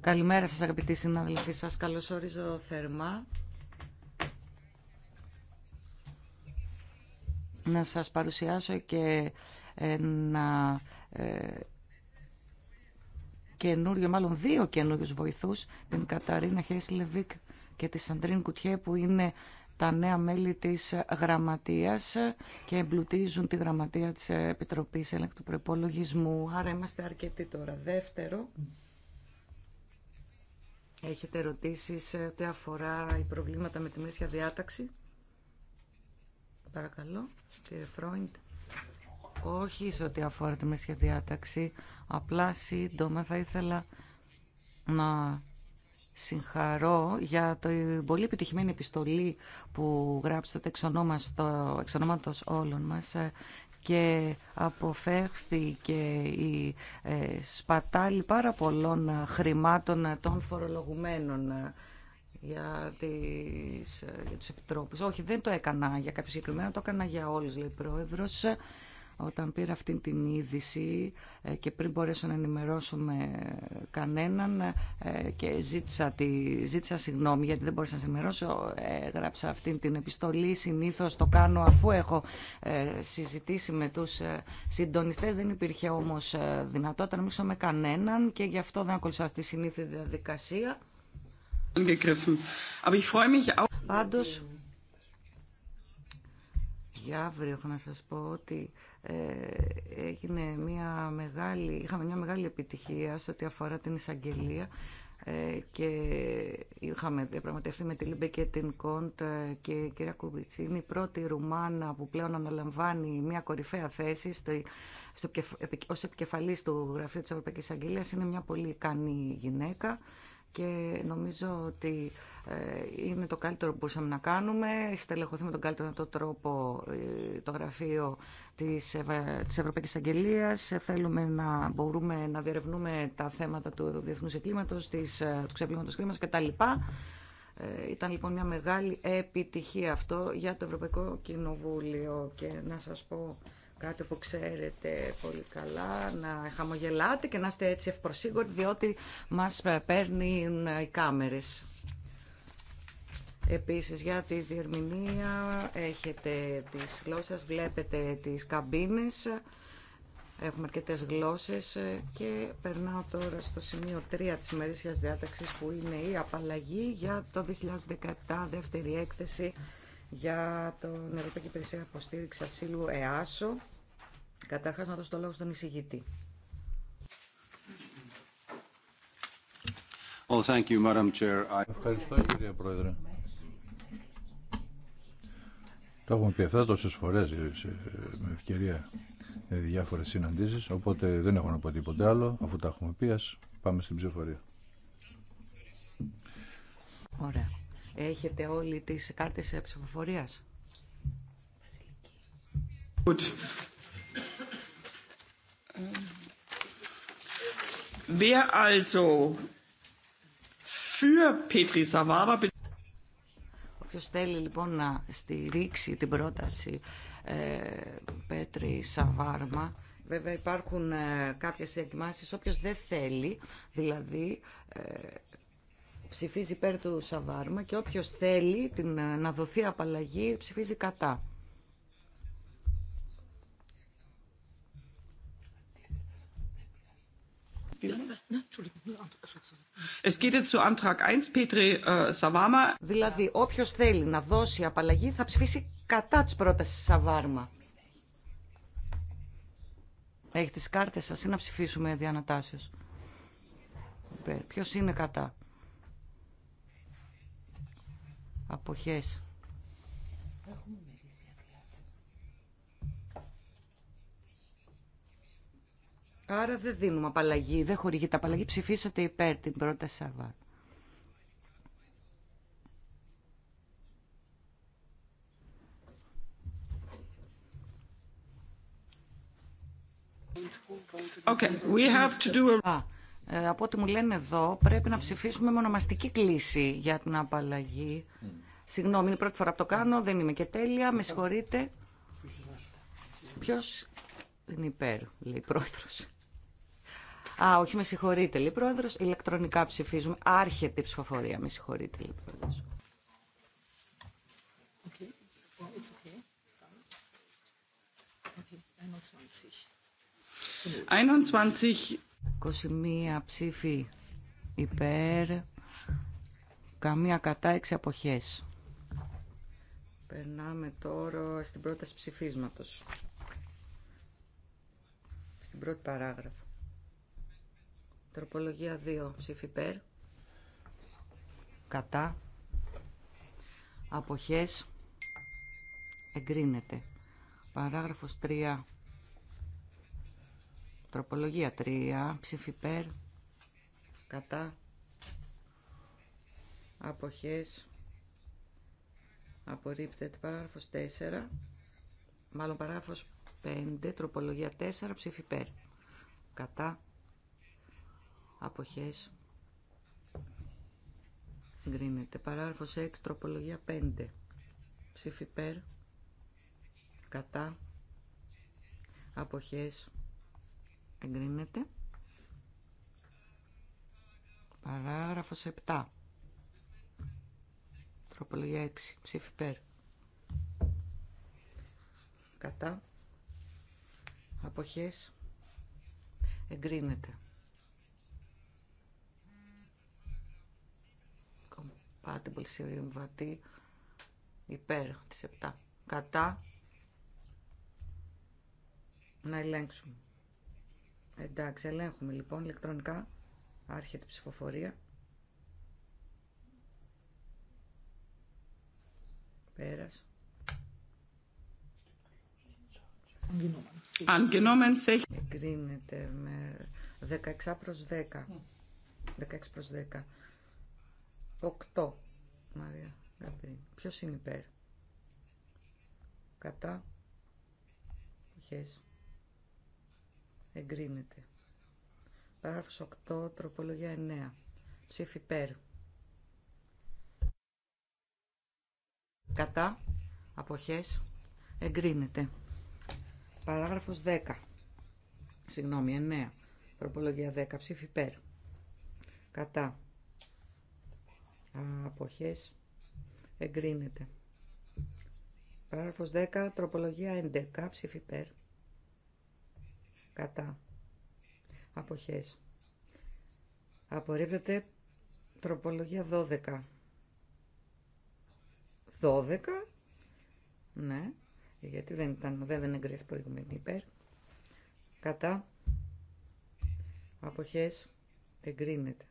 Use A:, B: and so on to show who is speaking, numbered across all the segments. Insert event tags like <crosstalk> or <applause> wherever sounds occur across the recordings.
A: Καλημέρα σας αγαπητοί συναδελφοί, σας καλωσορίζω θερμά. Να σας παρουσιάσω και ένα ε, καινούριο, μάλλον δύο καινούριου βοηθούς, την Καταρίνα Χέσλεβικ και τη Σαντρίν Κουτιέ που είναι τα νέα μέλη της γραμματείας και εμπλουτίζουν τη γραμματεία της Επιτροπής του Προπολογισμού. Άρα είμαστε αρκετοί τώρα. Δεύτερο, έχετε σε ό,τι αφορά οι προβλήματα με τη Μέσια διάταξη. Παρακαλώ, κύριε Φρόιντ. Όχι σε ό,τι αφορά τη Μέσια διάταξη. Απλά σύντομα θα ήθελα να συγχαρώ για την πολύ επιτυχημένη επιστολή που γράψατε εξ ονόματος όλων μας και αποφεύθηκε η ε, σπατάλη πάρα πολλών ε, χρημάτων ε, των φορολογουμένων για, τις, για τους επιτρόπους. Όχι, δεν το έκανα για κάποιο συγκεκριμένο, το έκανα για όλους, λέει η Πρόεδρος. Όταν πήρα αυτή την είδηση ε, και πριν μπορέσω να με κανέναν ε, και ζήτησα, τη, ζήτησα συγγνώμη γιατί δεν μπορούσα να ενημερώσω, έγραψα αυτή την επιστολή. Συνήθως το κάνω αφού έχω ε, συζητήσει με τους συντονιστές. Δεν υπήρχε όμως δυνατότητα να μιλήσω με κανέναν και γι' αυτό δεν ακολουθώ αυτή τη συνήθεια διαδικασία. Πάντως, για αύριο έχω να σας πω ότι ε, έγινε μια μεγάλη, είχαμε μια μεγάλη επιτυχία σε ό,τι αφορά την εισαγγελία ε, και είχαμε διαπραγματευτεί με τη Λίμπε και την Κοντ ε, και η κυρία είναι η πρώτη Ρουμάνα που πλέον αναλαμβάνει μια κορυφαία θέση στο, στο, ως επικεφαλής του Γραφείου της Ευρωπαϊκής Αγγελίας είναι μια πολύ ικανή γυναίκα και νομίζω ότι ε, είναι το καλύτερο που μπορούσαμε να κάνουμε. Έχει στελεχωθεί με τον καλύτερο τρόπο ε, το γραφείο της, Ευρωπαϊκή της Ευρωπαϊκής Αγγελίας. Θέλουμε να μπορούμε να διερευνούμε τα θέματα του διεθνούς εγκλήματος, της, ε, του ξεπλήματος κλίματος κτλ. Ήταν λοιπόν μια μεγάλη επιτυχία αυτό για το Ευρωπαϊκό Κοινοβούλιο και να σας πω κάτι που ξέρετε πολύ καλά, να χαμογελάτε και να είστε έτσι ευπροσίγουροι, διότι μας ε, παίρνουν οι κάμερες. Επίσης για τη διερμηνία έχετε τις γλώσσες, βλέπετε τις καμπίνες, έχουμε αρκετέ γλώσσες και περνάω τώρα στο σημείο 3 της ημερήσιας διάταξης που είναι η απαλλαγή για το 2017 δεύτερη έκθεση για τον Ευρωπαϊκή Υπηρεσία Αποστήριξη Ασύλου ΕΑΣΟ. Καταρχάς να δώσω το λόγο στον εισηγητή.
B: thank you, Madam Chair. Ευχαριστώ, κύριε Πρόεδρε. Το έχουμε πει αυτά τόσες φορές ε, με ευκαιρία διάφορες συναντήσεις, οπότε δεν έχω να πω τίποτε άλλο. Αφού τα έχουμε πει, ας πάμε στην ψηφορία.
A: Ωραία. Έχετε όλοι τις κάρτες ψηφοφορίας. Good. Wer also für Petri Όποιος θέλει λοιπόν να στηρίξει την πρόταση ε, Πέτρη Σαβάρμα, βέβαια υπάρχουν ε, κάποιες διακοιμάσεις, όποιος δεν θέλει, δηλαδή ε, ψηφίζει υπέρ του Σαβάρμα και όποιος θέλει την, να δοθεί απαλλαγή ψηφίζει κατά. Es geht jetzt zu Antrag 1, Petri äh, Savarma. Δηλαδή, όποιο θέλει να δώσει απαλλαγή θα ψηφίσει κατά τη πρόταση Σαβάρμα. Έχει τι κάρτε σα ή να ψηφίσουμε διανατάσεω. Ποιο είναι κατά. αποχές Άρα δεν δίνουμε απαλλαγή, δεν χορηγείται απαλλαγή. Ψηφίσατε υπέρ την πρόταση Σαββάτ.
C: Okay, we have to
A: do a... Ε, από ό,τι μου λένε εδώ, πρέπει να ψηφίσουμε μονομαστική κλίση για την απαλλαγή. Mm. Συγγνώμη, είναι η πρώτη φορά που το κάνω, δεν είμαι και τέλεια, με συγχωρείτε. Ποιο είναι υπέρ, λέει η πρόεδρο. Α, όχι, με συγχωρείτε, λέει η πρόεδρο. Ηλεκτρονικά ψηφίζουμε. Άρχεται η ψηφοφορία, με συγχωρείτε, λέει η πρόεδρο. Okay. 21. 21 ψήφοι υπέρ, καμία κατά 6 αποχές. Περνάμε τώρα στην πρόταση ψηφίσματος. Στην πρώτη παράγραφο. Τροπολογία 2. Ψήφι υπέρ. Κατά. Αποχές. Εγκρίνεται. Παράγραφος 3. Τροπολογία 3. Ψήφι πέρ, Κατά. Αποχές. Απορρίπτεται. Παράγραφος 4. Μάλλον παράγραφος 5. Τροπολογία 4. Ψήφι υπέρ. Κατά. Αποχές. Γκρίνεται. Παράγραφος 6. Τροπολογία 5. Ψήφι υπέρ. Κατά. Αποχές εγκρίνεται. Παράγραφος 7. Τροπολογία 6. Ψήφι πέρ. Κατά. Αποχές. Εγκρίνεται. Compatible συμβατή υπέρ της 7. Κατά. Να ελέγξουμε. Εντάξει, ελέγχουμε λοιπόν ηλεκτρονικά. Άρχεται η ψηφοφορία. Πέρας. Εγκρίνεται με 16 προς 10. 16 προς 10. 8. Μαρία Γαμπρίν. Ποιος είναι υπέρ. Κατά εγκρίνεται. Παράγραφος 8, τροπολογία 9. Ψήφι ΠΕΡ. Κατά, αποχές, εγκρίνεται. Παράγραφος 10. Συγγνώμη, 9. Τροπολογία 10. Ψήφι ΠΕΡ. Κατά. Αποχές. Εγκρίνεται. Παράγραφος 10. Τροπολογία 11. Ψήφι ΠΕΡ κατά αποχές απορρίβεται τροπολογία 12 12 ναι γιατί δεν, ήταν, δεν, δεν προηγουμένη υπέρ κατά αποχές εγκρίνεται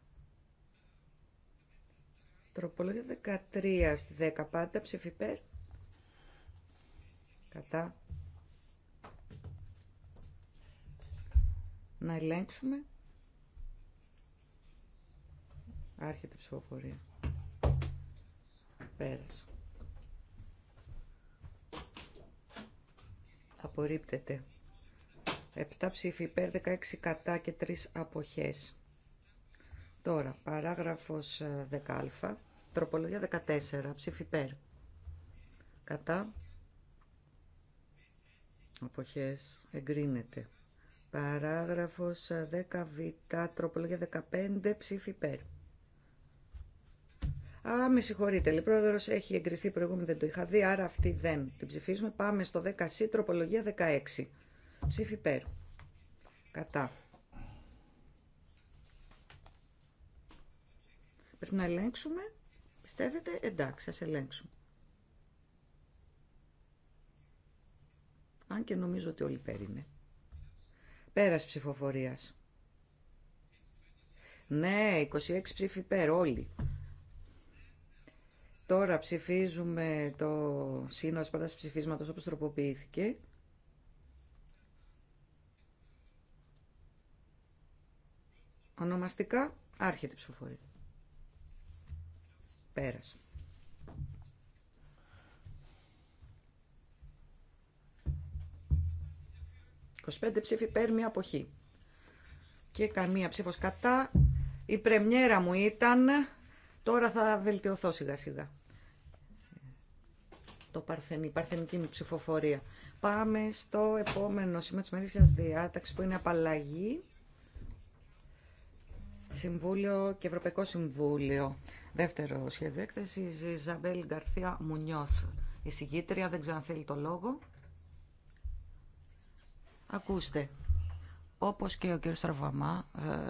A: τροπολογία 13 στη 10 πάντα ψηφιπέρ κατά να ελέγξουμε. Άρχεται η ψηφοφορία. Πέρασε. Απορρίπτεται. 7 ψηφίπερ υπέρ, 16 κατά και 3 αποχές. Τώρα, παράγραφος 10α, ε, τροπολογία 14, ψήφι υπέρ. Κατά, αποχές, εγκρίνεται. Παράγραφος 10β, τροπολογία 15, ψήφι υπέρ. Α, με συγχωρείτε, λέει πρόεδρος, έχει εγκριθεί προηγούμενη, δεν το είχα δει, άρα αυτή δεν την ψηφίζουμε. Πάμε στο 10C, τροπολογία 16, ψήφι υπέρ. Κατά. Πρέπει να ελέγξουμε, πιστεύετε, εντάξει, ας ελέγξουμε. Αν και νομίζω ότι όλοι πέρυνε. Πέρας ψηφοφορίας. Ναι, 26 ψήφοι πέρα όλοι. Τώρα ψηφίζουμε το σύνολο της πρότασης ψηφίσματος όπως τροποποιήθηκε. Ονομαστικά άρχεται η ψηφοφορία. Πέρασε. 25 ψήφοι υπέρ, μία αποχή. Και καμία ψήφος κατά. Η πρεμιέρα μου ήταν, τώρα θα βελτιωθώ σιγά σιγά. Το παρθενή, η παρθενική μου ψηφοφορία. Πάμε στο επόμενο σήμα της μερίσιας διάταξη που είναι απαλλαγή. Συμβούλιο και Ευρωπαϊκό Συμβούλιο. Δεύτερο σχέδιο έκθεση, Ζαμπέλ Γκαρθία Μουνιώθ. Η συγκίτρια δεν ξαναθέλει το λόγο. Ακούστε, όπως και ο κ. Σαρβαμά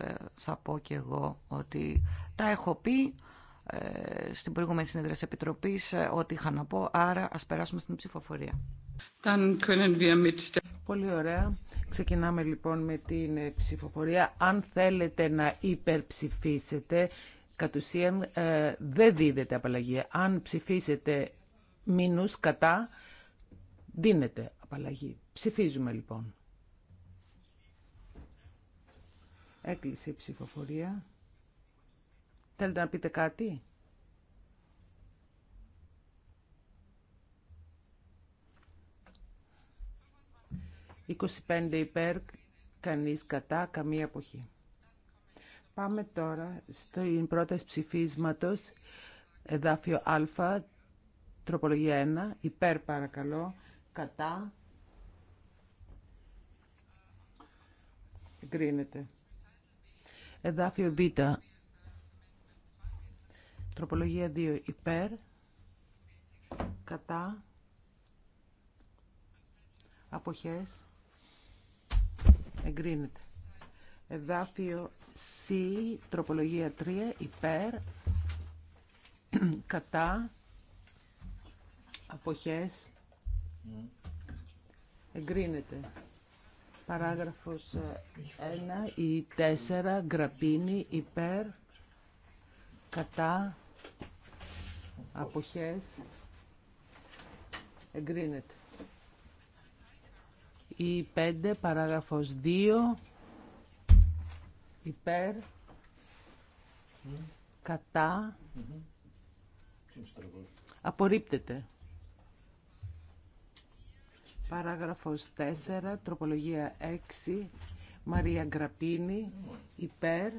A: ε, θα πω και εγώ ότι τα έχω πει ε, στην προηγούμενη συνέδρια Επιτροπής ε, ό,τι είχα να πω, άρα ας περάσουμε στην ψηφοφορία.
D: Πολύ ωραία. Ξεκινάμε λοιπόν με την ψηφοφορία. Αν θέλετε να υπερψηφίσετε, κατ' ουσίαν δεν δίδεται απαλλαγή. Αν ψηφίσετε μήνους κατά, δίνεται απαλλαγή. Ψηφίζουμε λοιπόν. Έκλεισε η ψηφοφορία. Θέλετε να πείτε κάτι. «25 υπέρ, κανείς κατά, καμία εποχή. Πάμε τώρα στην πρόταση ψηφίσματος, εδάφιο Α, τροπολογία 1, υπέρ παρακαλώ, κατά, εγκρίνεται. Εδάφιο Β. Τροπολογία 2 υπέρ, κατά, αποχές, εγκρίνεται. Εδάφιο C, τροπολογία 3, υπέρ, κατά, αποχές, εγκρίνεται. Παράγραφος 1 ή 4 γραπίνη υπέρ κατά αποχές εγκρίνεται. Η 5 παράγραφος 2 υπέρ κατά απορρίπτεται. Παράγραφος 4, τροπολογία 6, Μαρία Γκραπίνη, υπέρ,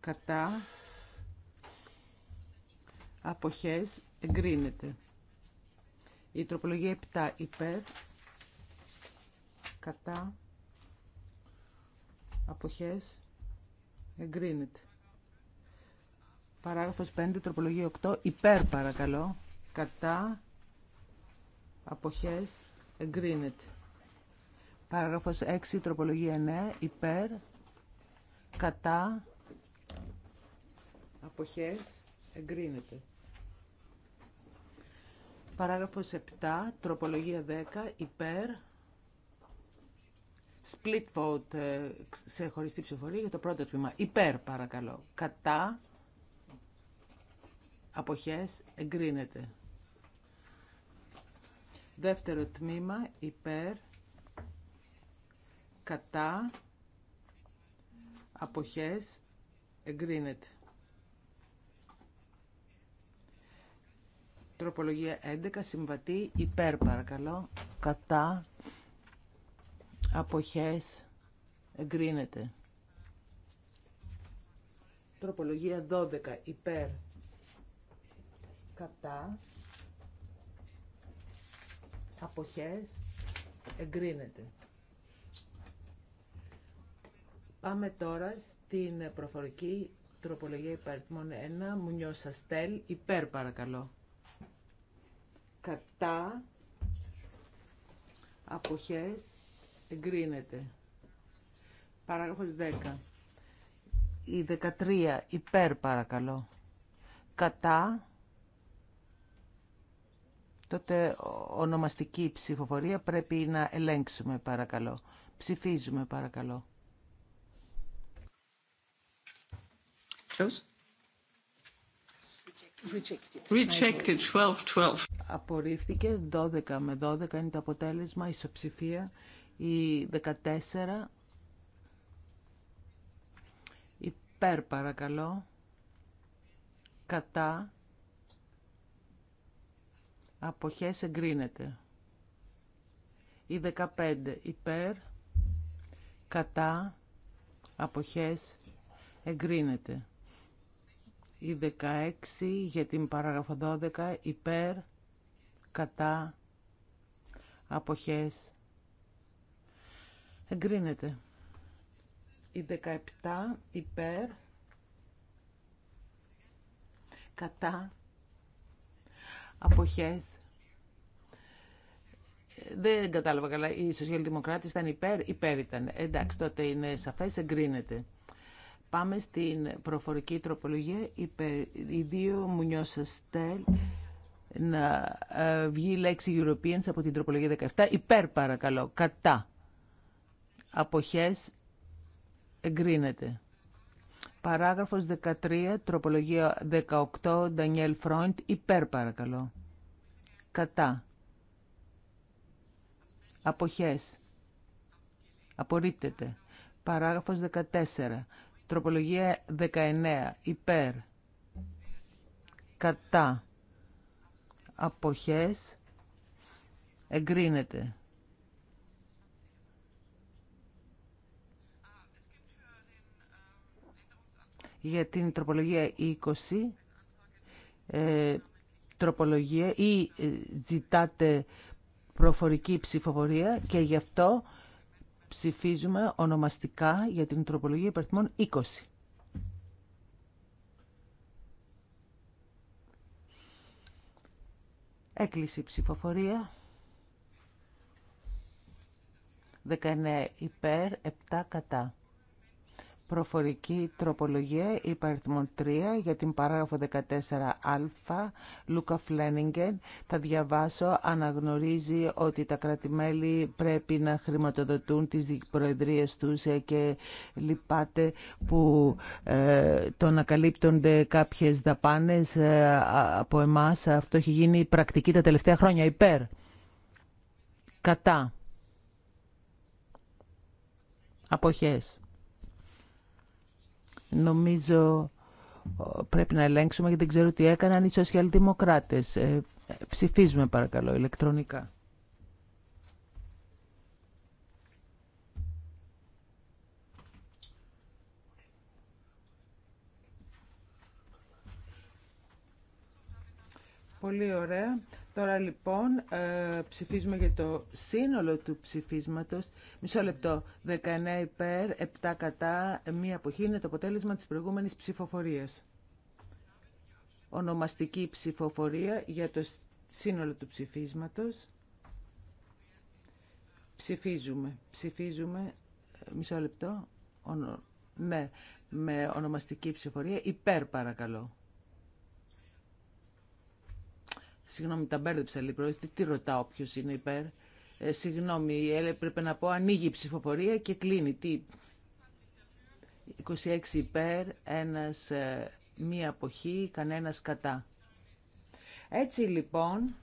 D: κατά, αποχές, εγκρίνεται. Η τροπολογία 7, υπέρ, κατά, αποχές, εγκρίνεται. Παράγραφος 5, τροπολογία 8, υπέρ παρακαλώ, κατά, αποχές εγκρίνεται. Παράγραφος 6, τροπολογία 9, υπέρ, κατά, αποχές, εγκρίνεται. Παράγραφος 7, τροπολογία 10, υπέρ, split vote, ε, σε χωριστή ψηφοφορία για το πρώτο τμήμα. Υπέρ, παρακαλώ, κατά, αποχές, εγκρίνεται. Δεύτερο τμήμα υπέρ, κατά, αποχές, εγκρίνεται. Τροπολογία 11, συμβατή, υπέρ παρακαλώ, κατά, αποχές, εγκρίνεται. Τροπολογία 12, υπέρ, κατά, αποχές εγκρίνεται. Πάμε τώρα στην προφορική τροπολογία υπαριθμών 1, Μουνιώσα Στέλ, υπέρ παρακαλώ. Κατά αποχές εγκρίνεται. Παράγραφος 10. Η 13 υπέρ παρακαλώ. Κατά Τότε ονομαστική ψηφοφορία πρέπει να ελέγξουμε παρακαλώ. Ψηφίζουμε παρακαλώ. Rejected. Rejected. 12-12. Απορρίφθηκε 12 με 12 είναι το αποτέλεσμα, ισοψηφία. Η 14 υπέρ παρακαλώ. Κατά αποχές εγκρίνεται. Η 15 υπέρ, κατά, αποχές εγκρίνεται. Η 16 για την παράγραφο 12 υπέρ, κατά, αποχές εγκρίνεται. Η 17 υπέρ, κατά, αποχές. Δεν κατάλαβα καλά. Οι σοσιαλδημοκράτες ήταν υπέρ. Υπέρ ήταν. Εντάξει, τότε είναι σαφές, εγκρίνεται. Πάμε στην προφορική τροπολογία. οι δύο μουνιώσα στέλ να ε, βγει η λέξη Europeans από την τροπολογία 17. Υπέρ παρακαλώ. Κατά. Αποχές εγκρίνεται. Παράγραφος 13, τροπολογία 18, Ντανιέλ Φρόντ, υπέρ παρακαλώ. Κατά. Αποχές. Απορρίπτεται. Παράγραφος 14, τροπολογία 19, υπέρ. Κατά. Αποχές. Εγκρίνεται. για την τροπολογία 20 ε, τροπολογία ή ε, ζητάτε προφορική ψηφοφορία και γι' αυτό ψηφίζουμε ονομαστικά για την τροπολογία υπερθυμών 20. έκλειση ψηφοφορία. 19 υπέρ, 7 κατά. Προφορική τροπολογία υπαριθμό 3 για την παράγραφο 14α Λούκα Φλένιγκεν. Θα διαβάσω, αναγνωρίζει ότι τα κρατημέλη πρέπει να χρηματοδοτούν τις προεδρίες τους ε, και λυπάται που τον ε, το να καλύπτονται κάποιες δαπάνες ε, από εμάς. Αυτό έχει γίνει πρακτική τα τελευταία χρόνια. Υπέρ. Κατά. Αποχές. Νομίζω πρέπει να ελέγξουμε γιατί δεν ξέρω τι έκαναν οι σοσιαλδημοκράτες. Ε, ψηφίζουμε παρακαλώ ηλεκτρονικά. Πολύ ωραία. Τώρα λοιπόν ε, ψηφίζουμε για το σύνολο του ψηφίσματος. Μισό λεπτό. 19 υπέρ, 7 κατά, μία αποχή είναι το αποτέλεσμα της προηγούμενης ψηφοφορίας. Ονομαστική ψηφοφορία για το σύνολο του ψηφίσματος. Ψηφίζουμε. Ψηφίζουμε. Μισό λεπτό. Ναι, με ονομαστική ψηφοφορία. Υπέρ παρακαλώ. Συγγνώμη, τα μπέρδεψα λίγο. Τι, τι ρωτάω ποιο είναι υπέρ. Ε, συγγνώμη, πρέπει να πω ανοίγει η ψηφοφορία και κλείνει. Τι. 26 υπέρ, ένας, ε, μία αποχή, κανένας κατά. Έτσι λοιπόν,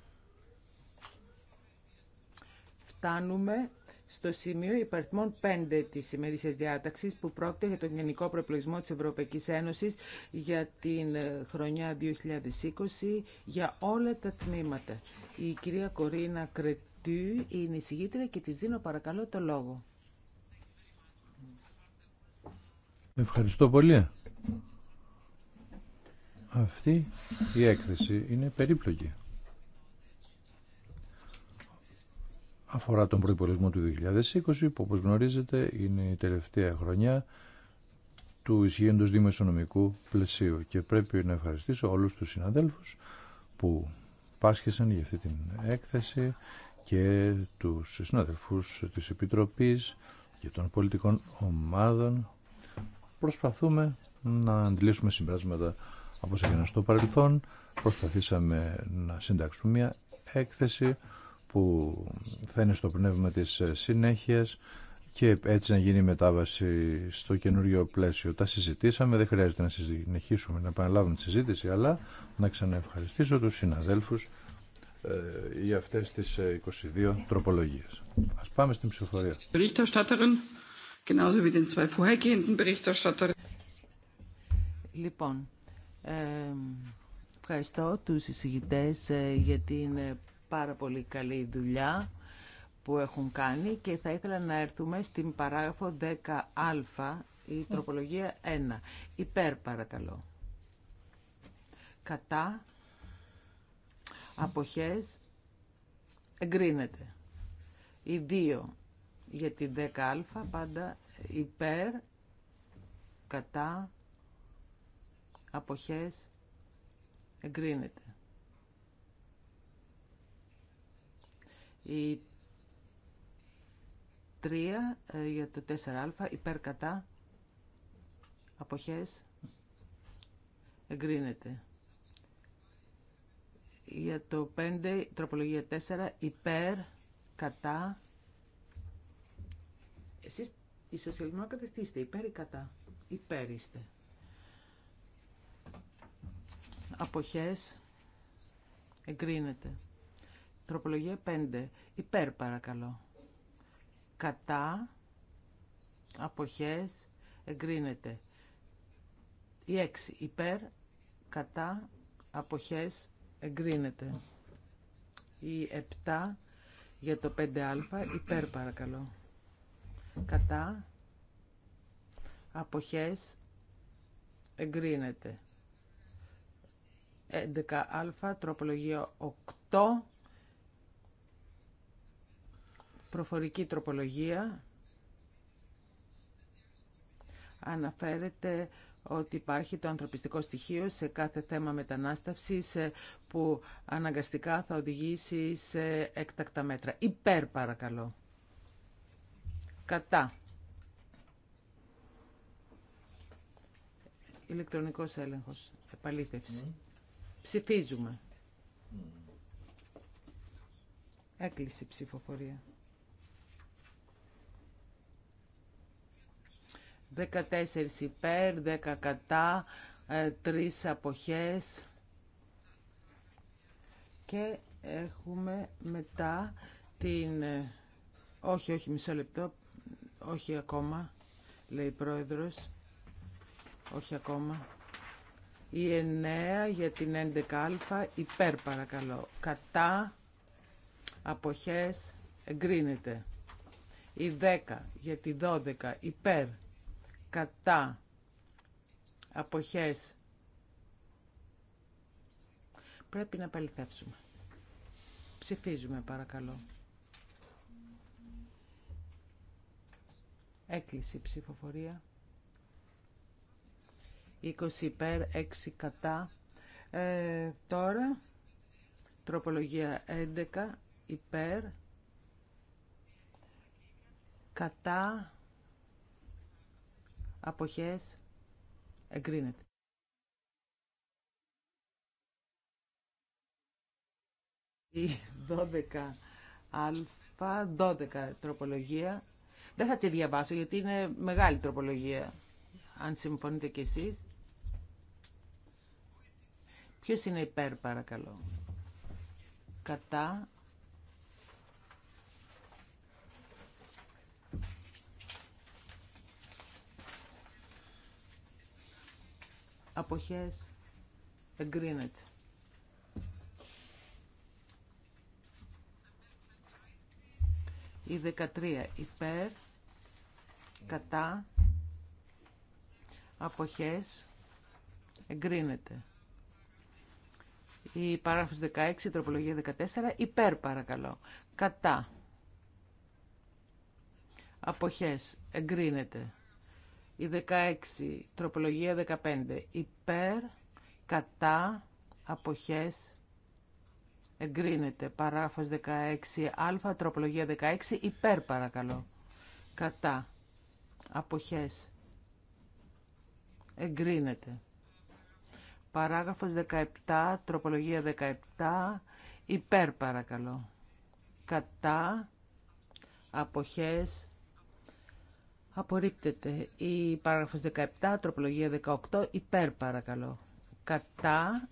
D: φτάνουμε στο σημείο υπαριθμών 5 της ημερήσιας διάταξης που πρόκειται για τον Γενικό Προεπλογισμό της Ευρωπαϊκής Ένωσης για την ε, χρονιά 2020 για όλα τα τμήματα. Η κυρία Κορίνα Κρετού είναι η συγγήτρια και της δίνω παρακαλώ το λόγο.
B: Ευχαριστώ πολύ. Αυτή η έκθεση είναι περίπλοκη. αφορά τον προϋπολογισμό του 2020 που όπως γνωρίζετε είναι η τελευταία χρονιά του ισχύοντος δημοσιονομικού πλαισίου και πρέπει να ευχαριστήσω όλους τους συναδέλφους που πάσχεσαν για αυτή την έκθεση και τους συναδελφούς της Επιτροπής και των πολιτικών ομάδων προσπαθούμε να αντιλήσουμε συμπράσματα από σε στο παρελθόν προσπαθήσαμε να συντάξουμε μια έκθεση που θα είναι στο πνεύμα της συνέχειας και έτσι να γίνει η μετάβαση στο καινούριο πλαίσιο. Τα συζητήσαμε, δεν χρειάζεται να συνεχίσουμε να επαναλάβουμε τη συζήτηση, αλλά να ξαναευχαριστήσω τους συναδέλφους ε, για αυτές τις 22 ε, τροπολογίες. Ας πάμε στην ψηφοφορία.
D: Λοιπόν, ε, ευχαριστώ τους εισηγητές ε, για την πάρα πολύ καλή δουλειά που έχουν κάνει και θα ήθελα να έρθουμε στην παράγραφο 10α, η τροπολογία 1. Υπέρ παρακαλώ. Κατά αποχές εγκρίνεται. Οι δύο για την 10α πάντα υπέρ, κατά, αποχές εγκρίνεται. Η 3 ε, για το 4α υπέρ κατά αποχές εγκρίνεται. Για το 5 τροπολογία 4 υπέρ κατά εσείς οι σοσιαλδημοκρατές τι είστε υπέρ ή κατά υπέρ είστε. Αποχές εγκρίνεται. Τροπολογία 5. Υπέρ παρακαλώ. Κατά. Αποχές. Εγκρίνεται. Η 6. Υπέρ. Κατά. Αποχές. Εγκρίνεται. Η 7. Για το 5α. Υπέρ παρακαλώ. Κατά. Αποχές. Εγκρίνεται. 11α. Τροπολογία 8 προφορική τροπολογία αναφέρεται ότι υπάρχει το ανθρωπιστικό στοιχείο σε κάθε θέμα μετανάστευσης ε, που αναγκαστικά θα οδηγήσει σε έκτακτα μέτρα. Υπέρ παρακαλώ. Κατά. Ηλεκτρονικός έλεγχος. Επαλήθευση. Ναι. Ψηφίζουμε.
E: Mm.
D: Έκλεισε ψηφοφορία. 14 υπέρ, 10 κατά, 3 ε, αποχές και έχουμε μετά την... Ε, όχι, όχι, μισό λεπτό, όχι ακόμα, λέει η πρόεδρος, όχι ακόμα. Η 9 για την 11α υπέρ παρακαλώ. Κατά αποχές εγκρίνεται. Η 10 για τη 12 υπέρ κατά αποχές πρέπει να παληθεύσουμε Ψηφίζουμε παρακαλώ. Έκλεισε η ψηφοφορία. 20 υπέρ, 6 κατά. Ε, τώρα, τροπολογία 11 υπέρ, κατά, αποχές εγκρίνεται. Η 12α, 12 αλφα, 12 τροπολογια Δεν θα τη διαβάσω γιατί είναι μεγάλη τροπολογία, αν συμφωνείτε κι εσείς. Ποιος είναι υπέρ παρακαλώ. Κατά αποχές εγκρίνεται. Η 13 υπέρ, κατά, αποχές, εγκρίνεται. Η παράγραφος 16, η τροπολογία 14, υπέρ παρακαλώ, κατά, αποχές, εγκρίνεται. Η 16, τροπολογία 15. Υπέρ, κατά, αποχές, εγκρίνεται. Παράγραφος 16α, τροπολογία 16, υπέρ παρακαλώ. Κατά, αποχές, εγκρίνεται. Παράγραφος 17, τροπολογία 17, υπέρ παρακαλώ. Κατά, αποχές, Απορρίπτεται η παράγραφος 17, τροπολογία 18, υπέρ παρακαλώ. Κατά,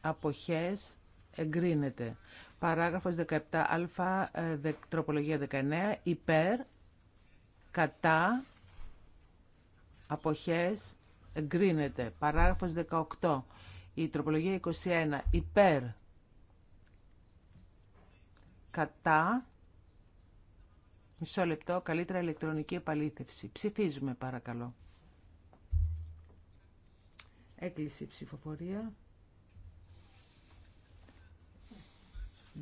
D: αποχές, εγκρίνεται. Παράγραφος 17α, ε, τροπολογία 19, υπέρ, κατά, αποχές, εγκρίνεται. Παράγραφος 18, η τροπολογία 21, υπέρ, κατά, Μισό λεπτό, καλύτερα ηλεκτρονική επαλήθευση. Ψηφίζουμε παρακαλώ. Έκλεισε η ψηφοφορία.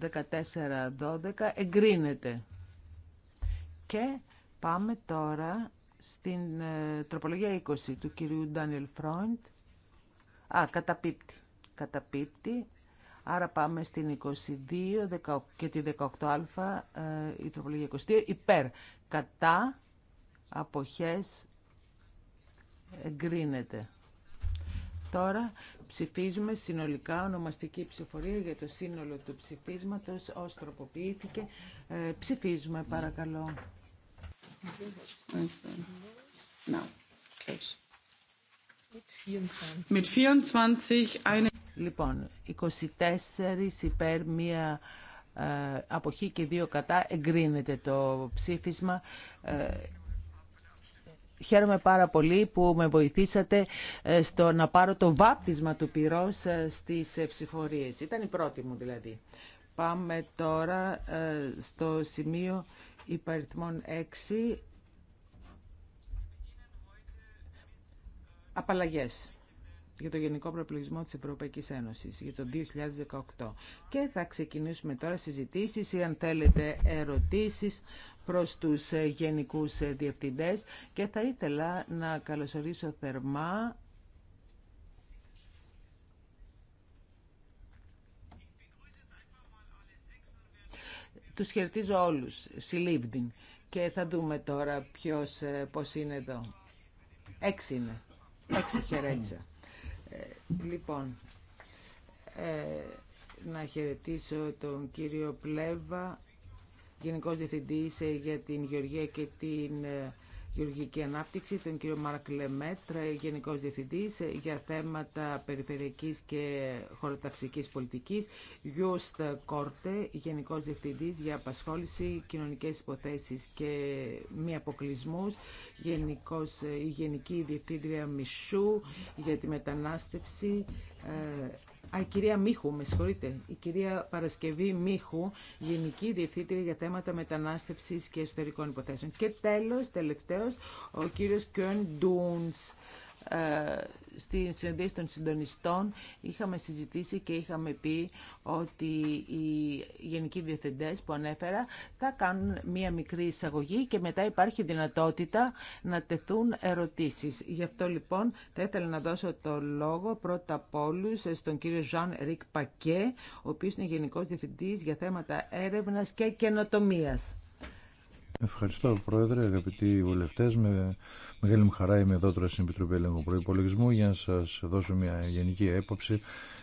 D: 14-12 εγκρίνεται. Και πάμε τώρα στην ε, τροπολογία 20 του κυρίου Ντάνιελ Φρόντ. Α, καταπίπτει. Καταπίπτει, Άρα πάμε στην 22 και τη 18α, ε, η τροπολογία 22, υπέρ, κατά, αποχές, εγκρίνεται. Τώρα ψηφίζουμε συνολικά ονομαστική ψηφορία για το σύνολο του ψηφίσματος ως τροποποιήθηκε. Ε, ψηφίζουμε παρακαλώ. Με 24, Λοιπόν, 24 υπέρ μία ε, αποχή και δύο κατά εγκρίνεται το ψήφισμα. Ε, Χαίρομαι πάρα πολύ που με βοηθήσατε ε, στο να πάρω το βάπτισμα του πυρός ε, στις ψηφορίες. Ήταν η πρώτη μου δηλαδή. Πάμε τώρα στο σημείο υπαριθμών 6. Απαλλαγές για το Γενικό Προεπλογισμό της Ευρωπαϊκής Ένωσης για το 2018. Και θα ξεκινήσουμε τώρα συζητήσεις ή αν θέλετε ερωτήσεις προς τους ε, γενικούς ε, διευθυντές και θα ήθελα να καλωσορίσω θερμά Τους χαιρετίζω όλους, συλλήβδιν. Και θα δούμε τώρα ποιος, ε, πώς είναι εδώ. Έξι είναι. Έξι χαιρέτησα. Ε, λοιπόν, ε, να χαιρετήσω τον κύριο Πλέβα, Γενικός Διευθυντής ε, για την Γεωργία και την Γεωργική Ανάπτυξη, τον κύριο Μάρκ Λεμέτ, Γενικό Διευθυντή για θέματα περιφερειακή και χωροταξική πολιτική, Γιώστ Κόρτε, Γενικό Διευθυντή για απασχόληση, κοινωνικέ υποθέσει και μη αποκλεισμού, Γενική Διευθύντρια Μισού για τη μετανάστευση ε, α, η κυρία Μίχου, με συγχωρείτε. Η κυρία Παρασκευή Μίχου, Γενική Διευθύντρια για θέματα μετανάστευση και εσωτερικών υποθέσεων. Και τέλος, τελευταίο, ο κύριο Κιον Ντούνς, ε, στη συνεδρίαση των συντονιστών είχαμε συζητήσει και είχαμε πει ότι οι γενικοί διευθυντές που ανέφερα θα κάνουν μία μικρή εισαγωγή και μετά υπάρχει δυνατότητα να τεθούν ερωτήσεις. Γι' αυτό λοιπόν θα ήθελα να δώσω το λόγο πρώτα απ' όλου στον κύριο Ζαν Ρικ Πακέ, ο οποίος είναι γενικός διευθυντής για θέματα έρευνας και καινοτομίας.
B: Ευχαριστώ, Πρόεδρε, αγαπητοί βουλευτέ. Με μεγάλη μου χαρά είμαι εδώ τώρα στην Επιτροπή Ελέγχου Προπολογισμού για να σα δώσω μια γενική έποψη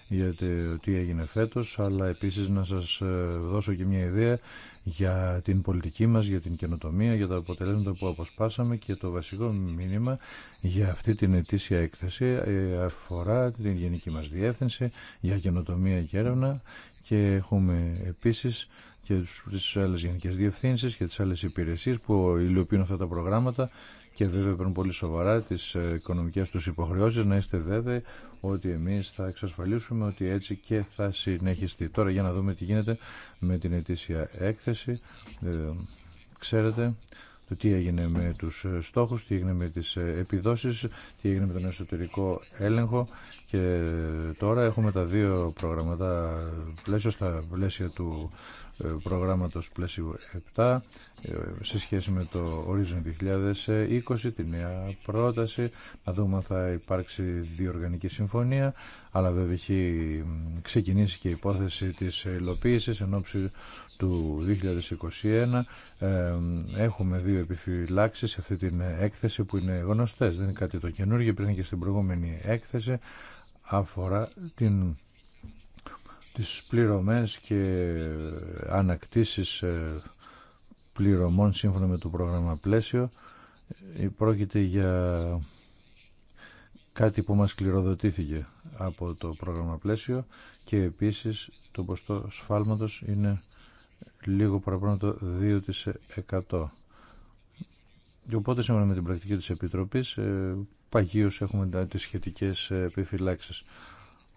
B: για το τι έγινε φέτο, αλλά επίση να σα δώσω και μια ιδέα για την πολιτική μα, για την καινοτομία, για τα αποτελέσματα που αποσπάσαμε και το βασικό μήνυμα για αυτή την ετήσια έκθεση ε, αφορά την γενική μα διεύθυνση για καινοτομία και έρευνα και έχουμε επίσης και τις άλλες γενικές διευθύνσεις και τις άλλες υπηρεσίες που υλοποιούν αυτά τα προγράμματα και βέβαια πρέπει πολύ σοβαρά τις ε, οικονομικές τους υποχρεώσεις να είστε βέβαιοι ότι εμείς θα εξασφαλίσουμε ότι έτσι και θα συνεχιστεί. Τώρα για να δούμε τι γίνεται με την ετήσια έκθεση. Ε, ξέρετε το τι έγινε με τους ε, στόχους, τι έγινε με τις επιδόσεις, τι έγινε με τον εσωτερικό έλεγχο και τώρα έχουμε τα δύο προγραμματά πλαίσια στα πλαίσια του ε, προγράμματος πλαίσιου 7 ε, σε σχέση με το Horizon 2020, τη νέα πρόταση, να δούμε αν θα υπάρξει διοργανική συμφωνία, αλλά βέβαια έχει ξεκινήσει και η υπόθεση της υλοποίηση εν ώψη του 2021. Ε, έχουμε δύο επιφυλάξεις σε αυτή την έκθεση που είναι γνωστές, δεν είναι κάτι το καινούργιο, πριν και στην προηγούμενη έκθεση, αφορά την τις πληρωμές και ανακτήσεις ε, πληρωμών σύμφωνα με το πρόγραμμα πλαίσιο. Ε, πρόκειται για κάτι που μας κληροδοτήθηκε από το πρόγραμμα πλαίσιο και επίσης το ποστό σφάλματος είναι λίγο παραπάνω το 2%. Οπότε σήμερα με την πρακτική της Επιτροπής ε, παγίως έχουμε τις σχετικές επιφυλάξεις.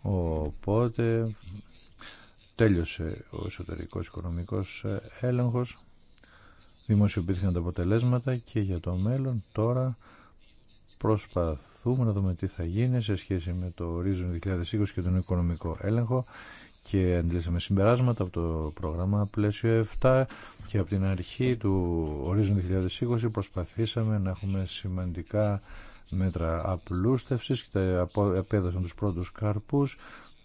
B: Οπότε Τέλειωσε ο εσωτερικός οικονομικός ε, έλεγχος, δημοσιοποιήθηκαν τα αποτελέσματα και για το μέλλον τώρα προσπαθούμε να δούμε τι θα γίνει σε σχέση με το Ορίζον 2020 και τον οικονομικό έλεγχο και αντιλήσαμε συμπεράσματα από το πρόγραμμα πλαίσιο 7 και από την αρχή του Ορίζον 2020 προσπαθήσαμε να έχουμε σημαντικά μέτρα απλούστευσης και τα επέδωσαν τους πρώτους καρπούς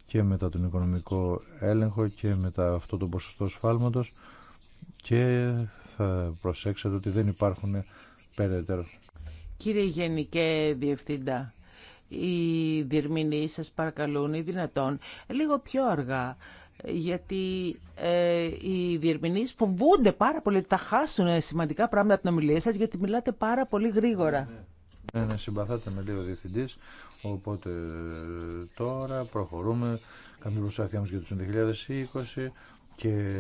B: και μετά τον οικονομικό έλεγχο και μετά αυτό το ποσοστό σφάλματος και θα προσέξετε ότι δεν υπάρχουν περαιτέρω.
D: Κύριε Γενικέ Διευθύντα, οι διερμηνείς σας παρακαλούν ή δυνατόν λίγο πιο αργά γιατί ε, οι διερμηνείς φοβούνται πάρα πολύ ότι θα χάσουν σημαντικά πράγματα από την ομιλία σας γιατί μιλάτε πάρα πολύ γρήγορα.
B: Ναι, ναι, συμπαθάτε με λίγο διευθυντής Οπότε τώρα προχωρούμε, κάνουμε προσπάθειά μας για το 2020 και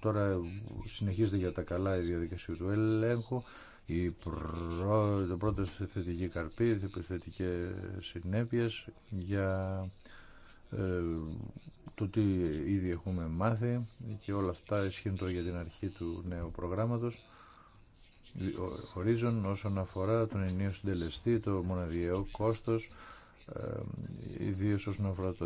B: τώρα συνεχίζεται για τα καλά η διαδικασία του ελέγχου. Η προ... Το πρώτο θετική καρπή, οι θετικέ συνέπειες για ε, το τι ήδη έχουμε μάθει και όλα αυτά ισχύουν τώρα για την αρχή του νέου προγράμματος ορίζον όσον αφορά τον ενίο συντελεστή, το μοναδιαίο κόστος, ε, ιδίω όσον αφορά το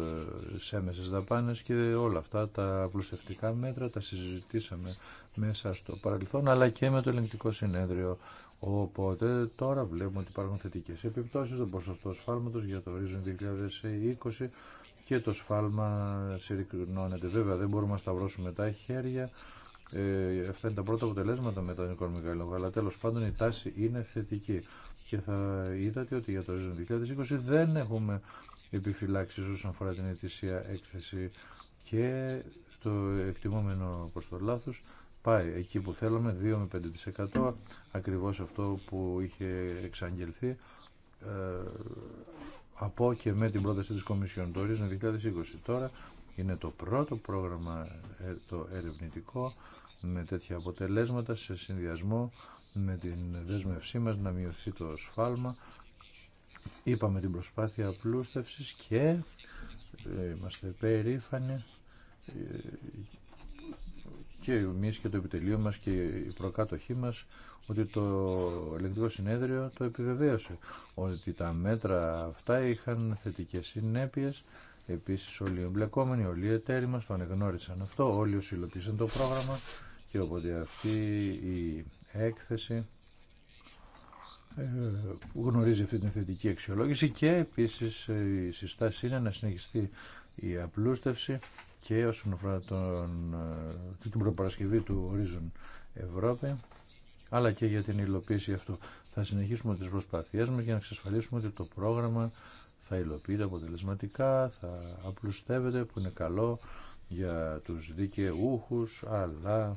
B: έμεσε δαπάνε και όλα αυτά τα απλουστευτικά μέτρα τα συζητήσαμε μέσα στο παρελθόν αλλά και με το ελεγκτικό συνέδριο. Οπότε τώρα βλέπουμε ότι υπάρχουν θετικέ επιπτώσει στο ποσοστό σφάλματο για το ορίζον 2020 και το σφάλμα συρρυκνώνεται. Βέβαια δεν μπορούμε να σταυρώσουμε τα χέρια. Ε, αυτά είναι τα πρώτα αποτελέσματα με τον οικονομικό λόγο αλλά τέλος πάντων η τάση είναι θετική και θα είδατε ότι για το 2020 δεν έχουμε επιφυλάξει όσον αφορά την ετησία έκθεση και το εκτιμόμενο προς το λάθος πάει εκεί που θέλαμε 2 με 5% ακριβώς αυτό που είχε εξαγγελθεί ε, από και με την πρόταση της Κομισιόν το 2020 τώρα είναι το πρώτο πρόγραμμα ε, το ερευνητικό με τέτοια αποτελέσματα σε συνδυασμό με την δέσμευσή μας να μειωθεί το σφάλμα. Είπαμε την προσπάθεια απλούστευσης και ε, είμαστε περήφανοι ε, και εμεί και το επιτελείο μας και η προκάτοχή μας ότι το ελεγκτικό συνέδριο το επιβεβαίωσε ότι τα μέτρα αυτά είχαν θετικές συνέπειες επίσης όλοι οι εμπλεκόμενοι, όλοι οι εταίροι μας το ανεγνώρισαν αυτό, όλοι όσοι το πρόγραμμα και οπότε αυτή η έκθεση ε, που γνωρίζει αυτή την θετική αξιολόγηση και επίσης η ε, συστάση είναι να συνεχιστεί η απλούστευση και όσον αφορά τον, ε, την προπαρασκευή του Horizon Ευρώπη αλλά και για την υλοποίηση αυτού. Θα συνεχίσουμε τις προσπάθειές μας για να εξασφαλίσουμε ότι το πρόγραμμα θα υλοποιείται αποτελεσματικά, θα απλουστεύεται που είναι καλό για τους δικαιούχους αλλά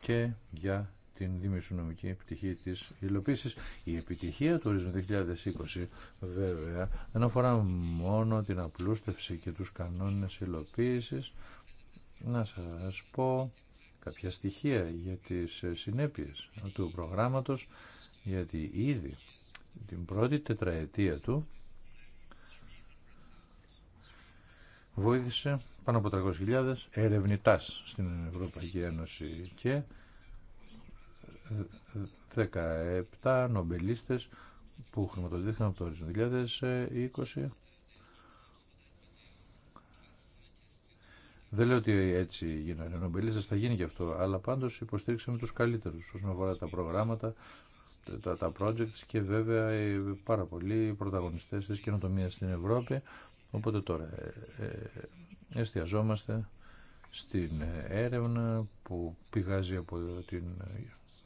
B: και για την δημοσιονομική επιτυχία της υλοποίησης. Η επιτυχία του 2020 βέβαια δεν αφορά μόνο την απλούστευση και τους κανόνες υλοποίησης. Να σας πω κάποια στοιχεία για τις συνέπειες του προγράμματος γιατί ήδη την πρώτη τετραετία του βοήθησε πάνω από 300.000 ερευνητάς στην Ευρωπαϊκή Ένωση και 17 νομπελίστες που χρηματοδοτήθηκαν από το 2020. Δεν λέω ότι έτσι γίνανε νομπελίστες, θα γίνει και αυτό, αλλά πάντως υποστήριξαμε τους καλύτερους όσον αφορά τα προγράμματα, τα, τα projects και βέβαια πάρα πολλοί πρωταγωνιστές της καινοτομίας στην Ευρώπη Οπότε τώρα ε, ε, εστιαζόμαστε στην έρευνα που πηγάζει από την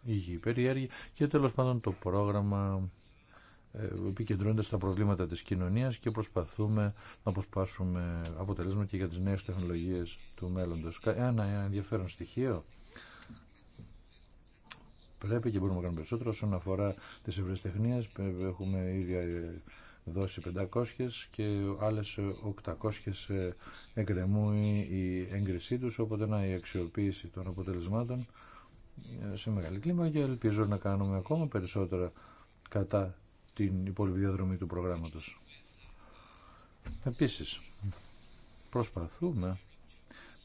B: υγιή περιέργεια και τέλος πάντων το πρόγραμμα ε, επικεντρώνεται στα προβλήματα της κοινωνίας και προσπαθούμε να αποσπάσουμε αποτελέσματα και για τις νέες τεχνολογίες του μέλλοντος. Ένα ενδιαφέρον στοιχείο πρέπει και μπορούμε να κάνουμε περισσότερο όσον αφορά τις ευρεσιτεχνίες. Έχουμε ήδη δώσει 500 και άλλες 800 ε, εκκρεμούν η έγκρισή τους, οπότε να η αξιοποίηση των αποτελεσμάτων ε, σε μεγάλη κλίμακα και ελπίζω να κάνουμε ακόμα περισσότερα κατά την υπόλοιπη διαδρομή του προγράμματος. Επίσης, προσπαθούμε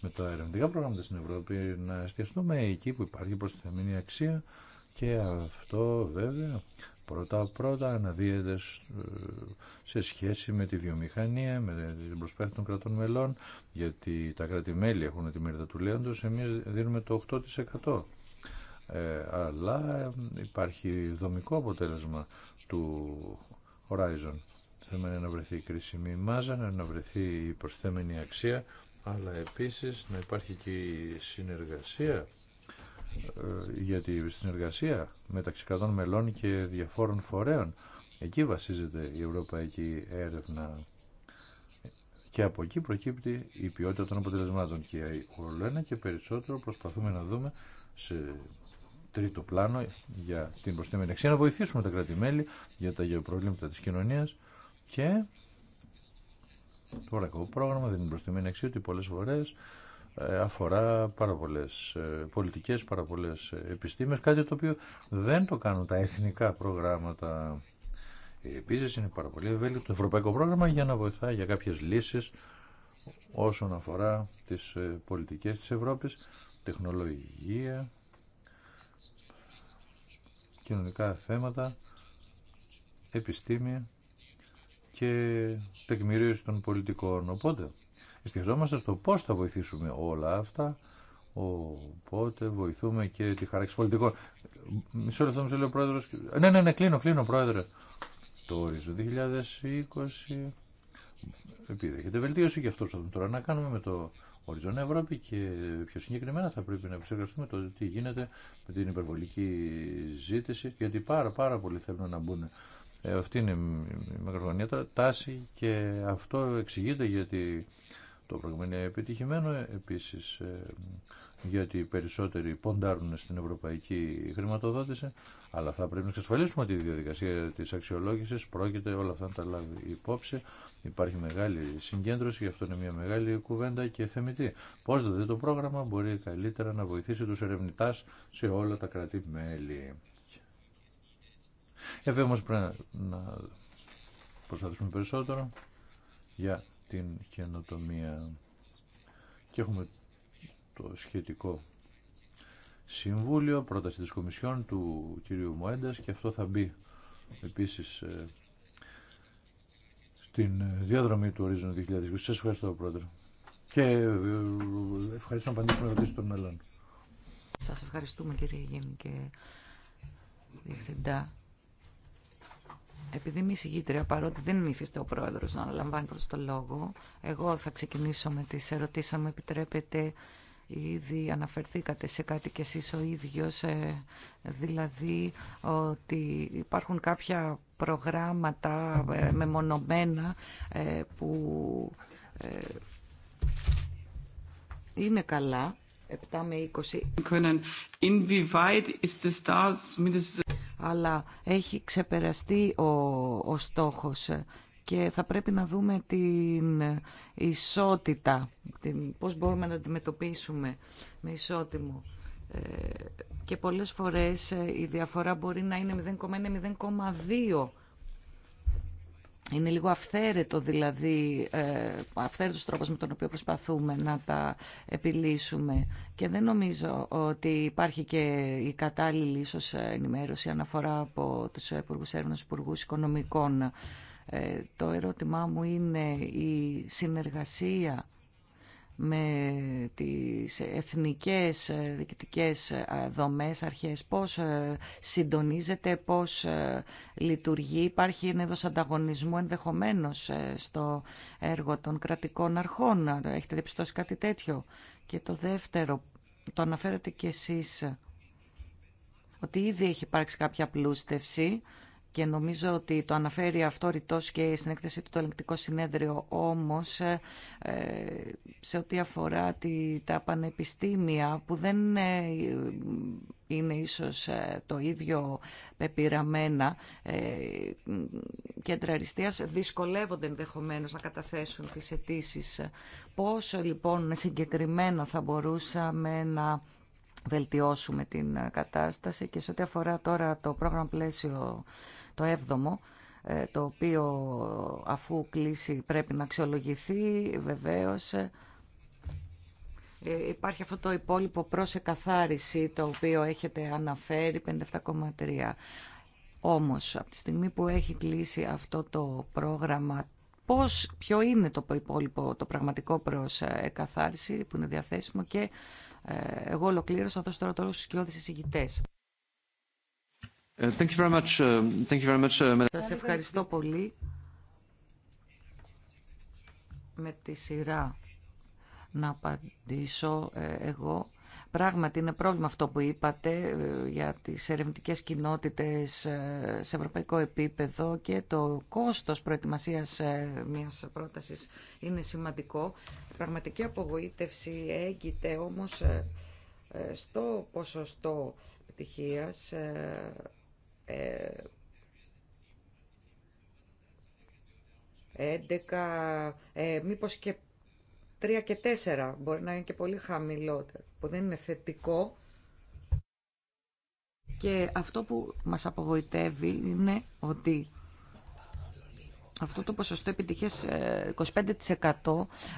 B: με τα ερευνητικά προγράμματα στην Ευρώπη να εστιαστούμε εκεί που υπάρχει προστιθεμένη αξία και αυτό βέβαια πρώτα-πρώτα αναδύεται ε, σε σχέση με τη βιομηχανία, με την προσπάθεια των κρατών μελών, γιατί τα κρατη έχουν τη μέρα του λέοντος, εμείς δίνουμε το 8%. Ε, αλλά ε, υπάρχει δομικό αποτέλεσμα του Horizon. Θέμα να βρεθεί η κρίσιμη μάζα, να βρεθεί η προσθέμενη αξία, αλλά επίσης να υπάρχει και η συνεργασία ε, για η συνεργασία μεταξύ κρατών μελών και διαφόρων φορέων εκεί βασίζεται η ευρωπαϊκή έρευνα και από εκεί προκύπτει η ποιότητα των αποτελεσμάτων και όλο ένα και περισσότερο προσπαθούμε να δούμε σε τρίτο πλάνο για την προστιμένη αξία να βοηθήσουμε τα κρατη για τα γεωπροβλήματα της κοινωνίας και το ορακό πρόγραμμα δεν είναι προστιμένη αξία ότι πολλές φορές ε, αφορά πάρα πολλέ ε, πολιτικές, πάρα πολλέ επιστήμες, κάτι το οποίο δεν το κάνουν τα εθνικά προγράμματα. Επίσης είναι πάρα πολύ ευέλικτο το ευρωπαϊκό πρόγραμμα για να βοηθάει για κάποιες λύσεις όσον αφορά τις ε, πολιτικές τη Ευρώπη, τεχνολογία, κοινωνικά θέματα, επιστήμη και τεκμηρίωση των πολιτικών. Οπότε σκεφτόμαστε στο πώ θα βοηθήσουμε όλα αυτά, οπότε βοηθούμε και τη χάραξη πολιτικών. Μισό λεπτό, μισό λεπτό, πρόεδρο. Ναι, ναι, ναι, κλείνω, κλείνω, πρόεδρε. Το ορίζον 2020 έχετε βελτίωση και αυτό που τώρα να κάνουμε με το Οριζόν Ευρώπη και πιο συγκεκριμένα θα πρέπει να επεξεργαστούμε το τι γίνεται με την υπερβολική ζήτηση γιατί πάρα πάρα πολλοί θέλουν να μπουν. Ε, αυτή είναι η μακρογωνία τάση και αυτό εξηγείται γιατί το πρόγραμμα είναι επιτυχημένο επίσης ε, γιατί οι περισσότεροι ποντάρουν στην ευρωπαϊκή χρηματοδότηση αλλά θα πρέπει να εξασφαλίσουμε τη διαδικασία της αξιολόγησης πρόκειται όλα αυτά να τα λάβει υπόψη. Υπάρχει μεγάλη συγκέντρωση, γι' αυτό είναι μια μεγάλη κουβέντα και θεμητή. Πώς δηλαδή το πρόγραμμα μπορεί καλύτερα να βοηθήσει τους ερευνητάς σε όλα τα κρατή-μέλη. Ε, βέβαια πρέπει να προσπαθήσουμε περισσότερο για την καινοτομία. Και έχουμε το σχετικό συμβούλιο, πρόταση της Κομισιόν του κυρίου Μουέντας και αυτό θα μπει επίσης ε, στην διαδρομή του ορίζοντα 2020. Σας ευχαριστώ πρόεδρε. Και ε, ευχαριστώ να απαντήσουμε ερωτήσεις των μελών.
A: Σας ευχαριστούμε κύριε Γενική Διευθυντά. Επειδή είμαι εισηγήτρια, παρότι δεν νύθιστε ο πρόεδρο να λαμβάνει προς το λόγο, εγώ θα ξεκινήσω με τι ερωτήσει, αν με επιτρέπετε. Ήδη αναφερθήκατε σε κάτι και εσείς ο ίδιος, ε, δηλαδή ότι υπάρχουν κάποια προγράμματα ε, μεμονωμένα ε, που είναι καλά, 7 με 20 αλλά έχει ξεπεραστεί ο, ο στόχος και θα πρέπει να δούμε την ισότητα, την, πώς μπορούμε να αντιμετωπίσουμε με ισότιμο. Ε, και πολλές φορές ε, η διαφορά μπορεί να είναι 0,1-0,2 είναι λίγο αυθαίρετο δηλαδή, ε, αυθαίρετος τρόπος με τον οποίο προσπαθούμε να τα επιλύσουμε και δεν νομίζω ότι υπάρχει και η κατάλληλη ίσως ενημέρωση αναφορά από τους υπουργού έρευνας, υπουργού οικονομικών. Ε, το ερώτημά μου είναι η συνεργασία με τις εθνικές διοικητικές δομές, αρχές, πώς ε, συντονίζεται, πώς ε, λειτουργεί. Υπάρχει ένα είδος ανταγωνισμού ενδεχομένως ε, στο έργο των κρατικών αρχών. Έχετε διαπιστώσει κάτι τέτοιο. Και το δεύτερο, το αναφέρετε κι εσείς, ότι ήδη έχει υπάρξει κάποια πλούστευση και νομίζω ότι το αναφέρει αυτό ρητός και στην έκθεση του το ελεγκτικό συνέδριο όμως ε, σε ό,τι αφορά τα πανεπιστήμια που δεν ε, είναι ίσως ε, το ίδιο πεπειραμένα κέντρα αριστείας δυσκολεύονται ενδεχομένω να καταθέσουν τις αιτήσει. Πόσο λοιπόν συγκεκριμένα θα μπορούσαμε να βελτιώσουμε την κατάσταση και σε ό,τι αφορά τώρα το πρόγραμμα πλαίσιο το έβδομο, ε, το οποίο αφού κλείσει πρέπει να αξιολογηθεί βεβαίως. Ε, υπάρχει αυτό το υπόλοιπο προς εκαθάριση το οποίο έχετε αναφέρει 57,3. Όμως από τη στιγμή που έχει κλείσει αυτό το πρόγραμμα πώς, ποιο είναι το υπόλοιπο, το πραγματικό προς εκαθάριση που είναι διαθέσιμο και ε, εγώ ολοκλήρωσα, αυτό δώσω τώρα στους
B: Thank Σας ευχαριστώ
A: πολύ. Με τη σειρά να απαντήσω ε, εγώ. Πράγματι είναι πρόβλημα αυτό που είπατε ε, για τις ερευνητικές κοινότητες ε, σε ευρωπαϊκό επίπεδο και το κόστος προετοιμασίας μιας πρότασης είναι σημαντικό. Η πραγματική απογοήτευση έγκυται όμως στο ποσοστό επιτυχίας 11, ε, ε, μήπως και 3 και 4 μπορεί να είναι και πολύ χαμηλότερο, που δεν είναι θετικό. Και αυτό που μας απογοητεύει είναι ότι αυτό το ποσοστό επιτυχίας 25% ε,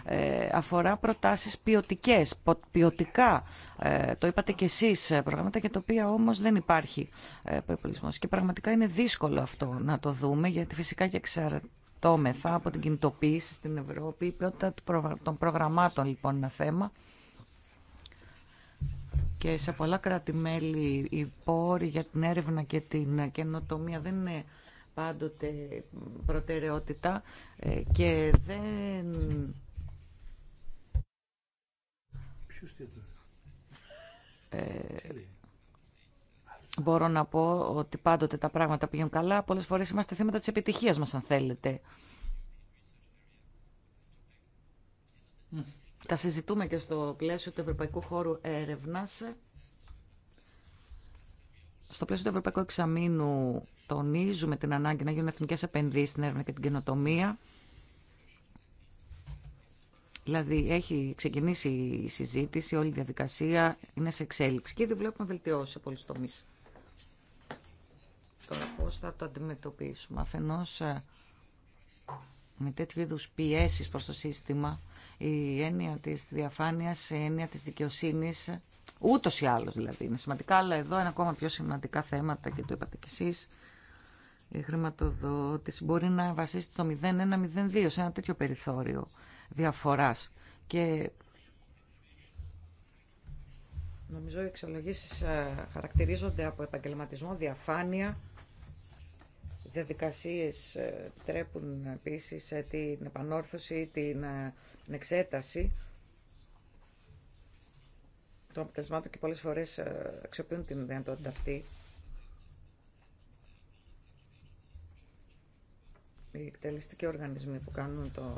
A: ε, αφορά προτάσεις ποιοτικέ, ποιοτικά, ε, το είπατε και εσείς, προγράμματα για τα οποία όμως δεν υπάρχει προϋπολισμός. Και πραγματικά είναι δύσκολο αυτό να το δούμε, γιατί φυσικά και εξαρτώμεθα από την κινητοποίηση στην Ευρώπη, η ποιότητα των προγραμμάτων λοιπόν είναι θέμα. Και σε πολλά κράτη-μέλη οι πόροι για την έρευνα και την καινοτομία δεν είναι πάντοτε προτεραιότητα ε, και δεν... Ε, μπορώ να πω ότι πάντοτε τα πράγματα πηγαίνουν καλά. Πολλές φορές είμαστε θύματα της επιτυχίας μας, αν θέλετε. Τα συζητούμε και στο πλαίσιο του Ευρωπαϊκού Χώρου Έρευνας. Στο πλαίσιο του Ευρωπαϊκού Εξαμήνου Τονίζουμε την ανάγκη να γίνουν εθνικέ επενδύσει στην έρευνα και την καινοτομία. Δηλαδή, έχει ξεκινήσει η συζήτηση, όλη η διαδικασία είναι σε εξέλιξη και ήδη βλέπουμε βελτιώσει σε πολλού τομεί. Τώρα, πώ θα το αντιμετωπίσουμε. Αφενό, ε, με τέτοιου είδου πιέσει προ το σύστημα, η έννοια τη διαφάνεια, η έννοια τη δικαιοσύνη, ούτω ή άλλω δηλαδή είναι σημαντικά, αλλά εδώ είναι ακόμα πιο σημαντικά θέματα και το είπατε κι εσεί, η χρηματοδότηση μπορεί να βασίσει το 0102 σε ένα τέτοιο περιθώριο διαφοράς. Και νομίζω οι εξολογήσεις ε, χαρακτηρίζονται από επαγγελματισμό, διαφάνεια, οι διαδικασίες ε, τρέπουν επίσης ε, την επανόρθωση, την εξέταση των αποτελεσμάτων και πολλές φορές αξιοποιούν την δυνατότητα αυτή οι εκτελεστικοί οργανισμοί που κάνουν το,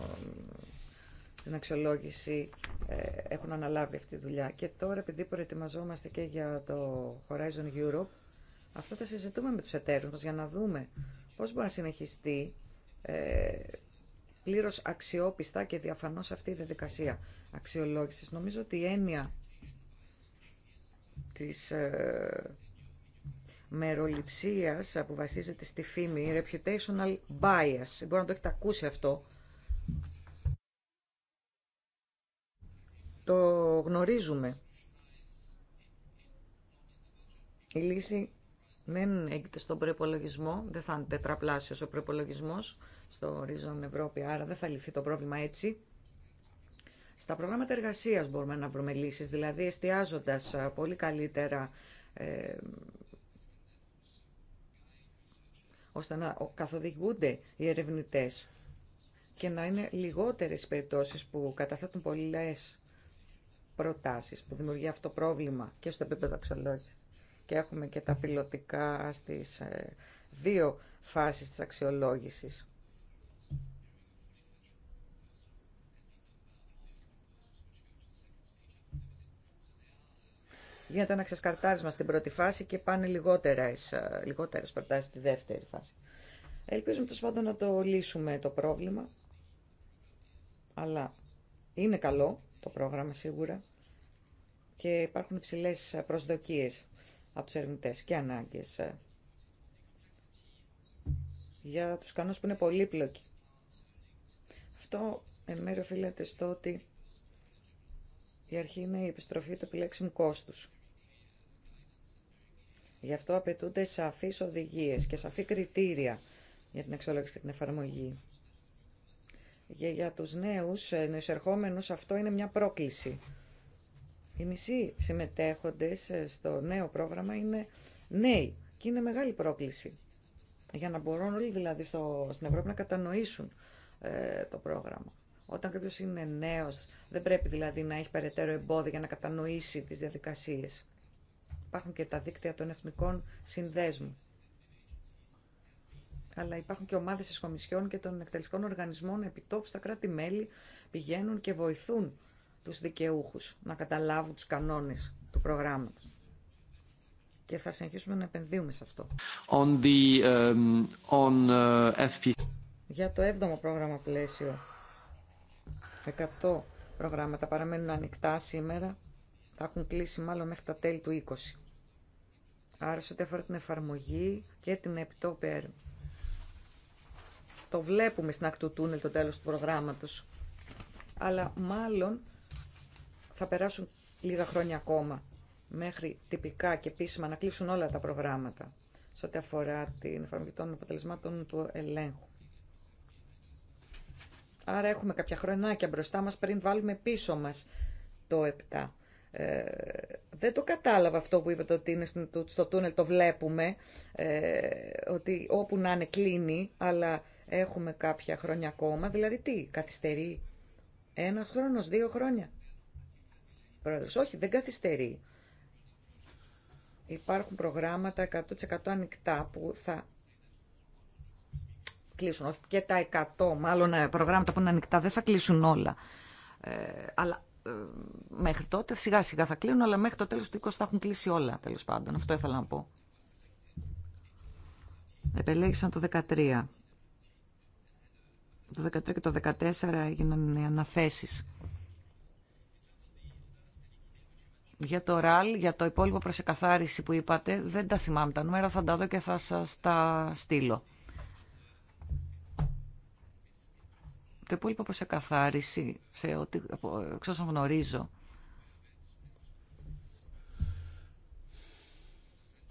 A: την αξιολόγηση ε, έχουν αναλάβει αυτή τη δουλειά. Και τώρα επειδή προετοιμαζόμαστε και για το Horizon Europe, αυτά τα συζητούμε με τους εταίρους μας για να δούμε πώς μπορεί να συνεχιστεί ε, πλήρως αξιόπιστα και διαφανώς αυτή η διαδικασία αξιολόγησης. Νομίζω ότι η έννοια της ε, μεροληψίας που βασίζεται στη φήμη, reputational bias. Μπορεί να το έχετε ακούσει αυτό. Το γνωρίζουμε. Η λύση δεν έγκυται στον προπολογισμό, δεν θα είναι τετραπλάσιος ο προπολογισμό στο ορίζον Ευρώπη, άρα δεν θα λυθεί το πρόβλημα έτσι. Στα προγράμματα εργασίας μπορούμε να βρούμε λύσεις, δηλαδή εστιάζοντας πολύ καλύτερα ε, ώστε να καθοδηγούνται οι ερευνητές και να είναι λιγότερες οι περιπτώσεις που καταθέτουν πολλές προτάσεις που δημιουργεί αυτό το πρόβλημα και στο επίπεδο αξιολόγηση. Και έχουμε και τα πιλωτικά στις ε, δύο φάσεις της αξιολόγησης. Γίνεται ένα ξεσκαρτάρισμα στην πρώτη φάση και πάνε λιγότερες, λιγότερες προτάσεις στη δεύτερη φάση. Ελπίζουμε τόσο πάντων να το λύσουμε το πρόβλημα, αλλά είναι καλό το πρόγραμμα σίγουρα και υπάρχουν υψηλέ προσδοκίες από τους ερευνητές και ανάγκες για τους κανόνες που είναι πολύπλοκοι. Αυτό εν μέρει οφείλεται στο ότι η αρχή είναι η επιστροφή του επιλέξιμου κόστους. Γι' αυτό απαιτούνται σαφείς οδηγίες και σαφή κριτήρια για την αξιολόγηση και την εφαρμογή. για τους νέους νοησερχόμενους αυτό είναι μια πρόκληση. Οι μισοί συμμετέχοντες στο νέο πρόγραμμα είναι νέοι και είναι μεγάλη πρόκληση. Για να μπορούν όλοι δηλαδή στο, στην Ευρώπη να κατανοήσουν ε, το πρόγραμμα. Όταν κάποιο είναι νέος δεν πρέπει δηλαδή να έχει περαιτέρω εμπόδια για να κατανοήσει τις διαδικασίες. Υπάρχουν και τα δίκτυα των εθνικών συνδέσμων. Αλλά υπάρχουν και ομάδες της Κομισιόν και των εκτελεστικών οργανισμών επιτόπου στα κράτη-μέλη πηγαίνουν και βοηθούν τους δικαιούχους να καταλάβουν τους κανόνες του προγράμματος. Και θα συνεχίσουμε να επενδύουμε σε αυτό.
F: On the, um, on, uh, FP...
A: Για το 7ο πρόγραμμα πλαίσιο, 100 προγράμματα παραμένουν ανοιχτά σήμερα. Θα έχουν κλείσει μάλλον μέχρι τα τέλη του 20. Άρα σε ό,τι αφορά την εφαρμογή και την επιτόπερ το βλέπουμε στην ακτού το τέλος του προγράμματος. Αλλά μάλλον θα περάσουν λίγα χρόνια ακόμα μέχρι τυπικά και επίσημα να κλείσουν όλα τα προγράμματα σε ό,τι αφορά την εφαρμογή των αποτελεσμάτων του ελέγχου. Άρα έχουμε κάποια χρονάκια μπροστά μας πριν βάλουμε πίσω μας το 7. Ε, δεν το κατάλαβα αυτό που είπε το ότι είναι στο τούνελ, το βλέπουμε, ε, ότι όπου να είναι κλείνει, αλλά έχουμε κάποια χρόνια ακόμα. Δηλαδή τι, καθυστερεί ένα χρόνος, δύο χρόνια. Πρόεδρος, όχι, δεν καθυστερεί. Υπάρχουν προγράμματα 100% ανοιχτά που θα κλείσουν. και τα 100, μάλλον ε, προγράμματα που είναι ανοιχτά, δεν θα κλείσουν όλα. Ε, αλλά ε, μέχρι τότε. Σιγά σιγά θα κλείνουν, αλλά μέχρι το τέλος του 20 θα έχουν κλείσει όλα, τέλος πάντων. Αυτό ήθελα να πω. Επελέγησαν το 13. Το 13 και το 14 έγιναν αναθέσεις. Για το ραλ, για το υπόλοιπο προσεκαθάριση που είπατε, δεν τα θυμάμαι τα νούμερα, θα τα δω και θα σας τα στείλω. Το υπόλοιπο προς εκαθάριση, σε ό,τι εξ όσων γνωρίζω,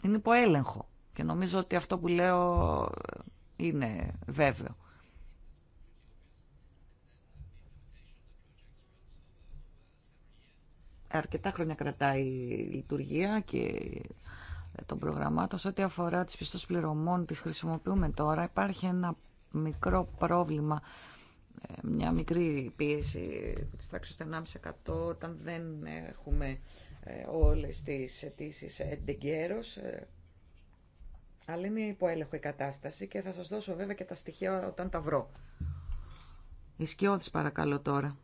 A: είναι υπό έλεγχο. Και νομίζω ότι αυτό που λέω είναι βέβαιο. Αρκετά χρόνια κρατάει η λειτουργία και των προγραμμάτων. Σε ό,τι αφορά τις πιστώσεις πληρωμών, τις χρησιμοποιούμε τώρα. Υπάρχει ένα μικρό πρόβλημα ε, μια μικρή πίεση της τάξης του 1,5% όταν δεν έχουμε ε, όλες τις αιτήσει εντεγκέρως. Ε, αλλά είναι υποέλεγχο η κατάσταση και θα σας δώσω βέβαια και τα στοιχεία όταν τα βρω. Η Σκιώδης παρακαλώ τώρα.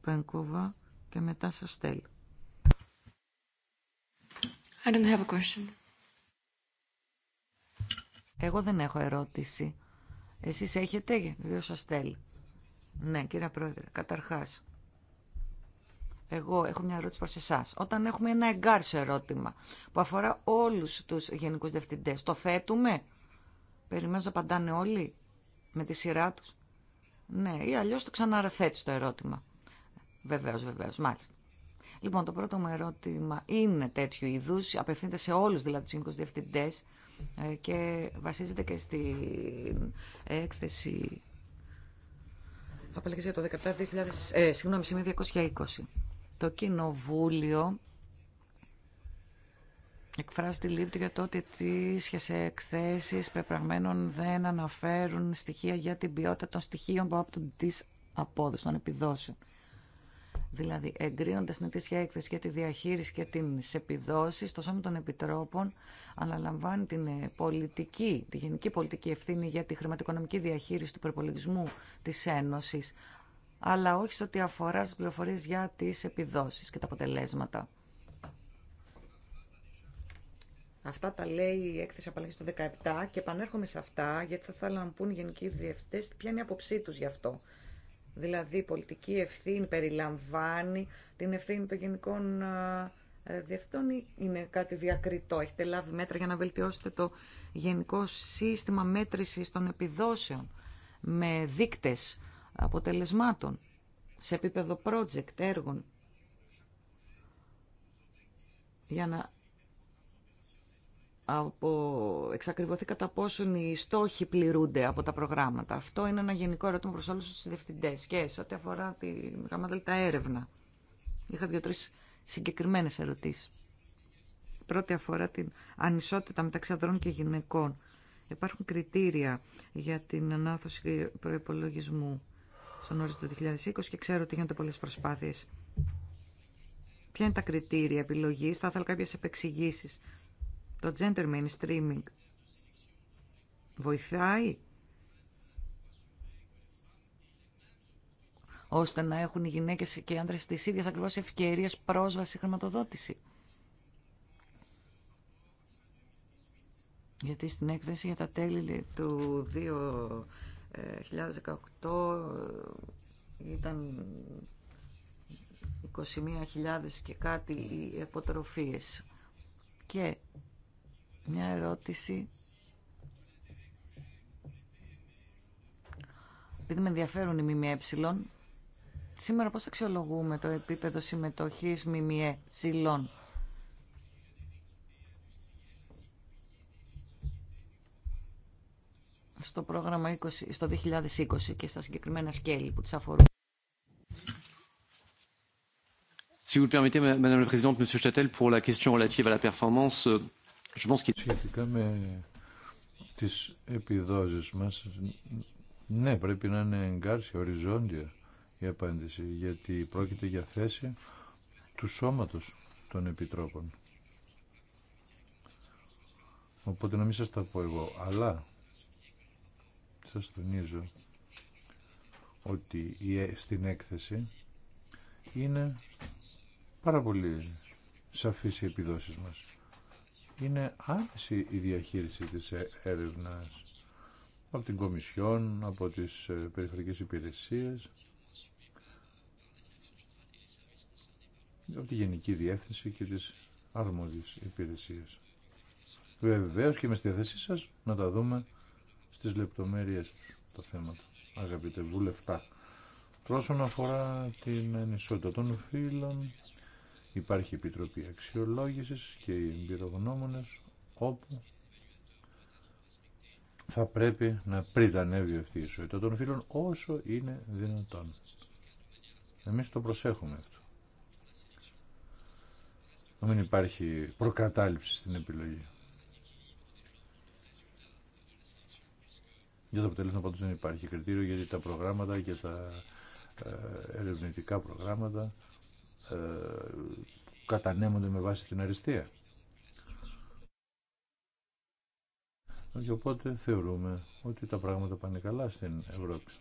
A: Πένκοβα και μετά σας στέλνω.
B: I don't have a question.
A: Εγώ δεν έχω ερώτηση. Εσείς έχετε, δύο σας θέλει. Ναι, κύριε Πρόεδρε, καταρχάς, εγώ έχω μια ερώτηση προς εσάς. Όταν έχουμε ένα εγκάρσιο ερώτημα που αφορά όλους τους γενικούς διευθυντές, το θέτουμε, περιμένω να απαντάνε όλοι με τη σειρά τους. Ναι, ή αλλιώς το ξαναθέτει το ερώτημα. Βεβαίως, βεβαίως, μάλιστα. Λοιπόν, το πρώτο μου ερώτημα είναι τέτοιου είδους, απευθύνεται σε όλους δηλαδή τους γενικούς διευθυντές, ε, και βασίζεται και στην έκθεση απαλλαγής για το 17.000, ε, συγγνώμη, σημείο 220. Το Κοινοβούλιο εκφράζει τη λύπη για το ότι τις εκθέσεις πεπραγμένων δεν αναφέρουν στοιχεία για την ποιότητα των στοιχείων που από τις απόδοση των επιδόσεων. Δηλαδή, εγκρίνοντα την ετήσια έκθεση για τη διαχείριση και τι επιδόσει, το Σώμα των Επιτρόπων αναλαμβάνει την ε, πολιτική, τη γενική πολιτική ευθύνη για τη χρηματοοικονομική διαχείριση του προπολογισμού τη Ένωση, αλλά όχι σε ό,τι αφορά τι πληροφορίε για τι επιδόσει και τα αποτελέσματα. Αυτά τα λέει η έκθεση απαλλαγή του 17 και επανέρχομαι σε αυτά γιατί θα ήθελα να μου πούν οι γενικοί διευθυντέ ποια είναι η άποψή του γι' αυτό. Δηλαδή η πολιτική ευθύνη περιλαμβάνει την ευθύνη των γενικών ε, ε, διευθυντών ή είναι κάτι διακριτό. Έχετε λάβει μέτρα για να βελτιώσετε το γενικό σύστημα μέτρησης των επιδόσεων με δείκτες αποτελεσμάτων σε επίπεδο project, έργων για να από, εξακριβωθεί κατά πόσον οι στόχοι πληρούνται από τα προγράμματα. Αυτό είναι ένα γενικό ερώτημα προς όλους τους διευθυντές και σε ό,τι αφορά τη ερευνα έρευνα. Είχα δύο-τρεις συγκεκριμένες ερωτήσεις. Πρώτη αφορά την ανισότητα μεταξύ ανδρών και γυναικών. Υπάρχουν κριτήρια για την ανάθωση προπολογισμού στον όρο του 2020 και ξέρω ότι γίνονται πολλές προσπάθειες. Ποια είναι τα κριτήρια επιλογής, θα ήθελα κάποιε επεξηγήσεις το gender mainstreaming βοηθάει ώστε να έχουν οι γυναίκες και οι άντρες τις ίδιες ακριβώς ευκαιρίες πρόσβαση χρηματοδότηση. Γιατί στην έκθεση για τα τέλη του 2018 ε, ήταν 21.000 και κάτι οι Και μια ερώτηση. Επειδή με ενδιαφέρουν οι ΜΜΕ, σήμερα πώς αξιολογούμε το επίπεδο συμμετοχής ΜΜΕ ψηλών. στο πρόγραμμα 20, στο 2020 και στα συγκεκριμένα σκέλη που τις αφορούν.
F: Si vous le permettez, Madame la Présidente, Monsieur Châtel, pour la question relative à la performance,
B: Σχετικά με τις επιδόσεις μας, ναι, πρέπει να είναι εγκάρσια, οριζόντια η απάντηση, γιατί πρόκειται για θέση του σώματος των επιτρόπων. Οπότε να μην σας τα πω εγώ, αλλά σας τονίζω ότι ε, στην έκθεση είναι πάρα πολύ σαφείς οι επιδόσεις μας είναι άμεση η διαχείριση της έρευνας από την Κομισιόν, από τις ε, περιφερειακές υπηρεσίες, από τη Γενική Διεύθυνση και τις αρμόδιες υπηρεσίες. Βεβαίω και με στη θέση σας να τα δούμε στις λεπτομέρειες του τα θέματα, αγαπητέ βουλευτά. όσον αφορά την ανισότητα των φύλων, Υπάρχει Επιτροπή Αξιολόγησης και οι εμπειρογνώμονες όπου θα πρέπει να πριτανεύει αυτή η ισότητα των φίλων όσο είναι δυνατόν. Εμείς το προσέχουμε αυτό. Να μην υπάρχει προκατάληψη στην επιλογή. Για το αποτέλεσμα πάντως δεν υπάρχει κριτήριο γιατί τα προγράμματα και τα ε, ερευνητικά προγράμματα ε, κατανέμονται με βάση την αριστεία. Και οπότε θεωρούμε ότι τα πράγματα πάνε καλά στην Ευρώπη.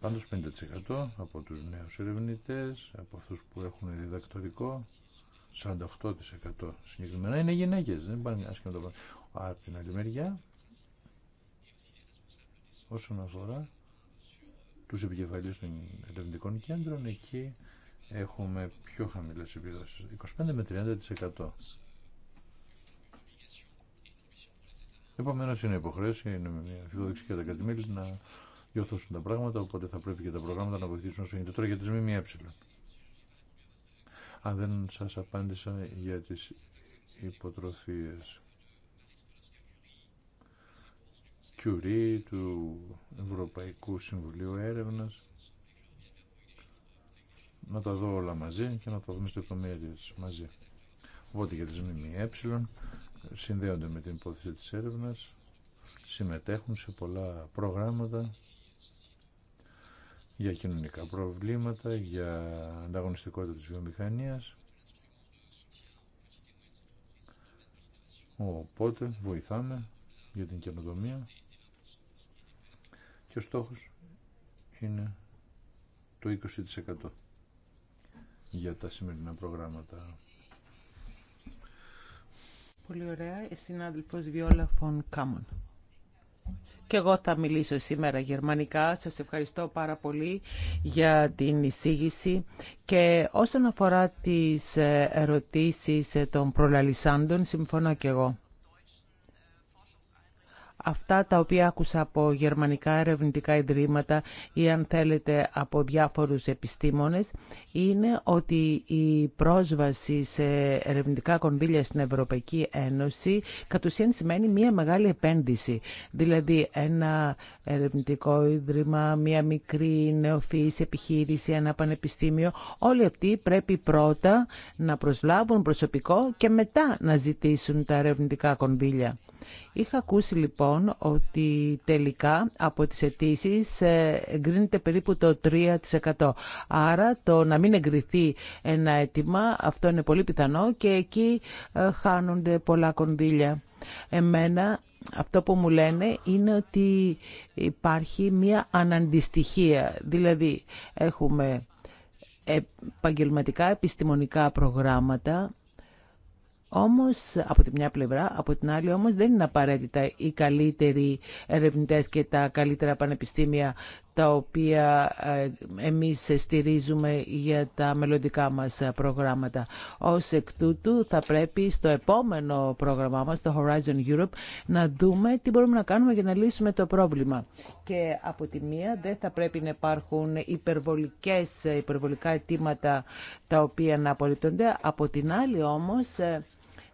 B: Πάντως 50% από τους νέους ερευνητές, από αυτούς που έχουν διδακτορικό, 48% συγκεκριμένα είναι γυναίκες, δεν πάνε άσχημα τα Από την άλλη μεριά, όσον αφορά τους επικεφαλείς των ερευνητικών κέντρων εκεί έχουμε πιο χαμηλές επιδόσεις 25 με 30% Επομένως είναι υποχρέωση, είναι μια φιλοδοξία για τα κρατημέλη να διορθώσουν τα πράγματα, οπότε θα πρέπει και τα προγράμματα να βοηθήσουν όσο γίνεται τώρα για τις ΜΜΕ. Αν δεν σας απάντησα για τις υποτροφίες. Κιουρί, του Ευρωπαϊκού Συμβουλίου Έρευνας. Να τα δω όλα μαζί και να τα δούμε στο λεπτομέρειες μαζί. Οπότε για τις ΜΜΕ συνδέονται με την υπόθεση της έρευνας, συμμετέχουν σε πολλά προγράμματα για κοινωνικά προβλήματα, για ανταγωνιστικότητα της βιομηχανίας. Οπότε βοηθάμε για την καινοτομία και ο στόχος είναι το 20% για τα σημερινά προγράμματα.
D: Πολύ ωραία. συνάδελφος Βιόλα Φων Κάμον. Και εγώ θα μιλήσω σήμερα γερμανικά. Σας ευχαριστώ πάρα πολύ για την εισήγηση. Και όσον αφορά τις ε, ερωτήσεις ε, των προλαλισάντων, συμφωνώ και εγώ αυτά τα οποία άκουσα από γερμανικά ερευνητικά ιδρύματα ή αν θέλετε από διάφορους επιστήμονες είναι ότι η πρόσβαση σε ερευνητικά κονδύλια στην Ευρωπαϊκή Ένωση κατ' ουσίαν σημαίνει μια μεγάλη επένδυση. Δηλαδή ένα ερευνητικό ίδρυμα, μια μικρή νεοφύση επιχείρηση, ένα πανεπιστήμιο, όλοι αυτοί πρέπει πρώτα να προσλάβουν προσωπικό και μετά να ζητήσουν τα ερευνητικά κονδύλια. Είχα ακούσει λοιπόν ότι τελικά από τις αιτήσει ε, εγκρίνεται περίπου το 3%. Άρα το να μην εγκριθεί ένα αίτημα, αυτό είναι πολύ πιθανό και εκεί ε, χάνονται πολλά κονδύλια. Εμένα αυτό που μου λένε είναι ότι υπάρχει μία αναντιστοιχία. Δηλαδή έχουμε επαγγελματικά επιστημονικά προγράμματα όμως, από τη μια πλευρά, από την άλλη όμως δεν είναι απαραίτητα οι καλύτεροι ερευνητές και τα καλύτερα πανεπιστήμια τα οποία ε, εμείς στηρίζουμε για τα μελλοντικά μας προγράμματα. Ως εκ τούτου θα πρέπει στο επόμενο πρόγραμμά μας, το Horizon Europe, να δούμε τι μπορούμε να κάνουμε για να λύσουμε το πρόβλημα. Και από τη μία δεν θα πρέπει να υπάρχουν υπερβολικές, υπερβολικά αιτήματα τα οποία να απορρίπτονται. Από την άλλη όμως ε,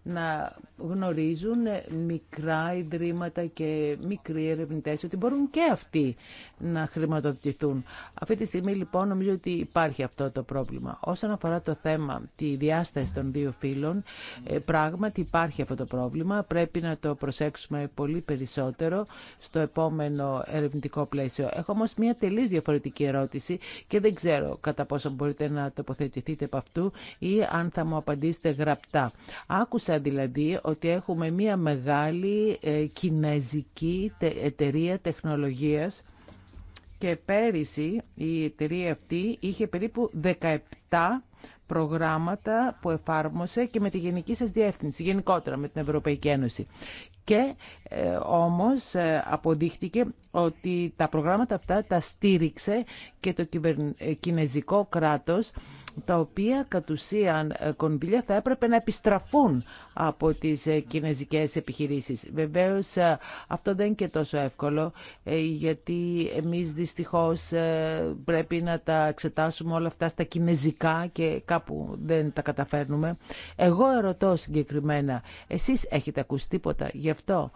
D: να γνωρίζουν μικρά ιδρύματα και μικροί ερευνητέ ότι μπορούν και αυτοί να χρηματοδοτηθούν. Αυτή τη στιγμή λοιπόν νομίζω ότι υπάρχει αυτό το πρόβλημα. Όσον αφορά το θέμα, τη διάσταση των δύο φύλων, ε, πράγματι υπάρχει αυτό το πρόβλημα. Πρέπει να το προσέξουμε πολύ περισσότερο στο επόμενο ερευνητικό πλαίσιο. Έχω όμω μια τελείω διαφορετική ερώτηση και δεν ξέρω κατά πόσο μπορείτε να τοποθετηθείτε από αυτού ή αν θα μου απαντήσετε γραπτά. Άκουσα δηλαδή ότι έχουμε μία μεγάλη ε, κινέζικη εταιρεία τεχνολογίας και πέρυσι η εταιρεία αυτή είχε περίπου 17 προγράμματα που εφάρμοσε και με τη γενική σας διεύθυνση, γενικότερα με την Ευρωπαϊκή Ένωση. Και ε, όμως ε, αποδείχτηκε ότι τα προγράμματα αυτά τα στήριξε και το κυβερ... κινέζικο κράτος τα οποία κατ' ουσίαν ε, κονδύλια θα έπρεπε να επιστραφούν από τις ε, κινέζικες επιχειρήσεις. Βεβαίως ε, αυτό δεν είναι και τόσο εύκολο γιατί εμείς δυστυχώς πρέπει να τα εξετάσουμε όλα αυτά στα κινέζικα και κάπου δεν τα καταφέρνουμε. Εγώ ερωτώ συγκεκριμένα, εσείς έχετε ακούσει τίποτα γι' αυτό,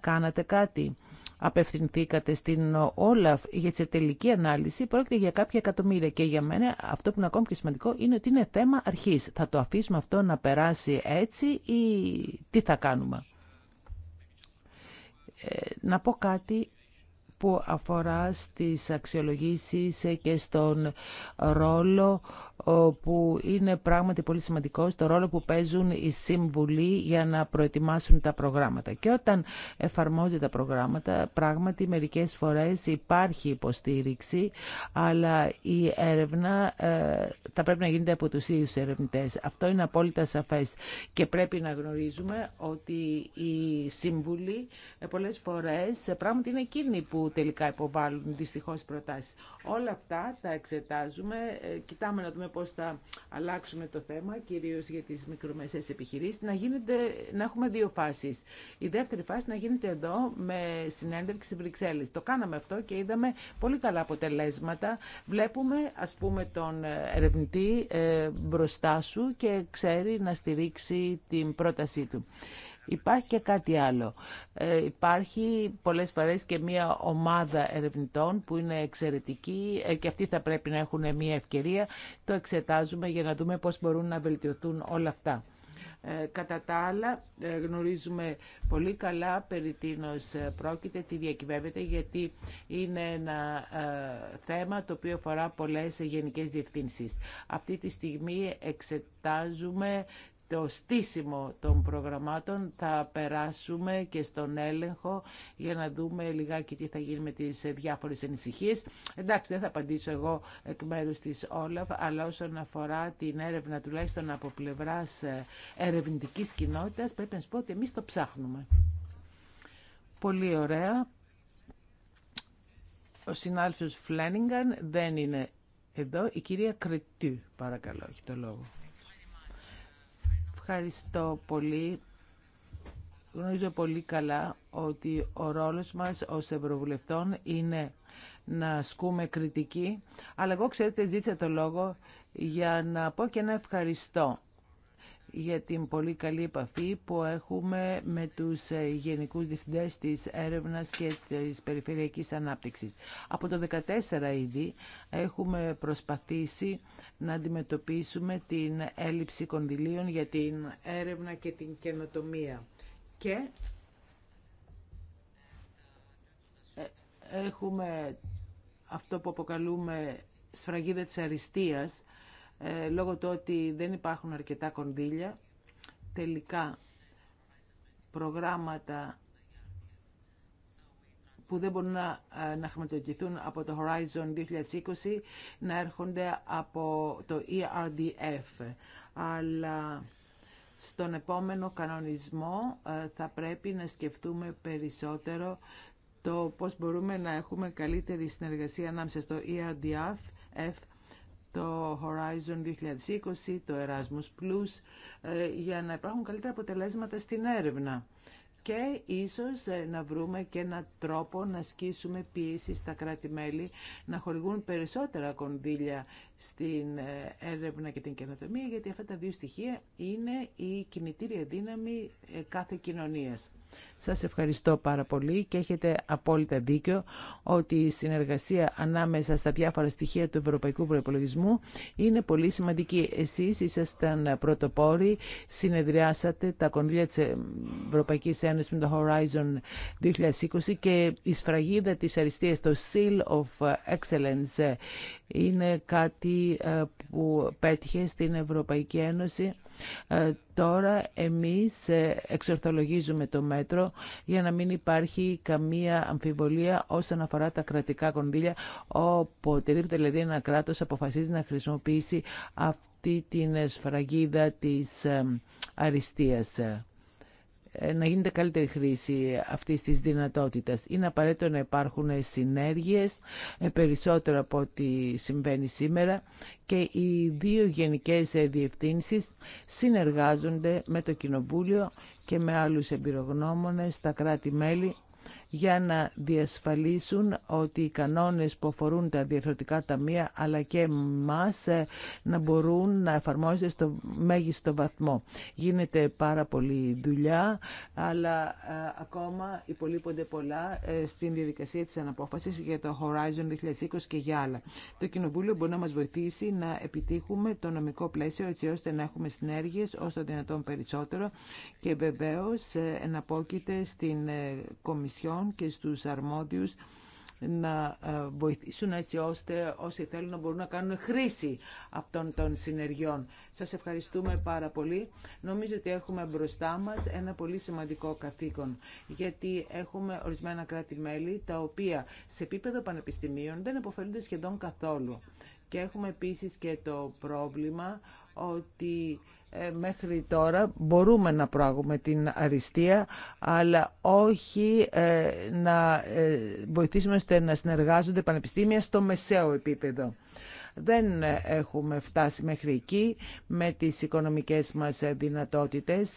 D: κάνατε κάτι απευθυνθήκατε στην Όλαφ για τη τελική ανάλυση πρόκειται για κάποια εκατομμύρια και για μένα αυτό που είναι ακόμη πιο σημαντικό είναι ότι είναι θέμα αρχής. Θα το αφήσουμε αυτό να περάσει έτσι ή τι θα κάνουμε. Ε, να πω κάτι που αφορά στις αξιολογήσεις και στον ρόλο που είναι πράγματι πολύ σημαντικό στο ρόλο που παίζουν οι σύμβουλοι για να προετοιμάσουν τα προγράμματα. Και όταν εφαρμόζονται τα προγράμματα, πράγματι μερικές φορές υπάρχει υποστήριξη, αλλά η έρευνα ε, θα πρέπει να γίνεται από τους ίδιους ερευνητές. Αυτό είναι απόλυτα σαφές και πρέπει να γνωρίζουμε ότι οι σύμβουλοι ε, πολλές φορές ε, πράγματι είναι εκείνοι που τελικά υποβάλλουν δυστυχώς προτάσεις. Όλα αυτά τα εξετάζουμε, ε, κοιτάμε να δούμε πώς θα αλλάξουμε το θέμα, κυρίως για τις μικρομεσαίες επιχειρήσεις, να, γίνεται, να έχουμε δύο φάσεις. Η δεύτερη φάση να γίνεται εδώ με συνέντευξη στις Το κάναμε αυτό και είδαμε πολύ καλά αποτελέσματα. Βλέπουμε, ας πούμε, τον ερευνητή ε, μπροστά σου και ξέρει να στηρίξει την πρότασή του. Υπάρχει και κάτι άλλο. Ε, υπάρχει πολλές φορές και μια ομάδα ερευνητών που είναι εξαιρετική ε, και αυτοί θα πρέπει να έχουν μια ευκαιρία. Το εξετάζουμε για να δούμε πώς μπορούν να βελτιωθούν όλα αυτά. Ε, κατά τα άλλα γνωρίζουμε πολύ καλά περί τίνος πρόκειται, τι διακυβεύεται γιατί είναι ένα θέμα το οποίο αφορά πολλές γενικές διευθύνσεις. Αυτή τη στιγμή εξετάζουμε το στήσιμο των προγραμμάτων θα περάσουμε και στον έλεγχο για να δούμε λιγάκι τι θα γίνει με τις διάφορες ενησυχίες. Εντάξει, δεν θα απαντήσω εγώ εκ μέρους της Όλαφ, αλλά όσον αφορά την έρευνα τουλάχιστον από πλευράς ε, ερευνητικής κοινότητας, πρέπει να σου πω ότι εμείς το ψάχνουμε. Πολύ ωραία. Ο συνάδελφος Φλένιγκαν δεν είναι εδώ. Η κυρία Κρετού, παρακαλώ, έχει το λόγο. Ευχαριστώ πολύ. Γνωρίζω πολύ καλά ότι ο ρόλος μας ως Ευρωβουλευτών είναι να ασκούμε κριτική, αλλά εγώ, ξέρετε, ζήτησα το λόγο για να πω και ένα ευχαριστώ για την πολύ καλή επαφή που έχουμε με τους ε, Γενικούς Διευθυντές της Έρευνας και της Περιφερειακής Ανάπτυξης. Από το 2014 ήδη έχουμε προσπαθήσει να αντιμετωπίσουμε την έλλειψη κονδυλίων για την έρευνα και την καινοτομία. Και ε, έχουμε αυτό που αποκαλούμε σφραγίδα της αριστείας, ε, λόγω του ότι δεν υπάρχουν αρκετά κονδύλια, τελικά προγράμματα που δεν μπορούν να, ε, να χρηματοδοτηθούν από το Horizon 2020 να έρχονται από το ERDF. Αλλά στον επόμενο κανονισμό ε, θα πρέπει να σκεφτούμε περισσότερο το πώς μπορούμε να έχουμε καλύτερη συνεργασία ανάμεσα στο ERDF το Horizon 2020, το Erasmus Plus, ε, για να υπάρχουν καλύτερα αποτελέσματα στην έρευνα και ίσως ε, να βρούμε και έναν τρόπο να σκίσουμε πίεση στα κράτη-μέλη να χορηγούν περισσότερα κονδύλια στην ε, έρευνα και την καινοτομία γιατί αυτά τα δύο στοιχεία είναι η κινητήρια δύναμη κάθε κοινωνίας. Σας ευχαριστώ πάρα πολύ και έχετε απόλυτα δίκιο ότι η συνεργασία ανάμεσα στα διάφορα στοιχεία του Ευρωπαϊκού Προϋπολογισμού είναι πολύ σημαντική. Εσείς ήσασταν πρωτοπόροι, συνεδριάσατε τα κονδύλια της Ευρωπαϊκής Ένωσης με το Horizon 2020 και η σφραγίδα της αριστείας, το Seal of Excellence, είναι κάτι ε, που πέτυχε στην Ευρωπαϊκή Ένωση. Ε, τώρα εμείς ε, εξορθολογίζουμε το μέτρο για να μην υπάρχει καμία αμφιβολία όσον αφορά τα κρατικά κονδύλια, οποτεδήποτε δηλαδή ένα κράτος αποφασίζει να χρησιμοποιήσει αυτή την σφραγίδα της ε, αριστείας. Ε, να γίνεται καλύτερη χρήση αυτής της δυνατότητας. Είναι απαραίτητο να υπάρχουν συνέργειες ε, περισσότερο από ό,τι συμβαίνει σήμερα και οι δύο γενικές ε, διευθύνσεις συνεργάζονται με το Κοινοβούλιο και με άλλους εμπειρογνώμονες, τα κράτη-μέλη για να διασφαλίσουν ότι οι κανόνες που αφορούν τα διαφορετικά ταμεία αλλά και μας ε, να μπορούν να εφαρμόζονται στο μέγιστο βαθμό. Γίνεται πάρα πολύ δουλειά αλλά ε, ακόμα υπολείπονται πολλά ε, στην διαδικασία της αναπόφασης για το Horizon 2020 και για άλλα. Το Κοινοβούλιο μπορεί να μας βοηθήσει να επιτύχουμε το νομικό πλαίσιο έτσι ώστε να έχουμε συνέργειες όσο το δυνατόν περισσότερο και βεβαίως εναπόκειται στην Κομισιόν και στους αρμόδιους να ε, βοηθήσουν έτσι ώστε όσοι θέλουν να μπορούν να κάνουν χρήση αυτών των συνεργειών. Σας ευχαριστούμε πάρα πολύ. Νομίζω ότι έχουμε μπροστά μας ένα πολύ σημαντικό καθήκον, γιατί έχουμε ορισμένα κράτη-μέλη τα οποία σε επίπεδο πανεπιστημίων δεν αποφελούνται σχεδόν καθόλου. Και έχουμε επίσης και το πρόβλημα ότι ε, μέχρι τώρα μπορούμε να προάγουμε την αριστεία, αλλά όχι ε, να ε, βοηθήσουμε ώστε να συνεργάζονται πανεπιστήμια στο μεσαίο επίπεδο. Δεν έχουμε φτάσει μέχρι εκεί με τις οικονομικές μας δυνατότητες.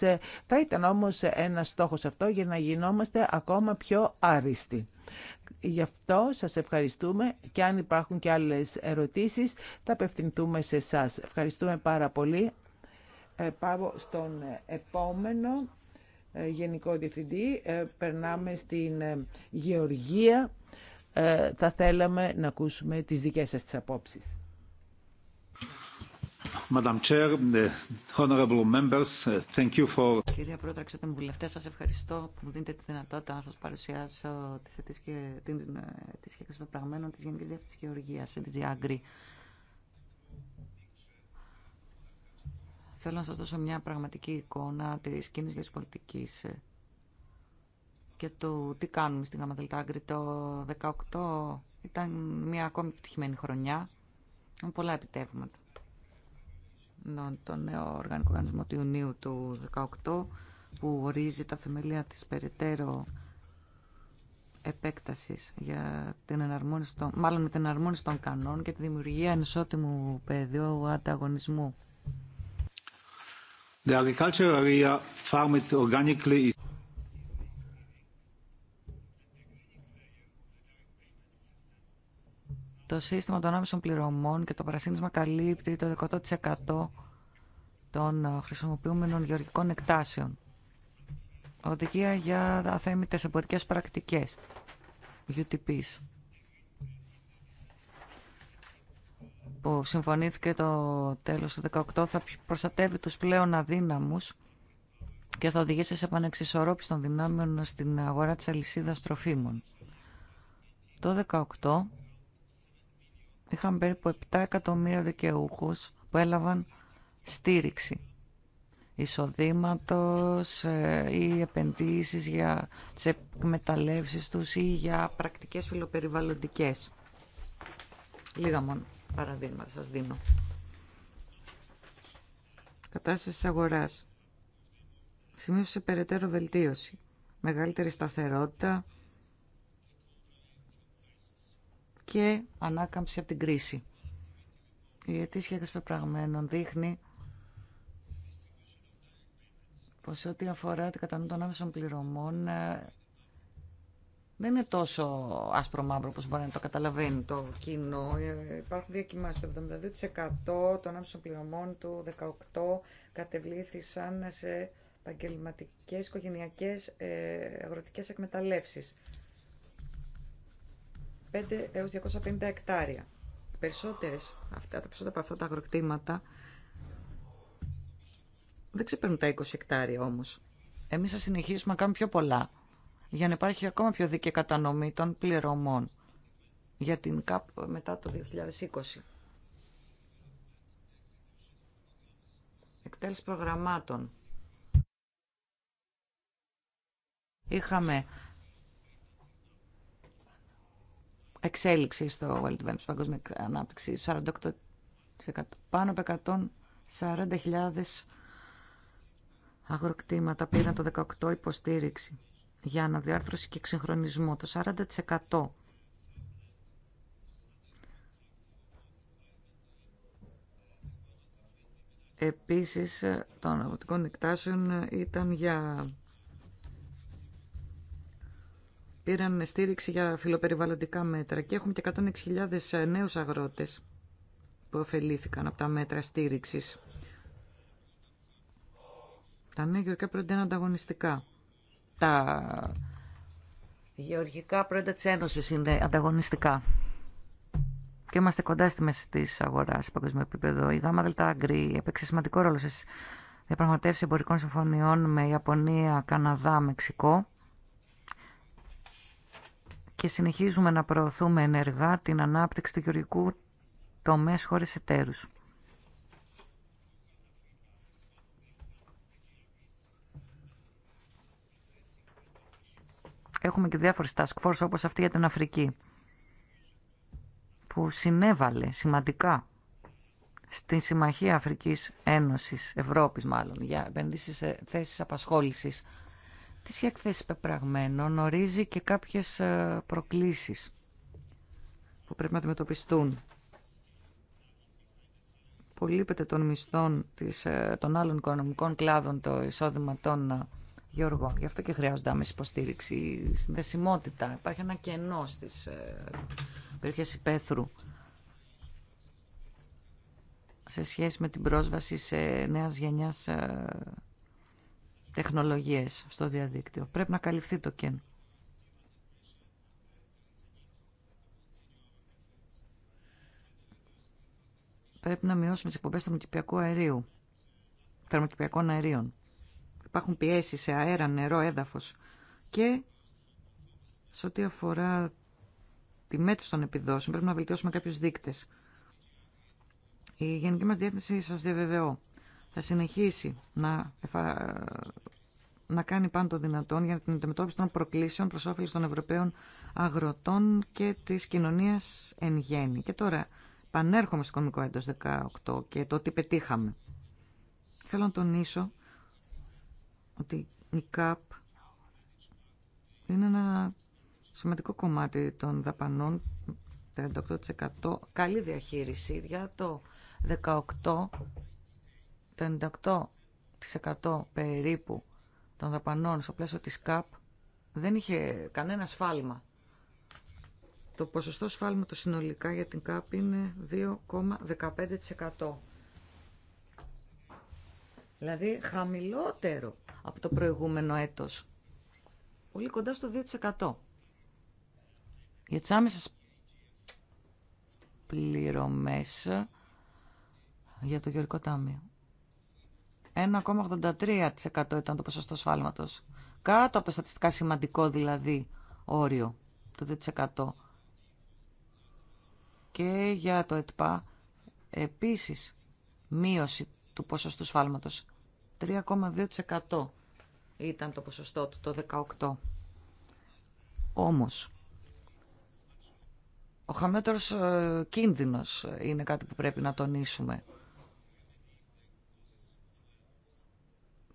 D: Θα ήταν όμως ένα στόχος αυτό για να γινόμαστε ακόμα πιο άριστοι. Γι' αυτό σας ευχαριστούμε και αν υπάρχουν και άλλες ερωτήσεις θα απευθυνθούμε σε εσά. Ευχαριστούμε πάρα πολύ. Ε, πάω στον ε, επόμενο ε, Γενικό Διευθυντή. Περνάμε στην Γεωργία. Θα θέλαμε να ακούσουμε τις δικές σας τις απόψεις.
B: Madam Chair, honorable members, thank you for... Κυρία
A: Πρόεδρε, αξιότιμοι βουλευτέ, σας ευχαριστώ που μου δίνετε τη δυνατότητα να σας παρουσιάσω τις σχέση και, πραγμένων της Γενικής Διεύθυνσης Γεωργίας, της Διάγκρη. Θέλω να σας δώσω μια πραγματική εικόνα της κίνησης της πολιτικής και του τι κάνουμε στην Άγκρη Το 2018. ήταν μια ακόμη επιτυχημένη χρονιά με πολλά επιτεύγματα. Το νέο οργανικό οργανισμό του Ιουνίου του 2018 που ορίζει τα θεμελία της περαιτέρω επέκτασης για την εναρμόνιση των, μάλλον με την εναρμόνιση των κανόν και τη δημιουργία ενισότιμου πεδίου ανταγωνισμού το σύστημα των άμεσων πληρωμών και το παρασύνδεσμα καλύπτει το 100% των ε, χρησιμοποιούμενων γεωργικών εκτάσεων. Οδηγία για αθέμητες εμπορικές πρακτικές, UTPs. που συμφωνήθηκε το τέλος του 18 θα προστατεύει τους πλέον αδύναμους και θα οδηγήσει σε επανεξισορρόπηση των δυνάμεων στην αγορά της αλυσίδας τροφίμων. Το 18 είχαν περίπου 7 εκατομμύρια δικαιούχους που έλαβαν στήριξη εισοδήματος ε, ή επενδύσεις για τις εκμεταλλεύσεις τους ή για πρακτικές φιλοπεριβαλλοντικές. Λίγα μόνο παραδείγματα σας δίνω. Κατάσταση της αγοράς. Σημείωσε περαιτέρω βελτίωση. Μεγαλύτερη σταθερότητα και ανάκαμψη από την κρίση. Η αιτήσια πεπραγμένων δείχνει πως ό,τι αφορά την κατανομή των άμεσων πληρωμών ε, δεν είναι τόσο άσπρο-μαύρο όπως μπορεί να το καταλαβαίνει το κοινό. Ε, υπάρχουν διακοιμάσεις. Το 72% των άμεσων πληρωμών του 18 κατεβλήθησαν σε επαγγελματικέ οικογενειακέ ε, αγροτικές εκμεταλλεύσεις. 5 έω 250 εκτάρια. Περισσότερες αυτά, τα περισσότερα από αυτά τα αγροκτήματα δεν ξεπερνούν τα 20 εκτάρια όμω. Εμεί θα συνεχίσουμε να κάνουμε πιο πολλά για να υπάρχει ακόμα πιο δίκαιη κατανομή των πληρωμών για την ΚΑΠ μετά το 2020. Εκτέλεση προγραμμάτων. Είχαμε εξέλιξη στο World Bank, στην Παγκόσμια Ανάπτυξη, 48%, πάνω από 140.000 αγροκτήματα πήραν το 18 υποστήριξη για αναδιάρθρωση και εξυγχρονισμό. Το 40% επίσης των αγροτικών εκτάσεων ήταν για πήραν στήριξη για φιλοπεριβαλλοντικά μέτρα και έχουμε και 106.000 νέους αγρότες που ωφελήθηκαν από τα μέτρα στήριξης. Τα νέα γεωργικά προϊόντα είναι ανταγωνιστικά. Τα γεωργικά προϊόντα της Ένωσης είναι ανταγωνιστικά και είμαστε κοντά στη μέση τη αγορά σε παγκόσμιο επίπεδο. Η ΓΑΜΑ ΔΕΛΤΑ ΑΓΚΡΙ έπαιξε σημαντικό ρόλο στι διαπραγματεύσει εμπορικών συμφωνιών με Ιαπωνία, Καναδά, Μεξικό. Και συνεχίζουμε να προωθούμε ενεργά την ανάπτυξη του γεωργικού τομέα χώρε εταίρους. Έχουμε και διάφορες task force όπως αυτή για την Αφρική που συνέβαλε σημαντικά στην Συμμαχία Αφρικής Ένωσης, Ευρώπης μάλλον, για επενδύσεις σε θέσεις απασχόλησης. Τις η εκθέσει πεπραγμένων ορίζει και κάποιες ε, προκλήσεις που πρέπει να αντιμετωπιστούν. λείπεται των μισθών της, ε, των άλλων οικονομικών κλάδων το εισόδημα των ε, Γιώργο. Γι' αυτό και χρειάζονται άμεση υποστήριξη. συνδεσιμότητα. Υπάρχει ένα κενό στι ε, περιοχές υπαίθρου σε σχέση με την πρόσβαση σε νέας γενιάς ε, τεχνολογίες στο διαδίκτυο. Πρέπει να καλυφθεί το κενό. Πρέπει να μειώσουμε τις εκπομπές θερμοκηπιακού αερίου, θερμοκηπιακών αερίων. Υπάρχουν πιέσεις σε αέρα, νερό, έδαφος. Και σε ό,τι αφορά τη μέτρηση των επιδόσεων, πρέπει να βελτιώσουμε κάποιους δείκτες. Η Γενική μας Διεύθυνση, σας διαβεβαιώ, θα συνεχίσει να, να κάνει πάντο δυνατόν για την αντιμετώπιση των προκλήσεων προς όφελος των Ευρωπαίων αγροτών και της κοινωνίας εν γέννη. Και τώρα πανέρχομαι στο οικονομικό έντος 18 και το τι πετύχαμε. Θέλω να τονίσω ότι η ΚΑΠ είναι ένα σημαντικό κομμάτι των δαπανών, 38%. Καλή διαχείριση για το 18, το 98% περίπου των δαπανών στο πλαίσιο της ΚΑΠ δεν είχε κανένα σφάλμα. Το ποσοστό σφάλματος συνολικά για την ΚΑΠ είναι 2,15%. Δηλαδή χαμηλότερο από το προηγούμενο έτος. Πολύ κοντά στο 2%. Για τις άμεσες πληρωμές για το Γεωργικό Τάμιο. 1,83% ήταν το ποσοστό σφάλματος. Κάτω από το στατιστικά σημαντικό δηλαδή όριο, το 2%. Και για το ΕΤΠΑ επίσης μείωση του ποσοστού σφάλματος. 3,2% ήταν το ποσοστό του το 18. Όμως, ο χαμέτερος ε, κίνδυνος είναι κάτι που πρέπει να τονίσουμε.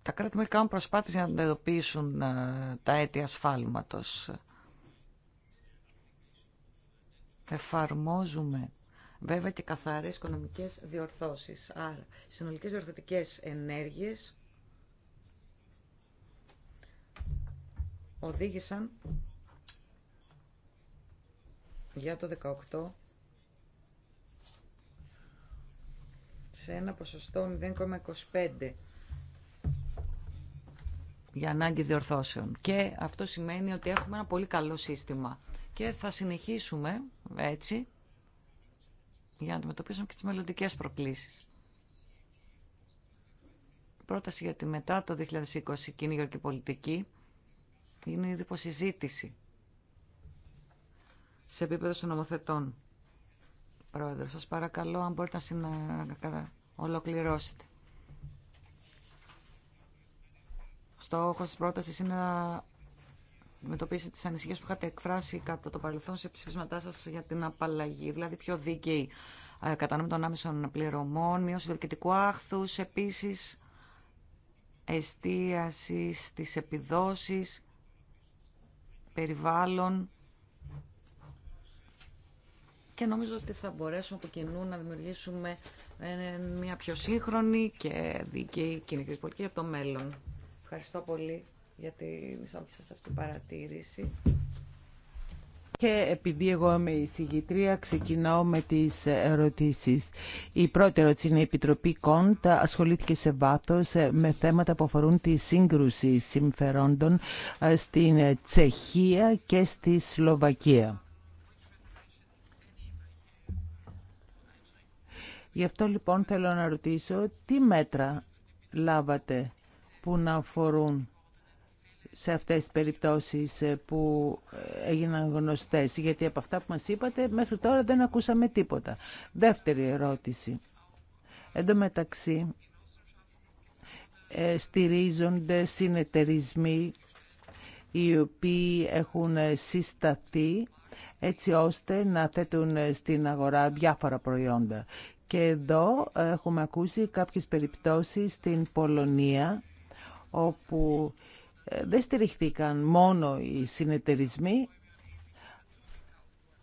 A: Τα κράτη μέλη κάνουν προσπάθειες να αντιμετωπίσουν ε, τα αίτια σφάλματος. Εφαρμόζουμε βέβαια και καθαρές οικονομικές διορθώσεις. Άρα, συνολικές διορθωτικές ενέργειες οδήγησαν για το 18 σε ένα ποσοστό 0,25 για ανάγκη διορθώσεων. Και αυτό σημαίνει ότι έχουμε ένα πολύ καλό σύστημα. Και θα συνεχίσουμε έτσι για να αντιμετωπίσουμε και τις μελλοντικέ προκλήσεις. Πρόταση για τη μετά το 2020 κοινή γεωργική πολιτική είναι η διποσυζήτηση σε επίπεδο των νομοθετών. Πρόεδρο, σας παρακαλώ αν μπορείτε να ολοκληρώσετε. στόχος της πρότασης είναι να αντιμετωπίσετε τις ανησυχίες που είχατε εκφράσει κατά το παρελθόν σε ψηφίσματά σας για την απαλλαγή, δηλαδή πιο δίκαιη ε, κατανομή των άμεσων πληρωμών, μείωση του διοικητικού άχθους, επίσης εστίαση στις επιδόσεις, περιβάλλον και νομίζω ότι θα μπορέσουμε από κοινού να δημιουργήσουμε ε, μια πιο σύγχρονη και δίκαιη κοινωνική πολιτική για το μέλλον. Ευχαριστώ πολύ για την εισαγωγή σας αυτή την παρατήρηση. Και επειδή εγώ
D: είμαι η συγγητρία, ξεκινάω με τις ερωτήσεις. Η πρώτη ερώτηση είναι η Επιτροπή Κοντα ασχολήθηκε σε βάθος με θέματα που αφορούν τη σύγκρουση συμφερόντων ε, στην Τσεχία και στη Σλοβακία. Γι' αυτό λοιπόν θέλω να ρωτήσω τι μέτρα λάβατε που να αφορούν σε αυτές τις περιπτώσεις ε, που έγιναν γνωστές, γιατί από αυτά που μας είπατε μέχρι τώρα δεν ακούσαμε τίποτα. Δεύτερη ερώτηση. Εν τω μεταξύ, ε, στηρίζονται συνεταιρισμοί οι οποίοι έχουν συσταθεί έτσι ώστε να θέτουν στην αγορά διάφορα προϊόντα. Και εδώ έχουμε ακούσει κάποιες περιπτώσεις στην Πολωνία όπου ε, δεν στηριχθήκαν μόνο οι συνεταιρισμοί,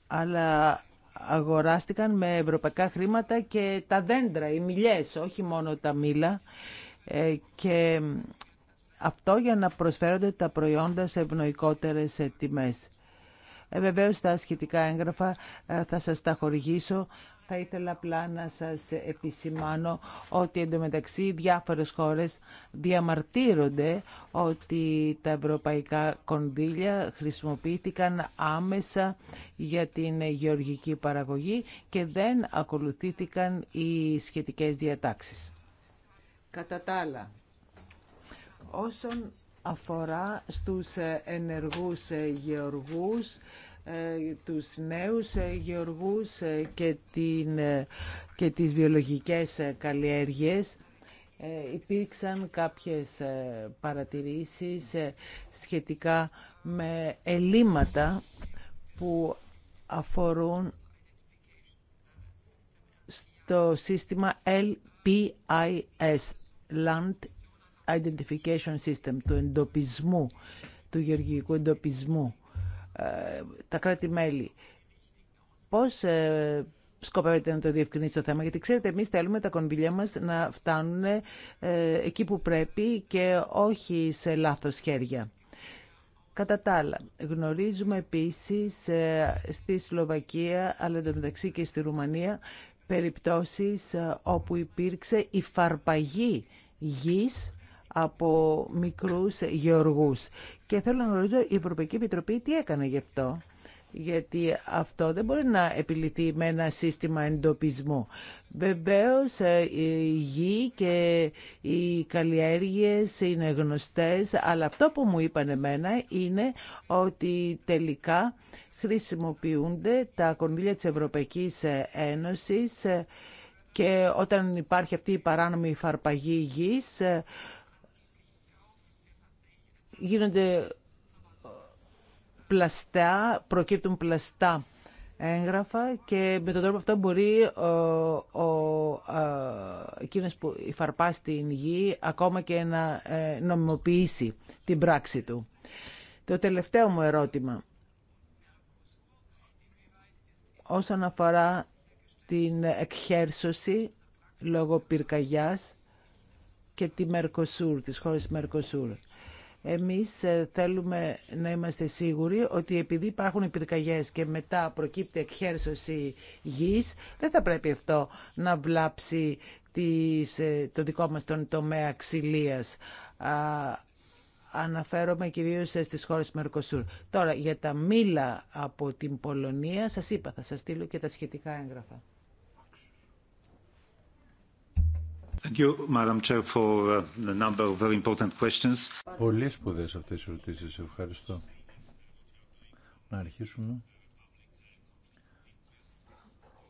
D: αλλά αγοράστηκαν με ευρωπαϊκά χρήματα και τα δέντρα, οι μιλιές, όχι μόνο τα μήλα. Ε, και αυτό για να προσφέρονται τα προϊόντα σε ευνοϊκότερες ε, τιμές. Ε, Βεβαίω τα σχετικά έγγραφα θα σας τα χορηγήσω θα ήθελα απλά να σας επισημάνω ότι εντωμεταξύ διάφορες χώρες διαμαρτύρονται ότι τα ευρωπαϊκά κονδύλια χρησιμοποιήθηκαν άμεσα για την γεωργική παραγωγή και δεν ακολουθήθηκαν οι σχετικές διατάξεις. Κατά τα άλλα, όσον αφορά στους ενεργούς γεωργούς, τους νέους γεωργούς και, την, και τις βιολογικές καλλιέργειες. Ε, υπήρξαν κάποιες ε, παρατηρήσεις ε, σχετικά με ελλείμματα που αφορούν στο σύστημα LPIS, Land Identification System, του εντοπισμού, του γεωργικού εντοπισμού, ε, τα κράτη-μέλη. Πώς ε, σκοπεύετε να το διευκρινίσετε το θέμα, γιατί ξέρετε εμείς θέλουμε τα κονδυλιά μας να φτάνουν ε, εκεί που πρέπει και όχι σε λάθος χέρια. Κατά τα άλλα, γνωρίζουμε επίσης στη Σλοβακία, αλλά εντωμεταξύ και στη Ρουμανία, περιπτώσεις όπου υπήρξε η φαρπαγή γης από μικρούς γεωργούς. Και θέλω να ρωτήσω η Ευρωπαϊκή Επιτροπή τι έκανε γι' αυτό. Γιατί αυτό δεν μπορεί να επιληθεί με ένα σύστημα εντοπισμού. Βεβαίως ε, η γη και οι καλλιέργειες είναι γνωστές, αλλά αυτό που μου είπαν εμένα είναι ότι τελικά χρησιμοποιούνται τα κονδύλια της Ευρωπαϊκής Ένωσης ε, και όταν υπάρχει αυτή η παράνομη φαρπαγή γίνονται πλαστά, προκύπτουν πλαστά έγγραφα και με τον τρόπο αυτό μπορεί ο, ο, εκείνος που υφαρπά στην γη ακόμα και να ε, νομιμοποιήσει την πράξη του. Το τελευταίο μου ερώτημα όσον αφορά την εκχέρσωση λόγω πυρκαγιάς και τη Μερκοσούρ, της χώρας Μερκοσούρ. Εμείς ε, θέλουμε να είμαστε σίγουροι ότι επειδή υπάρχουν πυρκαγιές και μετά προκύπτει εκχέρσωση γης, δεν θα πρέπει αυτό να βλάψει ε, το δικό μας τον τομέα ξυλίας. Αναφέρομαι κυρίως ε, στις χώρες Μερκοσούρ. Τώρα, για τα μήλα από την Πολωνία, σας είπα, θα σας στείλω και τα σχετικά έγγραφα.
B: Thank uh, Πολύ σπουδές αυτές οι Ευχαριστώ. Να αρχίσουμε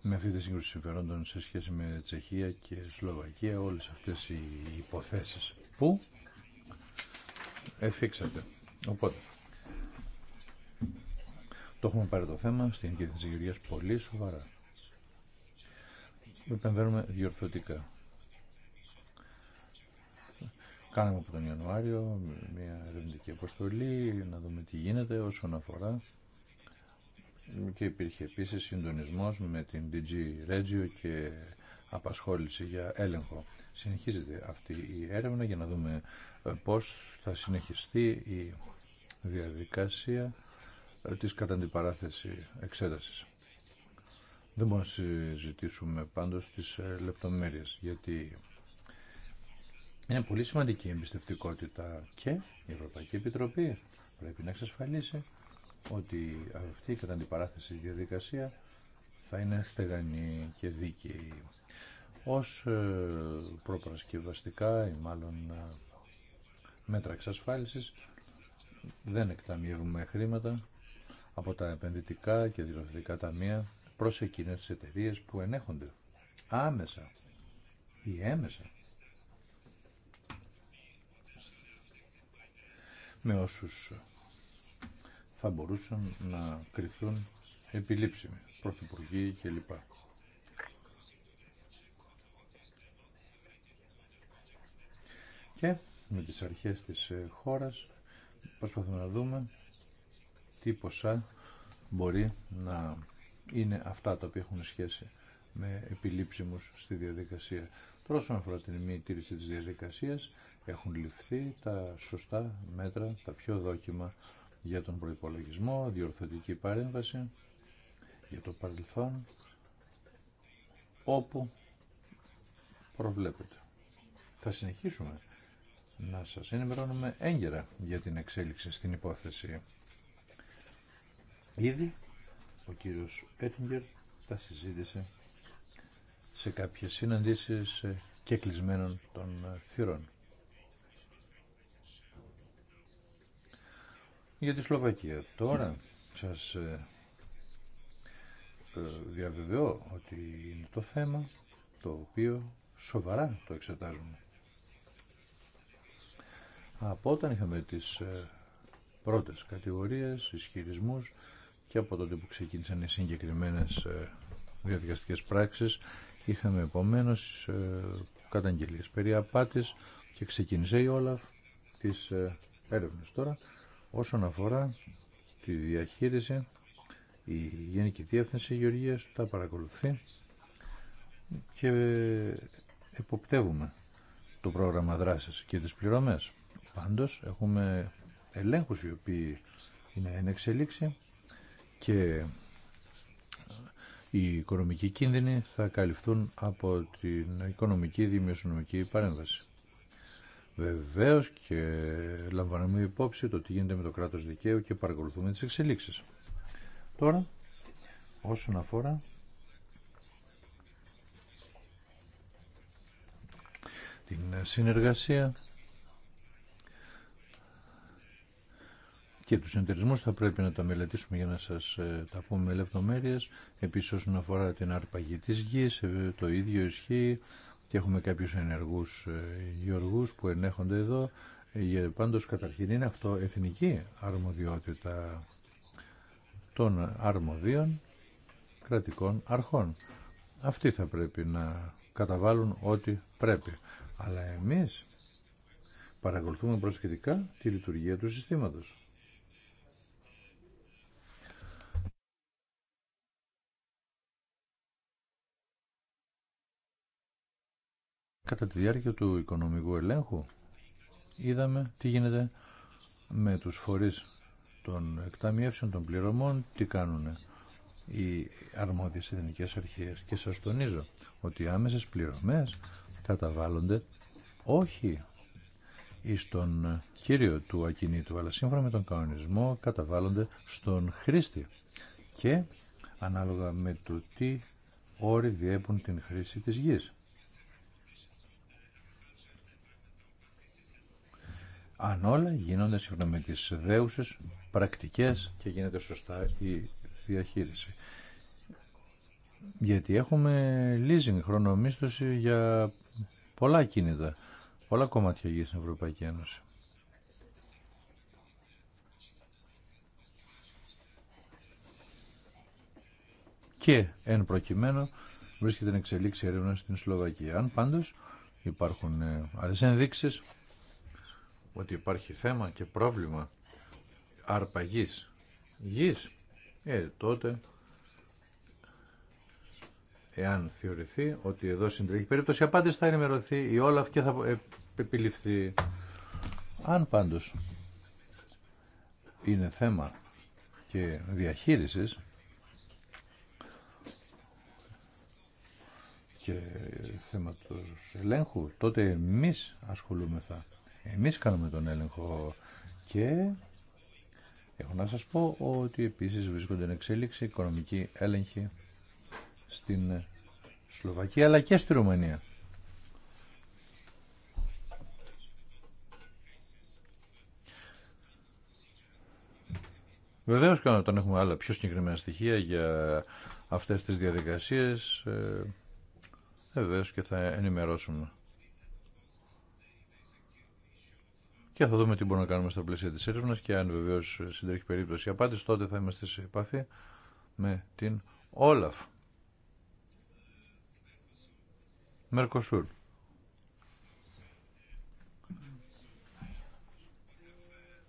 B: με αυτή τη σύγκρουση συμφερόντων σε σχέση με Τσεχία και Σλοβακία, όλες αυτές οι υποθέσεις που εφήξατε. Οπότε, το έχουμε πάρει το θέμα στην κοινή της πολύ σοβαρά. Επεμβαίνουμε διορθωτικά. Κάναμε από τον Ιανουάριο μια ερευνητική αποστολή να δούμε τι γίνεται όσον αφορά και υπήρχε επίσης συντονισμός με την DG Regio και απασχόληση για έλεγχο. Συνεχίζεται αυτή η έρευνα για να δούμε ε, πώς θα συνεχιστεί η διαδικασία ε, της κατά αντιπαράθεση εξέτασης. Δεν μπορούμε να συζητήσουμε πάντως τις ε, λεπτομέρειες γιατί είναι πολύ σημαντική η εμπιστευτικότητα και η Ευρωπαϊκή Επιτροπή πρέπει να εξασφαλίσει ότι αυτή η κατά αντιπαράθεση διαδικασία θα είναι στεγανή και δίκαιη. Ως ε, προπαρασκευαστικά ή μάλλον ε, μέτρα εξασφάλισης δεν εκταμιεύουμε χρήματα από τα επενδυτικά και δηλωτικά ταμεία προς εκείνες τις εταιρείε που ενέχονται άμεσα ή έμεσα με όσους θα μπορούσαν να κρυφθούν επιλήψιμοι, πρωθυπουργοί κλπ. Και με τις αρχές της ε, χώρας προσπαθούμε να δούμε τι ποσά μπορεί να είναι αυτά τα οποία έχουν σχέση με επιλήψιμους στη διαδικασία. Τώρα όσον αφορά την μη τήρηση της διαδικασίας, έχουν ληφθεί τα σωστά μέτρα, τα πιο δόκιμα για τον προϋπολογισμό, διορθωτική παρέμβαση, για το παρελθόν, όπου προβλέπεται. Θα συνεχίσουμε να σας ενημερώνουμε έγκαιρα για την εξέλιξη στην υπόθεση. Ήδη ο κύριος Έτιγκερ τα συζήτησε σε κάποιες συναντήσεις ε, και κλεισμένων των θυρών. για τη Σλοβακία. Τώρα σας ε, ε, διαβεβαιώ ότι είναι το θέμα το οποίο σοβαρά το εξετάζουμε. Από όταν είχαμε τις ε, πρώτες κατηγορίες, ισχυρισμούς και από τότε που ξεκίνησαν οι συγκεκριμένες διαδικαστικές πράξεις είχαμε επομένως καταγγελίες περί απάτης και ξεκίνησε η Όλαφ τις έρευνες τώρα Όσον αφορά τη διαχείριση, η Γενική Διεύθυνση Γεωργίας τα παρακολουθεί και εποπτεύουμε το πρόγραμμα δράσης και τις πληρωμές. Πάντως έχουμε ελέγχους οι οποίοι είναι εν εξελίξη και οι οικονομικοί κίνδυνοι θα καλυφθούν από την οικονομική δημιουργική παρέμβαση. Βεβαίω και λαμβάνουμε υπόψη το τι γίνεται με το κράτος δικαίου και παρακολουθούμε τις εξελίξεις. Τώρα, όσον αφορά την συνεργασία και τους συνεταιρισμούς θα πρέπει να τα μελετήσουμε για να σας ε, τα πούμε με λεπτομέρειες. Επίσης όσον αφορά την αρπαγή της γης, ε, το ίδιο ισχύει και έχουμε κάποιους ενεργούς ε, γεωργούς που ενέχονται εδώ. Ε, πάντως καταρχήν είναι αυτό εθνική αρμοδιότητα των αρμοδίων κρατικών αρχών. Αυτοί θα πρέπει να καταβάλουν ό,τι πρέπει. Αλλά εμείς παρακολουθούμε προσεκτικά τη λειτουργία του συστήματος. Κατά τη διάρκεια του οικονομικού ελέγχου είδαμε τι γίνεται με τους φορείς των εκταμιεύσεων των πληρωμών, τι κάνουν οι αρμόδιες εθνικές αρχές. Και σας τονίζω ότι οι άμεσες πληρωμές καταβάλλονται όχι εις τον κύριο του ακινήτου, αλλά σύμφωνα με τον κανονισμό καταβάλλονται στον χρήστη και ανάλογα με το τι όροι διέπουν την χρήση της γης. αν όλα γίνονται σύμφωνα με τις δέουσες πρακτικές και γίνεται σωστά η διαχείριση. Γιατί έχουμε leasing, χρονομίσθωση για πολλά κίνητα, πολλά κομμάτια γη στην Ευρωπαϊκή Ένωση. Και εν προκειμένου βρίσκεται να εξελίξει έρευνα στην Σλοβακία. Αν πάντως υπάρχουν ε, άλλες ενδείξεις ότι υπάρχει θέμα και πρόβλημα αρπαγής γης, ε, τότε εάν θεωρηθεί ότι εδώ συντρέχει περίπτωση απάντηση θα ενημερωθεί η Όλαφ και θα ε, επιληφθεί. Αν πάντως είναι θέμα και διαχείρισης και θέμα του ελέγχου, τότε εμείς ασχολούμεθα εμείς κάνουμε τον έλεγχο και έχω να σας πω ότι επίσης βρίσκονται εν εξέλιξη οικονομική έλεγχη στην Σλοβακία αλλά και στη Ρουμανία. Βεβαίω και όταν έχουμε άλλα πιο συγκεκριμένα στοιχεία για αυτές τις διαδικασίες, ε, βεβαίω και θα ενημερώσουμε. και θα δούμε τι μπορούμε να κάνουμε στα πλαίσια της έρευνας και αν βεβαίως συντρέχει περίπτωση απάντηση τότε θα είμαστε σε επαφή με την Όλαφ. Μερκοσούρ.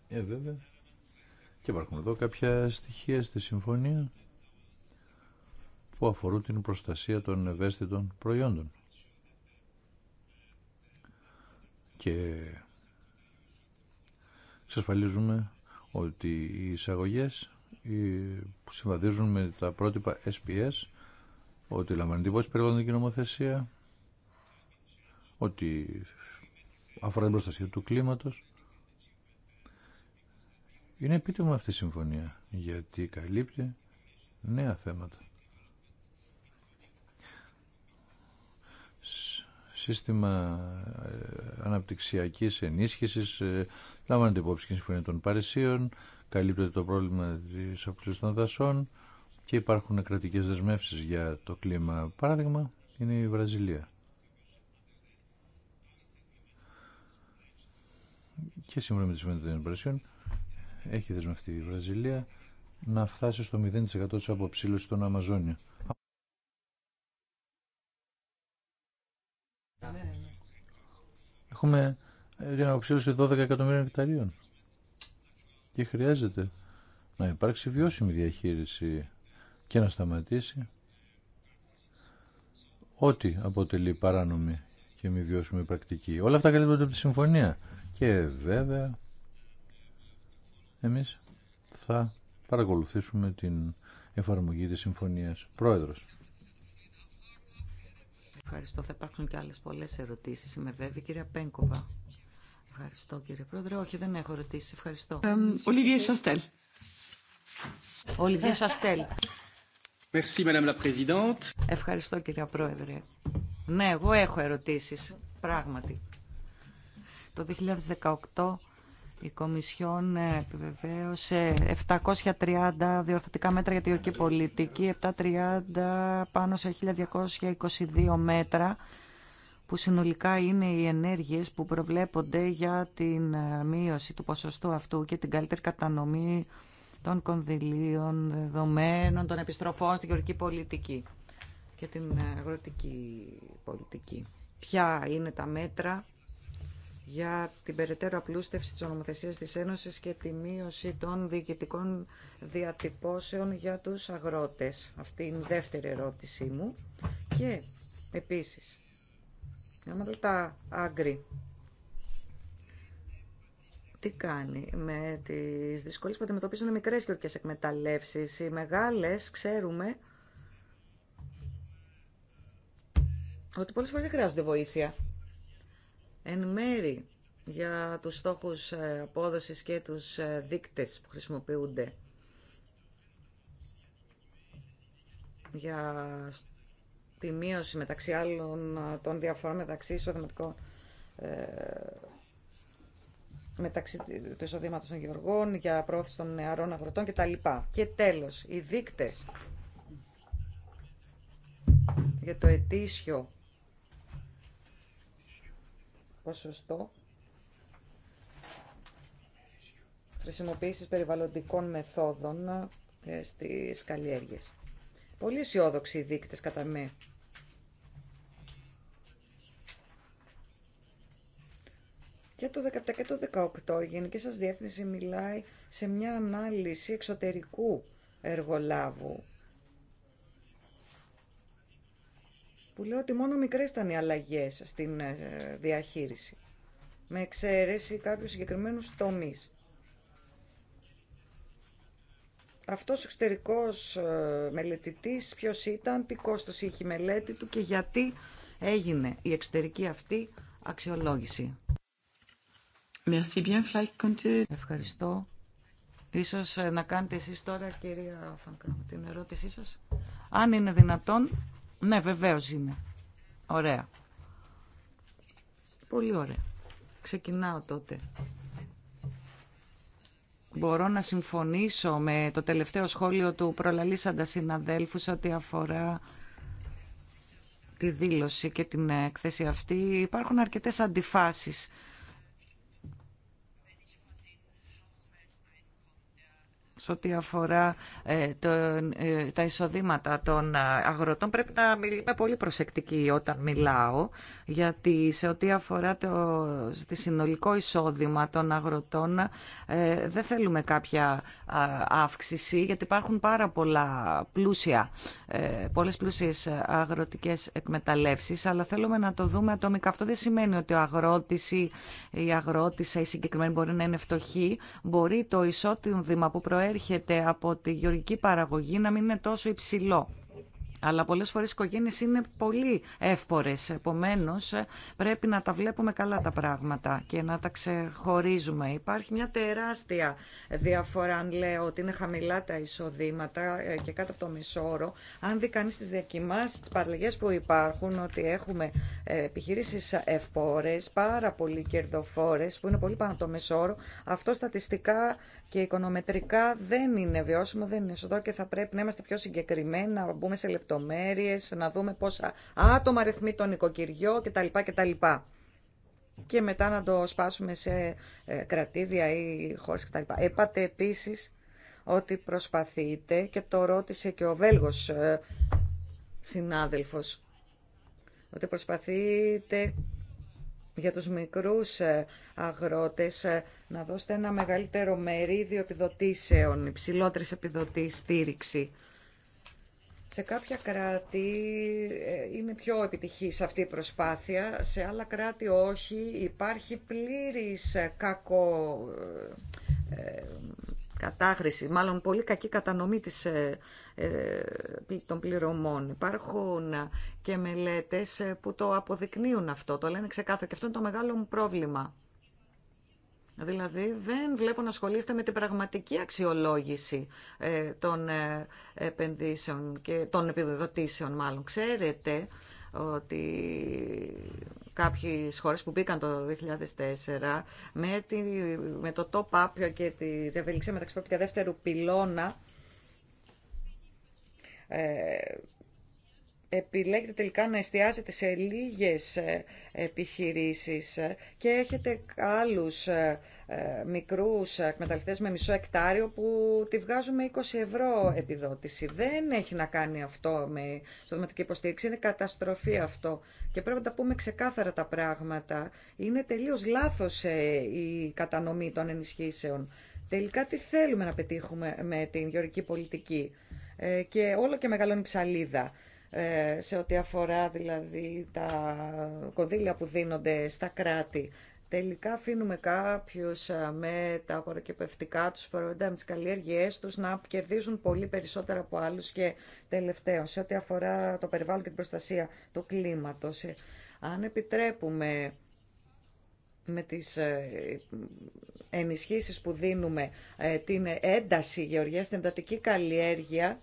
B: Ε, βέβαια. Και υπάρχουν εδώ κάποια στοιχεία στη συμφωνία που αφορούν την προστασία των ευαίσθητων προϊόντων. Και εξασφαλίζουμε ότι οι εισαγωγέ που συμβαδίζουν με τα πρότυπα SPS, ότι λαμβάνεται υπόψη περιβαλλοντική νομοθεσία, ότι αφορά την προστασία του κλίματος. Είναι επίτευγμα αυτή η συμφωνία, γιατί καλύπτει νέα θέματα. Σύστημα ε, αναπτυξιακής ενίσχυσης, ε, λαμβάνεται υπόψη και η Συμφωνία των Παρισίων, καλύπτεται το πρόβλημα της απλής των δασών και υπάρχουν κρατικέ δεσμεύσει για το κλίμα. Παράδειγμα είναι η Βραζιλία. Και σύμφωνα με τη Συμφωνία των Παρισίων έχει δεσμευτεί η Βραζιλία να φτάσει στο 0% τη αποψήλωση των Αμαζόνια. Έχουμε να οξύρωσε 12 εκατομμύρια νεκταρίων Και χρειάζεται να υπάρξει βιώσιμη διαχείριση και να σταματήσει ό,τι αποτελεί παράνομη και μη βιώσιμη πρακτική. Όλα αυτά καλύπτονται από τη συμφωνία. Και βέβαια εμείς θα παρακολουθήσουμε την εφαρμογή της συμφωνίας. Πρόεδρος.
A: Ευχαριστώ. Θα υπάρξουν και άλλες πολλές ερωτήσεις. Είμαι βέβαια κυρία Πένκοβα. Ευχαριστώ κύριε Πρόεδρε. Όχι, δεν έχω ρωτήσει. Ευχαριστώ. Ολιβιέ Σαστέλ. Ολιβιέ Σαστέλ. Ευχαριστώ κύριε Πρόεδρε. Ναι, εγώ έχω ερωτήσεις, πράγματι. Το 2018 η Κομισιόν ε, επιβεβαίωσε 730 διορθωτικά μέτρα για τη γεωργική πολιτική, 730 πάνω σε 1222 μέτρα που συνολικά είναι οι ενέργειες που προβλέπονται για την ε, μείωση του ποσοστού αυτού και την καλύτερη κατανομή των κονδυλίων, δεδομένων, των επιστροφών στην γεωργική πολιτική και την ε, αγροτική πολιτική. Ποια είναι τα μέτρα για την περαιτέρω απλούστευση της ονομοθεσίας της Ένωσης και τη μείωση των διοικητικών διατυπώσεων για τους αγρότες. Αυτή είναι η δεύτερη ερώτησή μου. Και επίσης, τα Άγκρι. Τι κάνει με τις δυσκολίες που αντιμετωπίζουν οι μικρές γεωργικές εκμεταλλεύσεις. Οι μεγάλες ξέρουμε ότι πολλές φορές δεν χρειάζονται βοήθεια. Εν μέρη για τους στόχους ε, απόδοσης και τους ε, δείκτες που χρησιμοποιούνται για τη μείωση μεταξύ άλλων ε, των διαφορών μεταξύ εισοδηματικών ε, μεταξύ του εισοδήματο των γεωργών, για πρόθεση των νεαρών αγροτών κτλ. Και τέλος, οι δείκτες για το ετήσιο ποσοστό χρησιμοποίησης περιβαλλοντικών μεθόδων ε, στις καλλιέργειες. Πολύ αισιόδοξοι οι δείκτες κατά με. Για το 17 και το 18 η Γενική σας Διεύθυνση μιλάει σε μια ανάλυση εξωτερικού εργολάβου που λέω ότι μόνο μικρές ήταν οι αλλαγές στην ε, διαχείριση με εξαίρεση κάποιου συγκεκριμένου τομείς. αυτός ο εξωτερικός ε, μελετητής ποιος ήταν, τι κόστος είχε η μελέτη του και γιατί έγινε η εξωτερική αυτή αξιολόγηση. Ευχαριστώ. Ίσως ε, να κάνετε εσείς τώρα, κυρία Φανκράμ, την ερώτησή σας. Αν είναι δυνατόν, ναι βεβαίως είναι. Ωραία. Πολύ ωραία. Ξεκινάω τότε Μπορώ να συμφωνήσω με το τελευταίο σχόλιο του προλαλήσαντα συναδέλφου ό,τι αφορά τη δήλωση και την έκθεση αυτή. Υπάρχουν αρκετές αντιφάσεις σε ό,τι αφορά ε, ε, τα εισοδήματα των ε, αγροτών πρέπει να είμαι πολύ προσεκτική όταν μιλάω γιατί σε ό,τι αφορά το στη συνολικό εισόδημα των αγροτών δεν θέλουμε κάποια αύξηση γιατί υπάρχουν πάρα πολλά πλούσια, πολλές πλούσιες αγροτικές εκμεταλλεύσεις αλλά θέλουμε να το δούμε ατομικά. Αυτό δεν σημαίνει ότι ο αγρότης ή η αγρότησα ή συγκεκριμένη μπορεί να είναι φτωχή. Μπορεί το εισόδημα που προέρχεται έρχεται από τη γεωργική παραγωγή να μην είναι τόσο υψηλό. Αλλά πολλέ φορέ οι οικογένειε είναι πολύ εύπορε. Επομένω, πρέπει να τα βλέπουμε καλά τα πράγματα και να τα ξεχωρίζουμε. Υπάρχει μια τεράστια διαφορά, αν λέω ότι είναι χαμηλά τα εισοδήματα ε, και κάτω από το μισό Αν δει κανεί τι διακοιμάσει, τι παραλλαγέ που υπάρχουν, ότι έχουμε ε, επιχειρήσει εύπορε, πάρα πολύ κερδοφόρε, που είναι πολύ πάνω από το μισό αυτό στατιστικά και οικονομετρικά δεν είναι βιώσιμο, δεν είναι σωστό και θα πρέπει να είμαστε πιο συγκεκριμένοι, να μπούμε σε λεπτομέρειε λεπτομέρειες, να δούμε πόσα άτομα αριθμεί το νοικοκυριό κτλ. κτλ. Και μετά να το σπάσουμε σε ε, κρατήδια ή χώρες κτλ. έπατε επίσης ότι προσπαθείτε και το ρώτησε και ο Βέλγος ε, συνάδελφος ότι προσπαθείτε για τους μικρούς ε, αγρότες να δώσετε ένα μεγαλύτερο μερίδιο επιδοτήσεων, υψηλότερης επιδοτή στήριξη. Σε κάποια κράτη ε, είναι πιο επιτυχής αυτή η προσπάθεια, σε άλλα κράτη όχι. Υπάρχει πλήρης ε, κακό ε, ε, κατάχρηση, μάλλον πολύ κακή κατανομή της, ε, των πληρωμών. Υπάρχουν και μελέτες που το αποδεικνύουν αυτό, το λένε ξεκάθαρα και αυτό είναι το μεγάλο μου πρόβλημα. Δηλαδή δεν βλέπω να ασχολείστε με την πραγματική αξιολόγηση ε, των ε, επενδύσεων και των επιδοτήσεων μάλλον. Ξέρετε ότι κάποιες χώρες που μπήκαν το 2004 με, τη, με το top-up και τη διαβελιξία μεταξύ πρώτου και δεύτερου πυλώνα ε, επιλέγετε τελικά να εστιάζετε σε λίγες ε, επιχειρήσεις ε, και έχετε άλλους ε, μικρούς εκμεταλλευτές με μισό εκτάριο που τη βγάζουμε 20 ευρώ επιδότηση. Δεν έχει να κάνει αυτό με σωματική υποστήριξη, είναι καταστροφή αυτό και πρέπει να τα πούμε ξεκάθαρα τα πράγματα. Είναι τελείως λάθος η κατανομή των ενισχύσεων. Τελικά τι θέλουμε να πετύχουμε με την γεωρική πολιτική και όλο και μεγαλώνει ψαλίδα. Ε, σε ό,τι αφορά δηλαδή τα κονδύλια που δίνονται στα κράτη. Τελικά αφήνουμε κάποιους ε, με τα αγορακεπευτικά τους προϊόντα, με τις καλλιέργειές τους να κερδίζουν πολύ περισσότερα από άλλους και τελευταίο σε ό,τι αφορά το περιβάλλον και την προστασία του κλίματος. Ε, αν επιτρέπουμε με τις ενισχύσεις που δίνουμε την ένταση γεωργία στην εντατική καλλιέργεια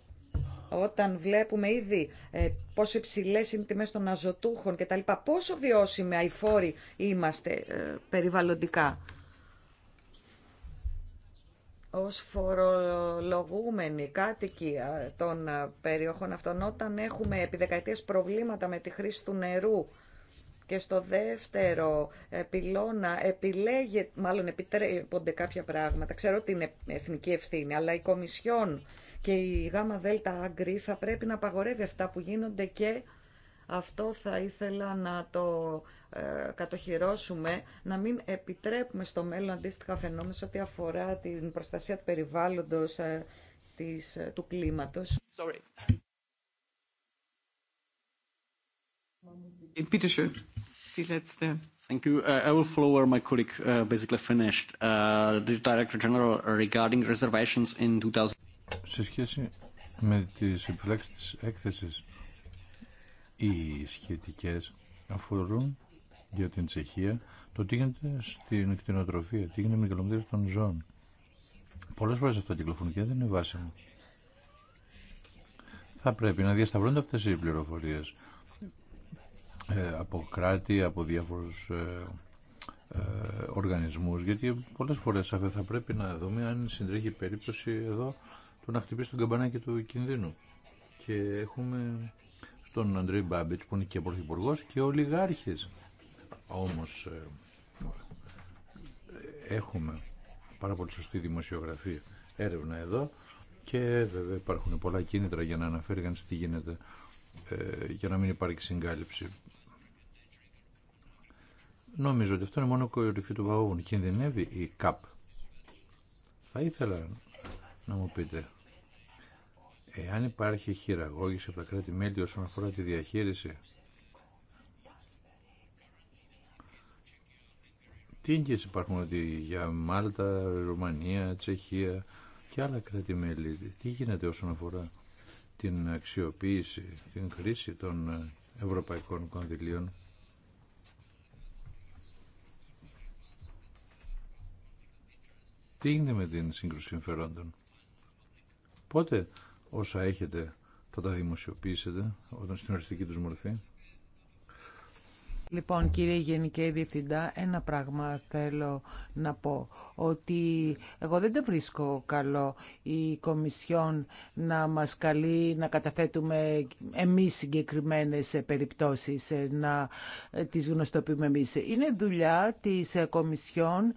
A: όταν βλέπουμε ήδη ε, πόσο υψηλέ είναι οι τιμές των αζωτούχων κτλ. Πόσο βιώσιμοι αηφόροι είμαστε ε, περιβαλλοντικά. Ως φορολογούμενοι κάτοικοι ε, των περιοχών αυτών, όταν έχουμε επί δεκαετίες προβλήματα με τη χρήση του νερού, και στο δεύτερο πυλώνα επιλέγει, μάλλον επιτρέπονται κάποια πράγματα. Ξέρω ότι είναι εθνική ευθύνη, αλλά η Κομισιόν και η ΓΑΜΑ ΔΕΛΤΑ Άγκρη θα πρέπει να απαγορεύει αυτά που γίνονται και αυτό θα ήθελα να το ε, κατοχυρώσουμε, να μην επιτρέπουμε στο μέλλον αντίστοιχα φαινόμενα ό,τι αφορά την προστασία του περιβάλλοντος, ε, της, ε, του κλίματος.
F: Sorry.
C: Thank you. Uh, I will follow where my colleague uh, basically finished. Uh, the Director General regarding reservations in 2000.
B: Σε σχέση με τις επιφυλάξεις της έκθεσης, οι σχετικές αφορούν για την Τσεχία το τι γίνεται στην κτηνοτροφία, τι γίνεται με κιλομετρίες των ζώων. Πολλές φορές αυτά κυκλοφορούν και δεν είναι βάσιμο. Θα πρέπει να διασταυρώνται αυτές οι πληροφορίες ε, από κράτη, από διάφορους ε, ε, οργανισμούς, γιατί πολλές φορές θα πρέπει να δούμε αν συντρέχει περίπτωση εδώ του να χτυπήσει τον καμπανάκι του κινδύνου. Και έχουμε στον Αντρέι Μπάμπιτ που είναι και πρωθυπουργό και ολιγάρχε. Όμω ε, έχουμε πάρα πολύ σωστή δημοσιογραφία έρευνα εδώ και βέβαια υπάρχουν πολλά κίνητρα για να αναφέρει κανείς τι γίνεται ε, για να μην υπάρχει συγκάλυψη. Νομίζω ότι αυτό είναι μόνο κορυφή του βαγόνου. Κινδυνεύει η ΚΑΠ. Θα ήθελα να μου πείτε Εάν υπάρχει χειραγώγηση από τα κράτη-μέλη όσον αφορά τη διαχείριση, τι ίδιες υπάρχουν ότι για Μάλτα, Ρουμανία, Τσεχία και άλλα κράτη-μέλη, τι γίνεται όσον αφορά την αξιοποίηση, την χρήση των ευρωπαϊκών κονδυλίων. Τι γίνεται με την σύγκρουση συμφερόντων. Πότε όσα έχετε θα τα δημοσιοποιήσετε όταν στην οριστική τους μορφή.
D: Λοιπόν, κύριε Γενική Διευθυντά, ένα πράγμα θέλω να πω. Ότι εγώ δεν το βρίσκω καλό η Κομισιόν να μας καλεί να καταθέτουμε εμείς συγκεκριμένες περιπτώσεις, ε, να ε, τις γνωστοποιούμε εμείς. Είναι δουλειά της ε, Κομισιόν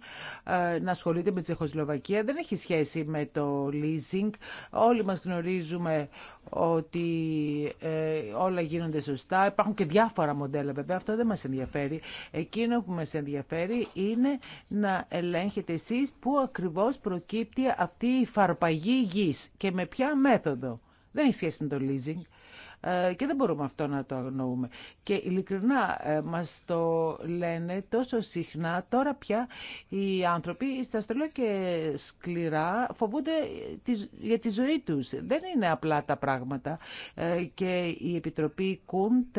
D: να ασχολείται με τη Τσεχοσλοβακία. Δεν έχει σχέση με το leasing. Όλοι μας γνωρίζουμε ότι όλα γίνονται σωστά. Υπάρχουν και διάφορα μοντέλα βέβαια. Αυτό δεν Εκείνο που μας ενδιαφέρει είναι να ελέγχετε εσείς πού ακριβώς προκύπτει αυτή η φαρπαγή γης και με ποια μέθοδο. Δεν έχει σχέση με το leasing. Ε, και δεν μπορούμε αυτό να το αγνοούμε. Και ειλικρινά ε, μας το λένε τόσο συχνά τώρα πια οι άνθρωποι, σας το λέω και σκληρά, φοβούνται για τη ζωή τους. Δεν είναι απλά τα πράγματα ε, και η Επιτροπή Κούντ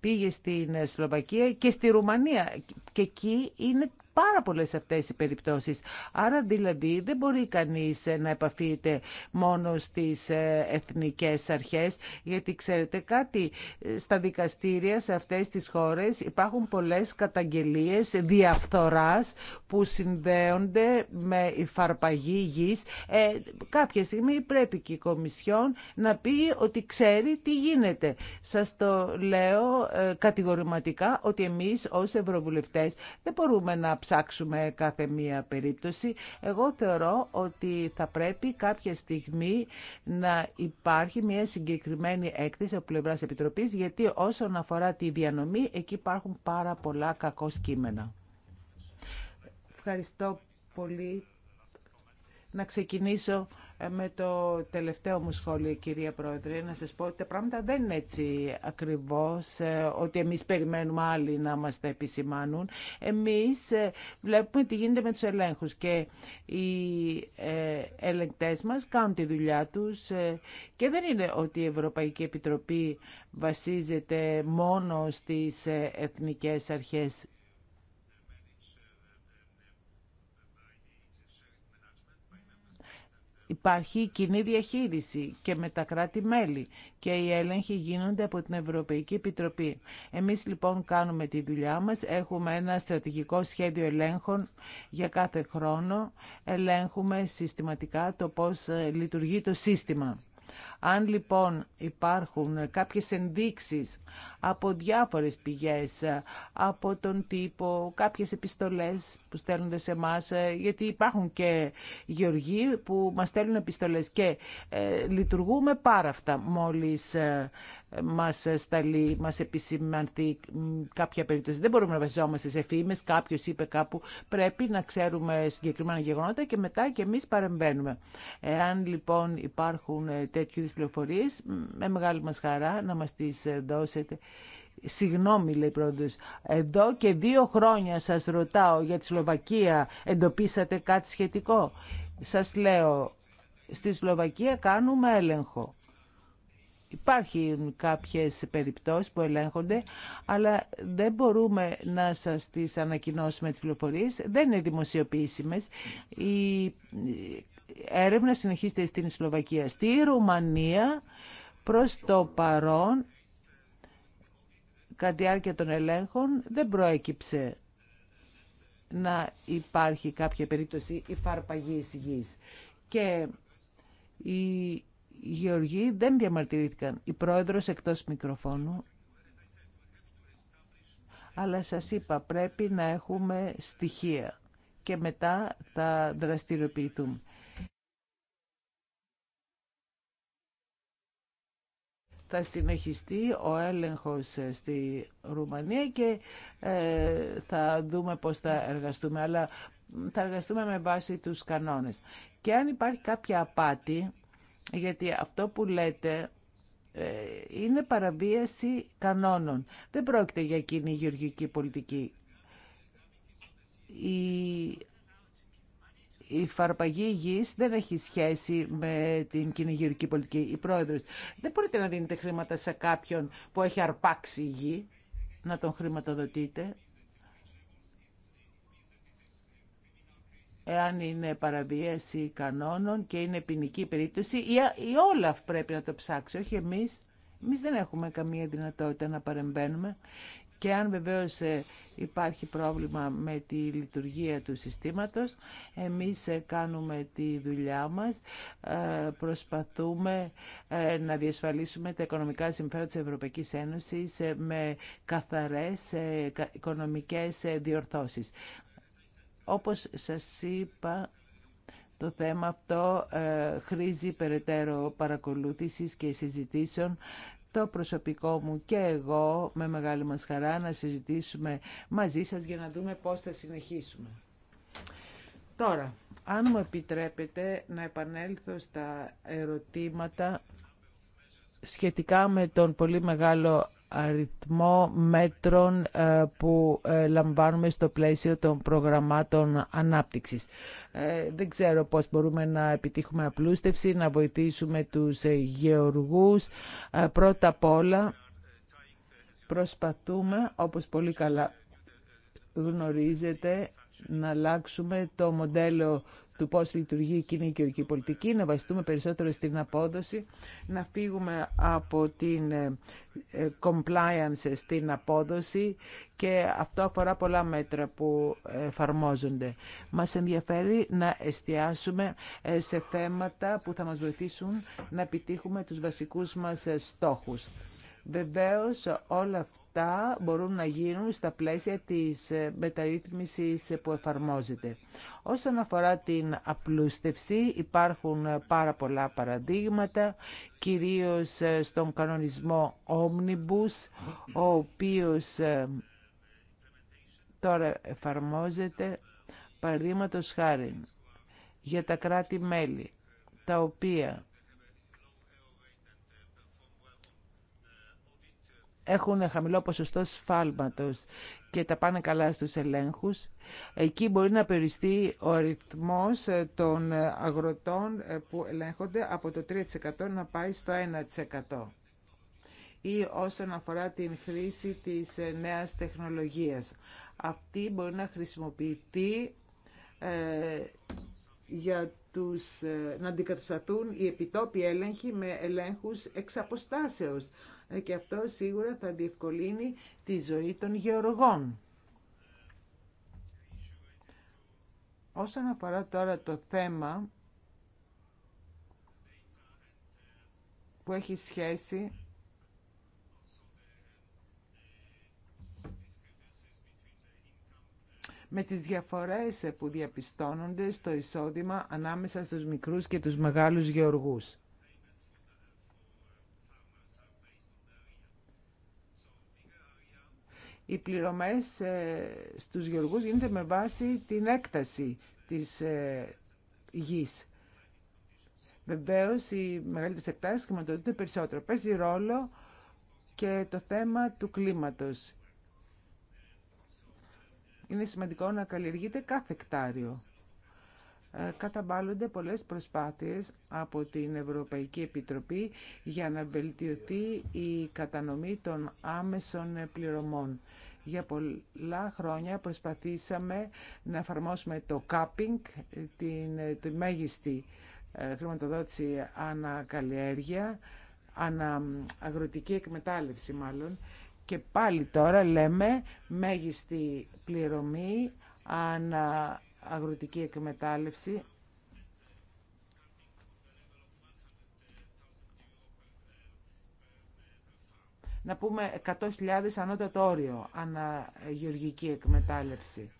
D: πήγε στην Σλοβακία και στη Ρουμανία και εκεί είναι πάρα πολλέ αυτέ οι περιπτώσεις. Άρα δηλαδή δεν μπορεί κανείς ε, να επαφείται μόνο στι ε, εθνικές αρχές, γιατί ξέρετε κάτι, ε, στα δικαστήρια σε αυτές τις χώρες υπάρχουν πολλές καταγγελίες διαφθορά που συνδέονται με φαρπαγή γη. Ε, κάποια στιγμή πρέπει και η Κομισιόν να πει ότι ξέρει τι γίνεται. Σα το λέω κατηγορηματικά ότι εμεί ω ευρωβουλευτέ δεν μπορούμε να ψάξουμε κάθε μία περίπτωση. Εγώ θεωρώ ότι θα πρέπει κάποια στιγμή να υπάρχει μια συγκεκριμένη έκθεση από πλευρά Επιτροπή, γιατί όσον αφορά τη διανομή, εκεί υπάρχουν πάρα πολλά κακό κείμενα. Ευχαριστώ πολύ. Να ξεκινήσω με το τελευταίο μου σχόλιο, κυρία Πρόεδρε, να σας πω ότι τα πράγματα δεν είναι έτσι ακριβώς, ε, ότι εμείς περιμένουμε άλλοι να μας τα επισημάνουν. Εμείς ε, βλέπουμε τι γίνεται με τους ελέγχους και οι ε, ελεγκτές μας κάνουν τη δουλειά τους και δεν είναι ότι η Ευρωπαϊκή Επιτροπή βασίζεται μόνο στις εθνικές αρχές Υπάρχει κοινή διαχείριση και με τα κράτη-μέλη και οι έλεγχοι γίνονται από την Ευρωπαϊκή Επιτροπή. Εμείς λοιπόν κάνουμε τη δουλειά μας, έχουμε ένα στρατηγικό σχέδιο ελέγχων για κάθε χρόνο, ελέγχουμε συστηματικά το πώς ε, λειτουργεί το σύστημα. Αν λοιπόν υπάρχουν κάποιες ενδείξεις από διάφορες πηγές, από τον τύπο, κάποιες επιστολές που στέλνονται σε εμά, ε, γιατί υπάρχουν και γεωργοί που μας στέλνουν επιστολές και ε, λειτουργούμε πάρα αυτά μόλις ε, μας σταλεί, μας επισημανθεί κάποια περίπτωση. Δεν μπορούμε να βασιζόμαστε σε φήμες, κάποιος είπε κάπου πρέπει να ξέρουμε συγκεκριμένα γεγονότα και μετά και εμείς παρεμβαίνουμε. Εάν λοιπόν υπάρχουν τέτοιου πληροφορίες, με μεγάλη μας χαρά να μας τις δώσετε. Συγγνώμη, λέει πρώτο. εδώ και δύο χρόνια σας ρωτάω για τη Σλοβακία, εντοπίσατε κάτι σχετικό. Σας λέω, στη Σλοβακία κάνουμε έλεγχο. Υπάρχουν κάποιες περιπτώσεις που ελέγχονται, αλλά δεν μπορούμε να σας τις ανακοινώσουμε τις πληροφορίες, δεν είναι δημοσιοποιήσιμες. Οι έρευνα συνεχίζεται στην Σλοβακία. Στη Ρουμανία προς το παρόν κατά τη διάρκεια των ελέγχων δεν προέκυψε να υπάρχει κάποια περίπτωση υφαρπαγής γης. Και οι γεωργοί δεν διαμαρτυρήθηκαν. Η πρόεδρος εκτός μικροφώνου. Αλλά σας είπα, πρέπει να έχουμε στοιχεία και μετά θα δραστηριοποιηθούμε. θα συνεχιστεί ο έλεγχος στη Ρουμανία και ε, θα δούμε πώς θα εργαστούμε, αλλά θα εργαστούμε με βάση τους κανόνες. Και αν υπάρχει κάποια απάτη, γιατί αυτό που λέτε ε, είναι παραβίαση κανόνων. Δεν πρόκειται για κοινή γεωργική πολιτική η φαρπαγή γης δεν έχει σχέση με την κυνηγυρική πολιτική. Η πρόεδρος, δεν μπορείτε να δίνετε χρήματα σε κάποιον που έχει αρπάξει γη, να τον χρηματοδοτείτε. εάν είναι παραβίαση κανόνων και είναι ποινική περίπτωση, η Όλαφ πρέπει να το ψάξει, όχι εμείς. Εμείς δεν έχουμε καμία δυνατότητα να παρεμβαίνουμε και αν βεβαίως ε, υπάρχει πρόβλημα με τη λειτουργία του συστήματος, εμείς ε, κάνουμε τη δουλειά μας, ε, προσπαθούμε να διασφαλίσουμε τα οικονομικά συμφέροντα της Ευρωπαϊκής Ένωσης με καθαρές οικονομικές διορθώσεις. Όπως σας είπα, το θέμα αυτό χρήζει περαιτέρω παρακολούθησης και συζητήσεων το προσωπικό μου και εγώ με μεγάλη μας χαρά να συζητήσουμε μαζί σας για να δούμε πώς θα συνεχίσουμε. Τώρα, αν μου επιτρέπετε να επανέλθω στα ερωτήματα σχετικά με τον πολύ μεγάλο αριθμό μέτρων ε, που ε, λαμβάνουμε στο πλαίσιο των προγραμμάτων ανάπτυξης. Ε, δεν ξέρω πώς μπορούμε να επιτύχουμε απλούστευση, να βοηθήσουμε τους γεωργούς. Πρώτα απ' όλα προσπαθούμε, όπως πολύ καλά γνωρίζετε, να αλλάξουμε το μοντέλο του πώς λειτουργεί η κοινή ορική πολιτική, να βασιστούμε περισσότερο στην απόδοση, να φύγουμε από την ε, ε, compliance στην απόδοση και αυτό αφορά πολλά μέτρα που εφαρμόζονται. Μας ενδιαφέρει να εστιάσουμε ε, σε θέματα που θα μας βοηθήσουν να επιτύχουμε τους βασικούς μας στόχους. Βεβαίως όλα αυτά αυτά μπορούν να γίνουν στα πλαίσια της ε, μεταρρύθμισης που εφαρμόζεται. Όσον αφορά την απλούστευση υπάρχουν ε, πάρα πολλά παραδείγματα, κυρίως ε, στον κανονισμό Omnibus, ο οποίος τώρα εφαρμόζεται παραδείγματο χάρη για τα κράτη-μέλη, τα οποία έχουν χαμηλό ποσοστό σφάλματος και τα πάνε καλά στους ελέγχους. Εκεί μπορεί να περιστεί ο αριθμός ε, των αγροτών ε, που ελέγχονται από το 3% να πάει στο 1% ή όσον αφορά την χρήση της ε, νέας τεχνολογίας. Αυτή μπορεί να χρησιμοποιηθεί για τους, να αντικατασταθούν οι επιτόπιοι έλεγχοι με ελέγχους εξ και αυτό σίγουρα θα διευκολύνει τη ζωή των γεωργών. Όσον αφορά τώρα το θέμα που έχει σχέση με τις διαφορές που διαπιστώνονται στο εισόδημα ανάμεσα στους μικρούς και τους μεγάλους γεωργούς. οι πληρωμές ε, στους γεωργούς γίνεται με βάση την έκταση της ε, γης. Βεβαίω, οι μεγαλύτερε εκτάσει χρηματοδοτούνται περισσότερο. Παίζει ρόλο και το θέμα του κλίματος. Είναι σημαντικό να καλλιεργείται κάθε εκτάριο. Ε, καταμπάλλονται πολλές προσπάθειες από την Ευρωπαϊκή Επιτροπή για να βελτιωθεί η κατανομή των άμεσων πληρωμών. Για πολλά χρόνια προσπαθήσαμε να εφαρμόσουμε το κάπινγκ, την, τη μέγιστη ε, χρηματοδότηση ανακαλλιέργεια, ανα εκμετάλλευση μάλλον, και πάλι τώρα λέμε μέγιστη πληρωμή ανα αγροτική εκμετάλλευση να πούμε 100.000 ανώτατο όριο αναγεωργική εκμετάλλευση.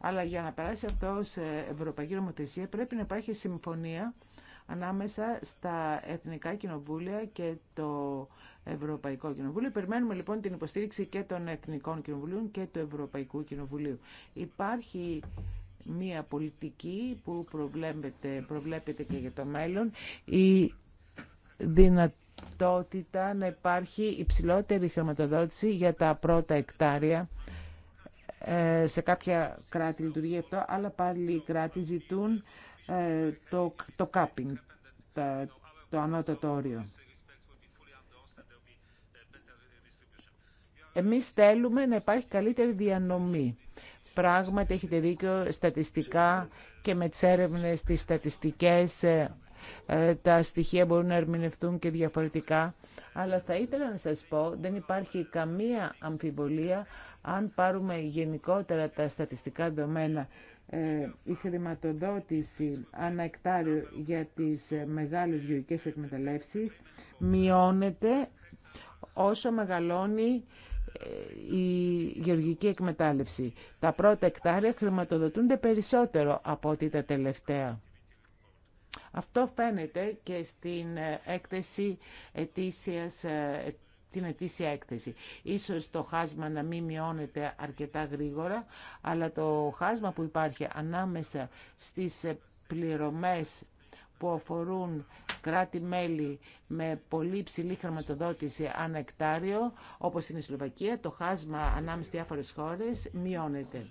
D: Αλλά για να περάσει αυτό σε Ευρωπαϊκή Νομοθεσία πρέπει να υπάρχει συμφωνία ανάμεσα στα Εθνικά Κοινοβούλια και το Ευρωπαϊκό Κοινοβούλιο. Περιμένουμε λοιπόν την υποστήριξη και των Εθνικών Κοινοβουλίων και του Ευρωπαϊκού Κοινοβουλίου. Υπάρχει μια πολιτική που προβλέπεται, και για το μέλλον η δυνατότητα να υπάρχει υψηλότερη χρηματοδότηση για τα πρώτα εκτάρια ε, σε κάποια κράτη λειτουργεί αυτό, αλλά πάλι οι κράτη ζητούν ε, το, το κάπινγκ, το, το ανώτατο όριο. Εμείς θέλουμε να υπάρχει καλύτερη διανομή. Πράγματι, έχετε δίκιο, στατιστικά και με τις έρευνες, τις στατιστικές, ε, ε, τα στοιχεία μπορούν να ερμηνευτούν και διαφορετικά. Αλλά θα ήθελα να σας πω, δεν υπάρχει καμία αμφιβολία αν πάρουμε γενικότερα τα στατιστικά δεδομένα ε, η χρηματοδότηση ανά εκτάριο για τις μεγάλες γεωργικές εκμεταλλεύσεις μειώνεται όσο μεγαλώνει ε, η γεωργική εκμετάλλευση. Τα πρώτα εκτάρια χρηματοδοτούνται περισσότερο από ότι τα τελευταία. Αυτό φαίνεται και στην ε, έκθεση ετήσιας ε, την ετήσια έκθεση. Ίσως το χάσμα να μην μειώνεται αρκετά γρήγορα, αλλά το χάσμα που υπάρχει ανάμεσα στις πληρωμές που αφορούν κράτη-μέλη με πολύ ψηλή χρηματοδότηση ανά εκτάριο, όπως είναι η Σλοβακία, το χάσμα ανάμεσα στις διάφορες χώρες μειώνεται.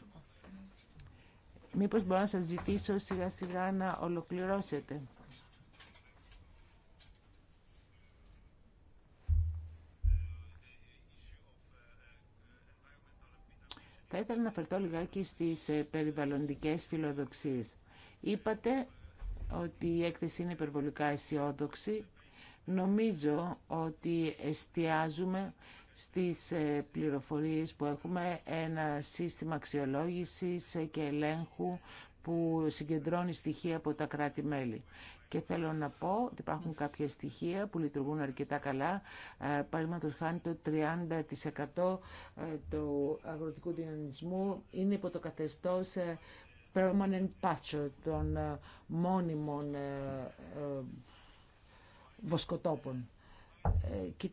D: Μήπως μπορώ να σας ζητήσω σιγά-σιγά να ολοκληρώσετε. Θα ήθελα να αναφερθώ λιγάκι στις ε, περιβαλλοντικές φιλοδοξίες. Είπατε ότι η έκθεση είναι υπερβολικά αισιόδοξη. Νομίζω ότι εστιάζουμε στις ε, πληροφορίες που έχουμε ένα σύστημα αξιολόγησης και ελέγχου που συγκεντρώνει στοιχεία από τα κράτη-μέλη. Και θέλω να πω ότι υπάρχουν κάποια στοιχεία που λειτουργούν αρκετά καλά. Ε, Παραδείγματο χάνει το 30% ε, του αγροτικού δυναμισμού είναι υπό το καθεστώ permanent patcher, των ε, μόνιμων ε, ε, βοσκοτόπων. Και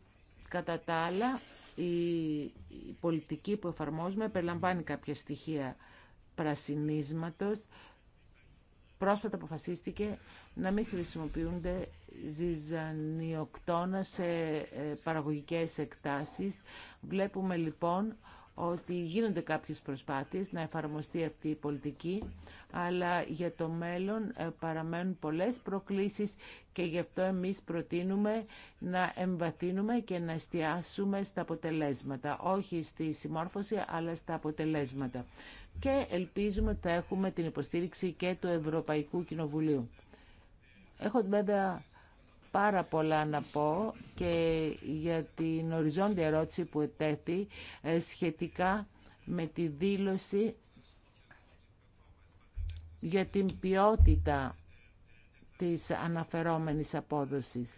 D: κατά τα άλλα, η πολιτική που εφαρμόζουμε περιλαμβάνει κάποια στοιχεία πρασινίσματος. Πρόσφατα αποφασίστηκε να μην χρησιμοποιούνται ζυζανιοκτώνα σε παραγωγικές εκτάσεις. Βλέπουμε λοιπόν ότι γίνονται κάποιες προσπάθειες να εφαρμοστεί αυτή η πολιτική, αλλά για το μέλλον ε, παραμένουν πολλές προκλήσεις και γι' αυτό εμείς προτείνουμε να εμβαθύνουμε και να εστιάσουμε στα αποτελέσματα, όχι στη συμμόρφωση αλλά στα αποτελέσματα. Και ελπίζουμε ότι θα έχουμε την υποστήριξη και του Ευρωπαϊκού Κοινοβουλίου. Έχω βέβαια πάρα πολλά να πω και για την οριζόντια ερώτηση που ετέθη ε, σχετικά με τη δήλωση για την ποιότητα της αναφερόμενης απόδοσης.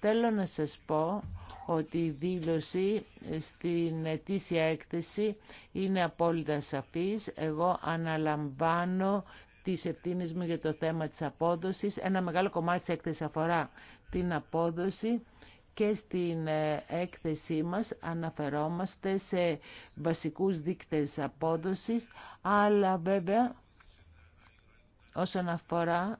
D: Θέλω να σας πω ότι η δήλωση στην ετήσια έκθεση είναι απόλυτα σαφής. Εγώ αναλαμβάνω της ευθύνης μου για το θέμα της απόδοσης. Ένα μεγάλο κομμάτι της αφορά την απόδοση και στην ε, έκθεσή μας αναφερόμαστε σε βασικούς δείκτες απόδοσης, αλλά βέβαια όσον αφορά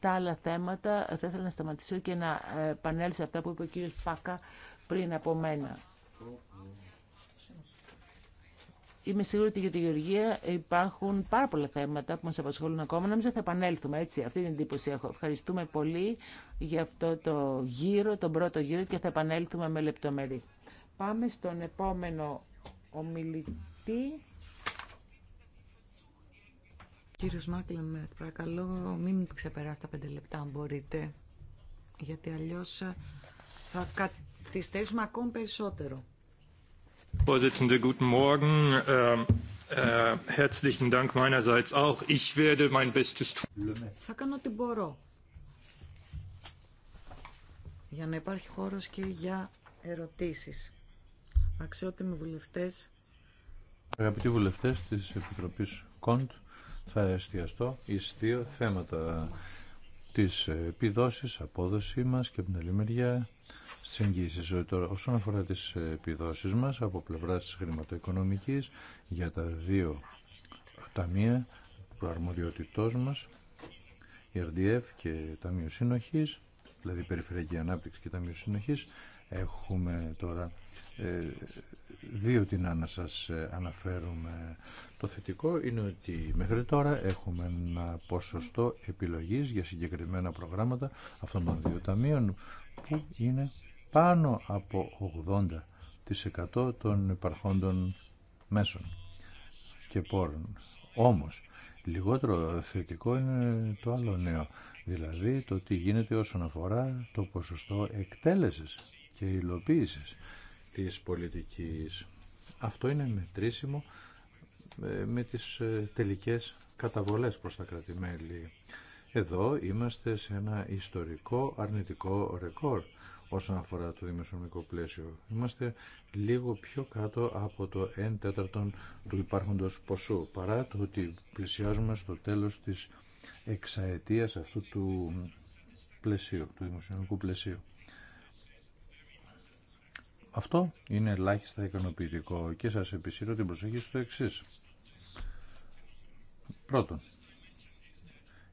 D: τα άλλα θέματα, θα ήθελα να σταματήσω και να ε, επανέλθω αυτά που είπε ο κύριος Πάκα πριν από μένα. Είμαι σίγουρη ότι για τη Γεωργία υπάρχουν πάρα πολλά θέματα που μας απασχολούν ακόμα. Νομίζω θα επανέλθουμε έτσι. Αυτή την εντύπωση έχω. Ευχαριστούμε πολύ για αυτό το γύρο, τον πρώτο γύρο και θα επανέλθουμε με λεπτομέρειες. Πάμε
A: στον επόμενο ομιλητή. Κύριος Μάκλεμερ, παρακαλώ μην ξεπεράσετε τα πέντε λεπτά αν μπορείτε, γιατί αλλιώς θα καθυστερήσουμε ακόμη περισσότερο.
F: Vorsitzende, guten Morgen. Ähm, äh, herzlichen Dank meinerseits auch. Ich werde mein Bestes tun.
A: Θα κάνω ό,τι μπορώ για να υπάρχει χώρος και για ερωτήσεις. Αξιότιμοι βουλευτές.
B: Αγαπητοί βουλευτές της Επιτροπής Κοντ, θα εστιαστώ εις δύο θέματα. της επιδόσης, απόδοση μας και από την άλλη μεριά στις εγγύησεις. Ε, τώρα, όσον αφορά τις επιδόσεις μας από πλευράς χρηματοοικονομικής για τα δύο ταμεία αρμοδιότητός μας, η RDF και Ταμείο Συνοχής, δηλαδή Περιφερειακή Ανάπτυξη και Ταμείο Συνοχής, έχουμε τώρα ε, δύο την να σας ε, αναφέρουμε το θετικό είναι ότι μέχρι τώρα έχουμε ένα ποσοστό επιλογής για συγκεκριμένα προγράμματα αυτών των δύο ταμείων είναι πάνω από 80% των υπαρχόντων μέσων και πόρων. Όμως, λιγότερο θετικό είναι το άλλο νέο, δηλαδή το τι γίνεται όσον αφορά το ποσοστό εκτέλεσης και υλοποίησης της πολιτικής. Αυτό είναι μετρήσιμο ε, με τις ε, τελικές καταβολές προς τα κρατημέλη. Εδώ είμαστε σε ένα ιστορικό αρνητικό ρεκόρ όσον αφορά το δημοσιονομικό πλαίσιο. Είμαστε λίγο πιο κάτω από το 1 τέταρτον του υπάρχοντος ποσού, παρά το ότι πλησιάζουμε στο τέλος της εξαετίας αυτού του πλαισίου, του δημοσιονομικού πλαισίου. Αυτό είναι ελάχιστα ικανοποιητικό και σας επισύρω την προσοχή στο εξής. Πρώτον,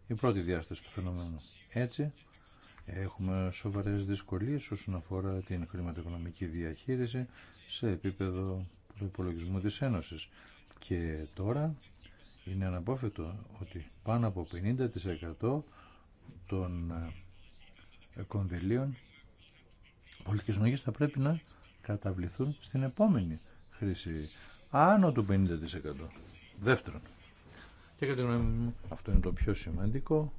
B: η πρώτη διάσταση του φαινομένου. Έτσι, έχουμε σοβαρές δυσκολίες όσον αφορά την χρηματοοικονομική διαχείριση σε επίπεδο υπολογισμού της Ένωσης. Και τώρα είναι αναπόφευκτο ότι πάνω από 50% των ε, κονδυλίων πολιτική θα πρέπει να καταβληθούν στην επόμενη χρήση. Άνω του 50%. Δεύτερον, και κατά γνώμη μου αυτό είναι το πιο σημαντικό.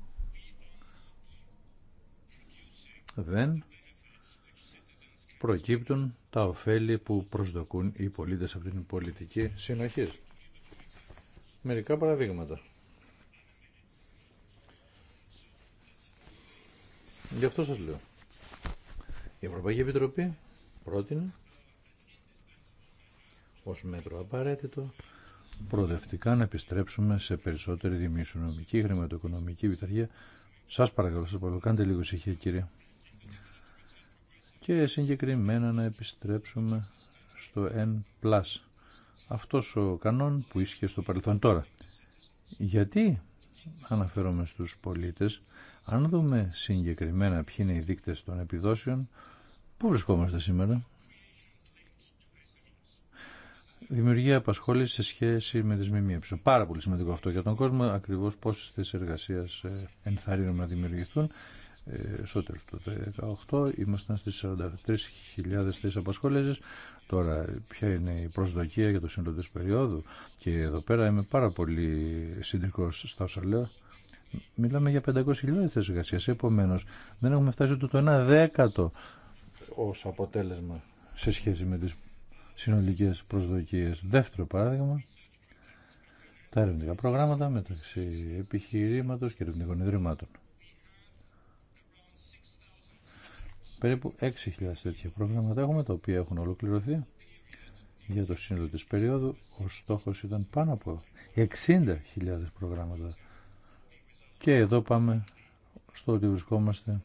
B: Δεν προκύπτουν τα ωφέλη που προσδοκούν οι πολίτες από την πολιτική συνοχή. Μερικά παραδείγματα. Γι' αυτό σας λέω. Η Ευρωπαϊκή Επιτροπή πρότεινε ως μέτρο απαραίτητο προοδευτικά να επιστρέψουμε σε περισσότερη δημισιονομική, χρηματοοικονομική πειθαρχία. Σας παρακαλώ, σας παρακαλώ, κάντε λίγο ησυχία κύριε. Και συγκεκριμένα να επιστρέψουμε στο N+. Αυτός ο κανόν που ίσχυε στο παρελθόν τώρα. Γιατί αναφέρομαι στους πολίτες, αν δούμε συγκεκριμένα ποιοι είναι οι δείκτες των επιδόσεων, πού βρισκόμαστε σήμερα δημιουργία απασχόληση σε σχέση με τι ΜΜΕ. Πάρα πολύ σημαντικό αυτό για τον κόσμο, ακριβώ πόσε θέσει εργασία ε, ενθαρρύνουμε να δημιουργηθούν. Ε, στο τέλο του 2018 ήμασταν στι 43.000 θέσει απασχόληση. Τώρα ποια είναι η προσδοκία για το σύνολο τη περίοδου. Και εδώ πέρα είμαι πάρα πολύ συντηρητικό στα όσα λέω. Μιλάμε για 500.000 θέσει εργασία, επομένω, δεν έχουμε φτάσει ούτε το 1 δέκατο ω αποτέλεσμα σε σχέση με τι συνολικές προσδοκίες. Δεύτερο παράδειγμα, τα ερευνητικά προγράμματα μεταξύ επιχειρήματος και ερευνητικών ιδρυμάτων. Περίπου 6.000 τέτοια προγράμματα έχουμε, τα οποία έχουν ολοκληρωθεί για το σύνολο της περίοδου. Ο στόχος ήταν πάνω από 60.000 προγράμματα. Και εδώ πάμε στο ότι βρισκόμαστε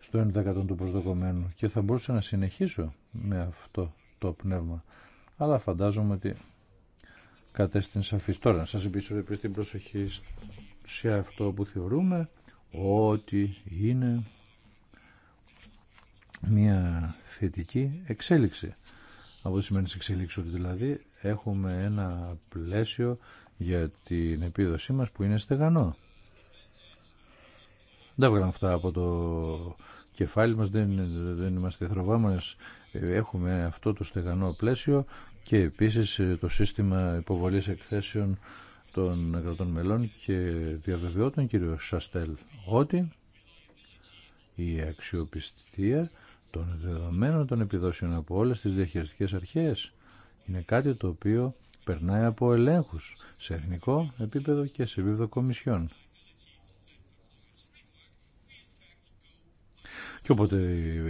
B: στο 1% του προσδοκομένου και θα μπορούσα να συνεχίσω με αυτό αυτό πνεύμα. Αλλά φαντάζομαι ότι κατέστην σαφή. Τώρα να σας επίσης την προσοχή σε αυτό που θεωρούμε ότι είναι μια θετική εξέλιξη. Από τι σημαίνει εξέλιξη ότι δηλαδή έχουμε ένα πλαίσιο για την επίδοσή μας που είναι στεγανό. Δεν βγάλαμε αυτά από το κεφάλι μας, δεν, δεν είμαστε θροβάμενες έχουμε αυτό το στεγανό πλαίσιο και επίσης ε, το σύστημα υποβολής εκθέσεων των κρατών μελών και διαβεβαιώ τον κύριο Σαστέλ ότι η αξιοπιστία των δεδομένων των επιδόσεων από όλες τις διαχειριστικές αρχές είναι κάτι το οποίο περνάει από ελέγχους σε εθνικό επίπεδο και σε επίπεδο κομισιών. Και όποτε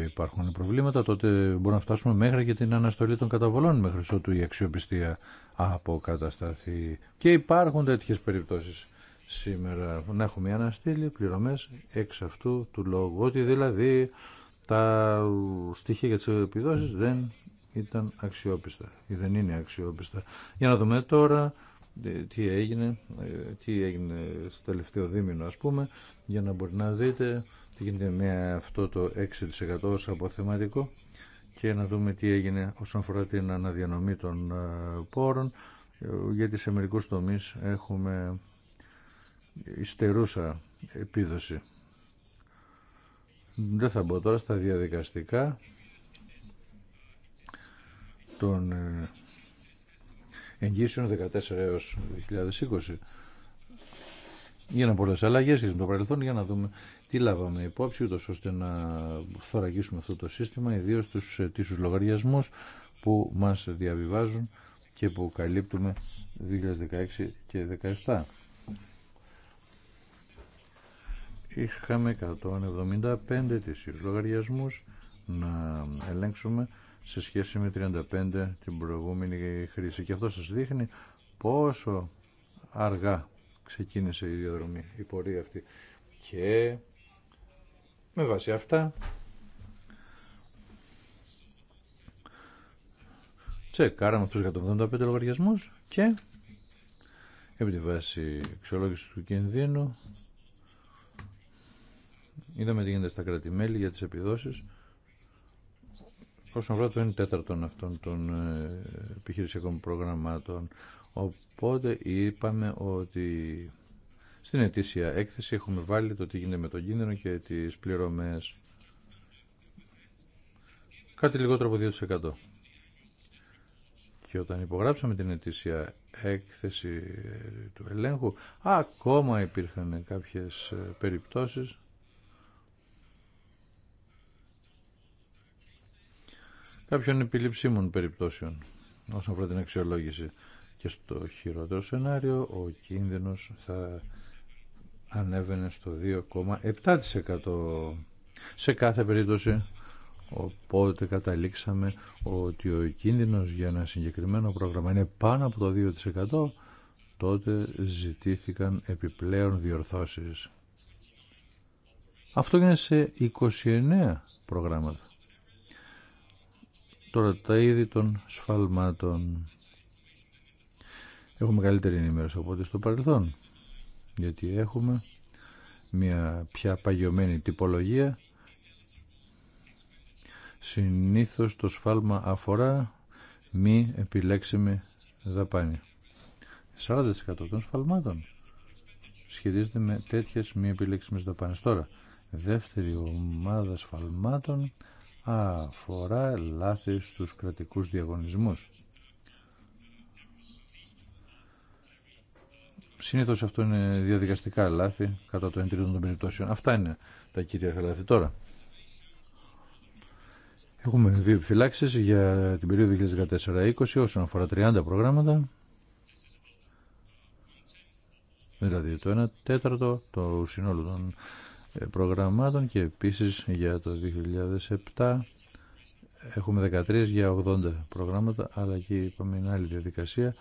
B: υπάρχουν προβλήματα, τότε μπορούμε να φτάσουμε μέχρι και την αναστολή των καταβολών μέχρι ότου η αξιοπιστία αποκατασταθεί. Και υπάρχουν τέτοιε περιπτώσει σήμερα. Να έχουμε αναστείλει πληρωμέ εξ αυτού του λόγου. Ότι δηλαδή τα στοιχεία για τι επιδόσει δεν ήταν αξιόπιστα ή δεν είναι αξιόπιστα. Για να δούμε τώρα ε, τι έγινε, ε, τι έγινε στο τελευταίο δίμηνο ας πούμε, για να μπορεί να δείτε τι γίνεται με αυτό το 6% ως αποθεματικό και να δούμε τι έγινε όσον αφορά την αναδιανομή των ε, πόρων ε, γιατί σε μερικού τομείς έχουμε ιστερούσα επίδοση. Δεν θα μπω τώρα στα διαδικαστικά των ε, εγγύσεων 14 έως 2020. Γίνανε πολλές αλλαγές σχετικά το παρελθόν για να δούμε τι λάβαμε υπόψη ούτως ώστε να θωρακίσουμε αυτό το σύστημα ιδίως τους τίσους λογαριασμούς που μας διαβιβάζουν και που καλύπτουμε 2016 και 2017. Είχαμε 175 τίσιους λογαριασμούς να ελέγξουμε σε σχέση με 35 την προηγούμενη χρήση. Και αυτό σας δείχνει πόσο αργά ξεκίνησε η διαδρομή, η πορεία αυτή. Και με βάση αυτά, τσεκάραμε αυτούς 185 λογαριασμούς και επί τη βάση εξολόγηση του κινδύνου είδαμε τι γίνεται στα κρατημέλη για τις επιδόσεις όσον αφορά το 1 τέταρτον αυτών των ε, επιχειρησιακών προγραμμάτων. Οπότε είπαμε ότι στην ετήσια έκθεση έχουμε βάλει το τι γίνεται με τον κίνδυνο και τις πληρωμές. Κάτι λιγότερο από 2%. Και όταν υπογράψαμε την ετήσια έκθεση του ελέγχου, ακόμα υπήρχαν κάποιες ε, περιπτώσεις κάποιων επιληψίμων περιπτώσεων όσον αφορά την αξιολόγηση. Και στο χειρότερο σενάριο ο κίνδυνος θα ανέβαινε στο 2,7% σε κάθε περίπτωση. Οπότε καταλήξαμε ότι ο κίνδυνος για ένα συγκεκριμένο πρόγραμμα είναι πάνω από το 2% τότε ζητήθηκαν επιπλέον διορθώσεις. Αυτό έγινε σε 29 προγράμματα. Τώρα τα είδη των σφαλμάτων. Έχουμε καλύτερη ενημέρωση οπότε στο παρελθόν γιατί έχουμε μια πια παγιωμένη τυπολογία συνήθως το σφάλμα αφορά μη επιλέξιμη δαπάνη 40% των σφαλμάτων σχετίζεται με τέτοιες μη επιλέξιμες δαπάνες τώρα δεύτερη ομάδα σφαλμάτων αφορά λάθη στους κρατικούς διαγωνισμούς Συνήθω αυτό είναι διαδικαστικά λάθη κατά το εντρίδων των περιπτώσεων. Αυτά είναι τα κυρία λάθη τώρα. Έχουμε δύο επιφυλάξει για την περίοδο 2014-2020 όσον αφορά 30 προγράμματα. Δηλαδή το 1 τέταρτο του συνόλου των ε, προγραμμάτων και επίσης για το 2007 έχουμε 13 για 80 προγράμματα αλλά και είπαμε είναι άλλη διαδικασία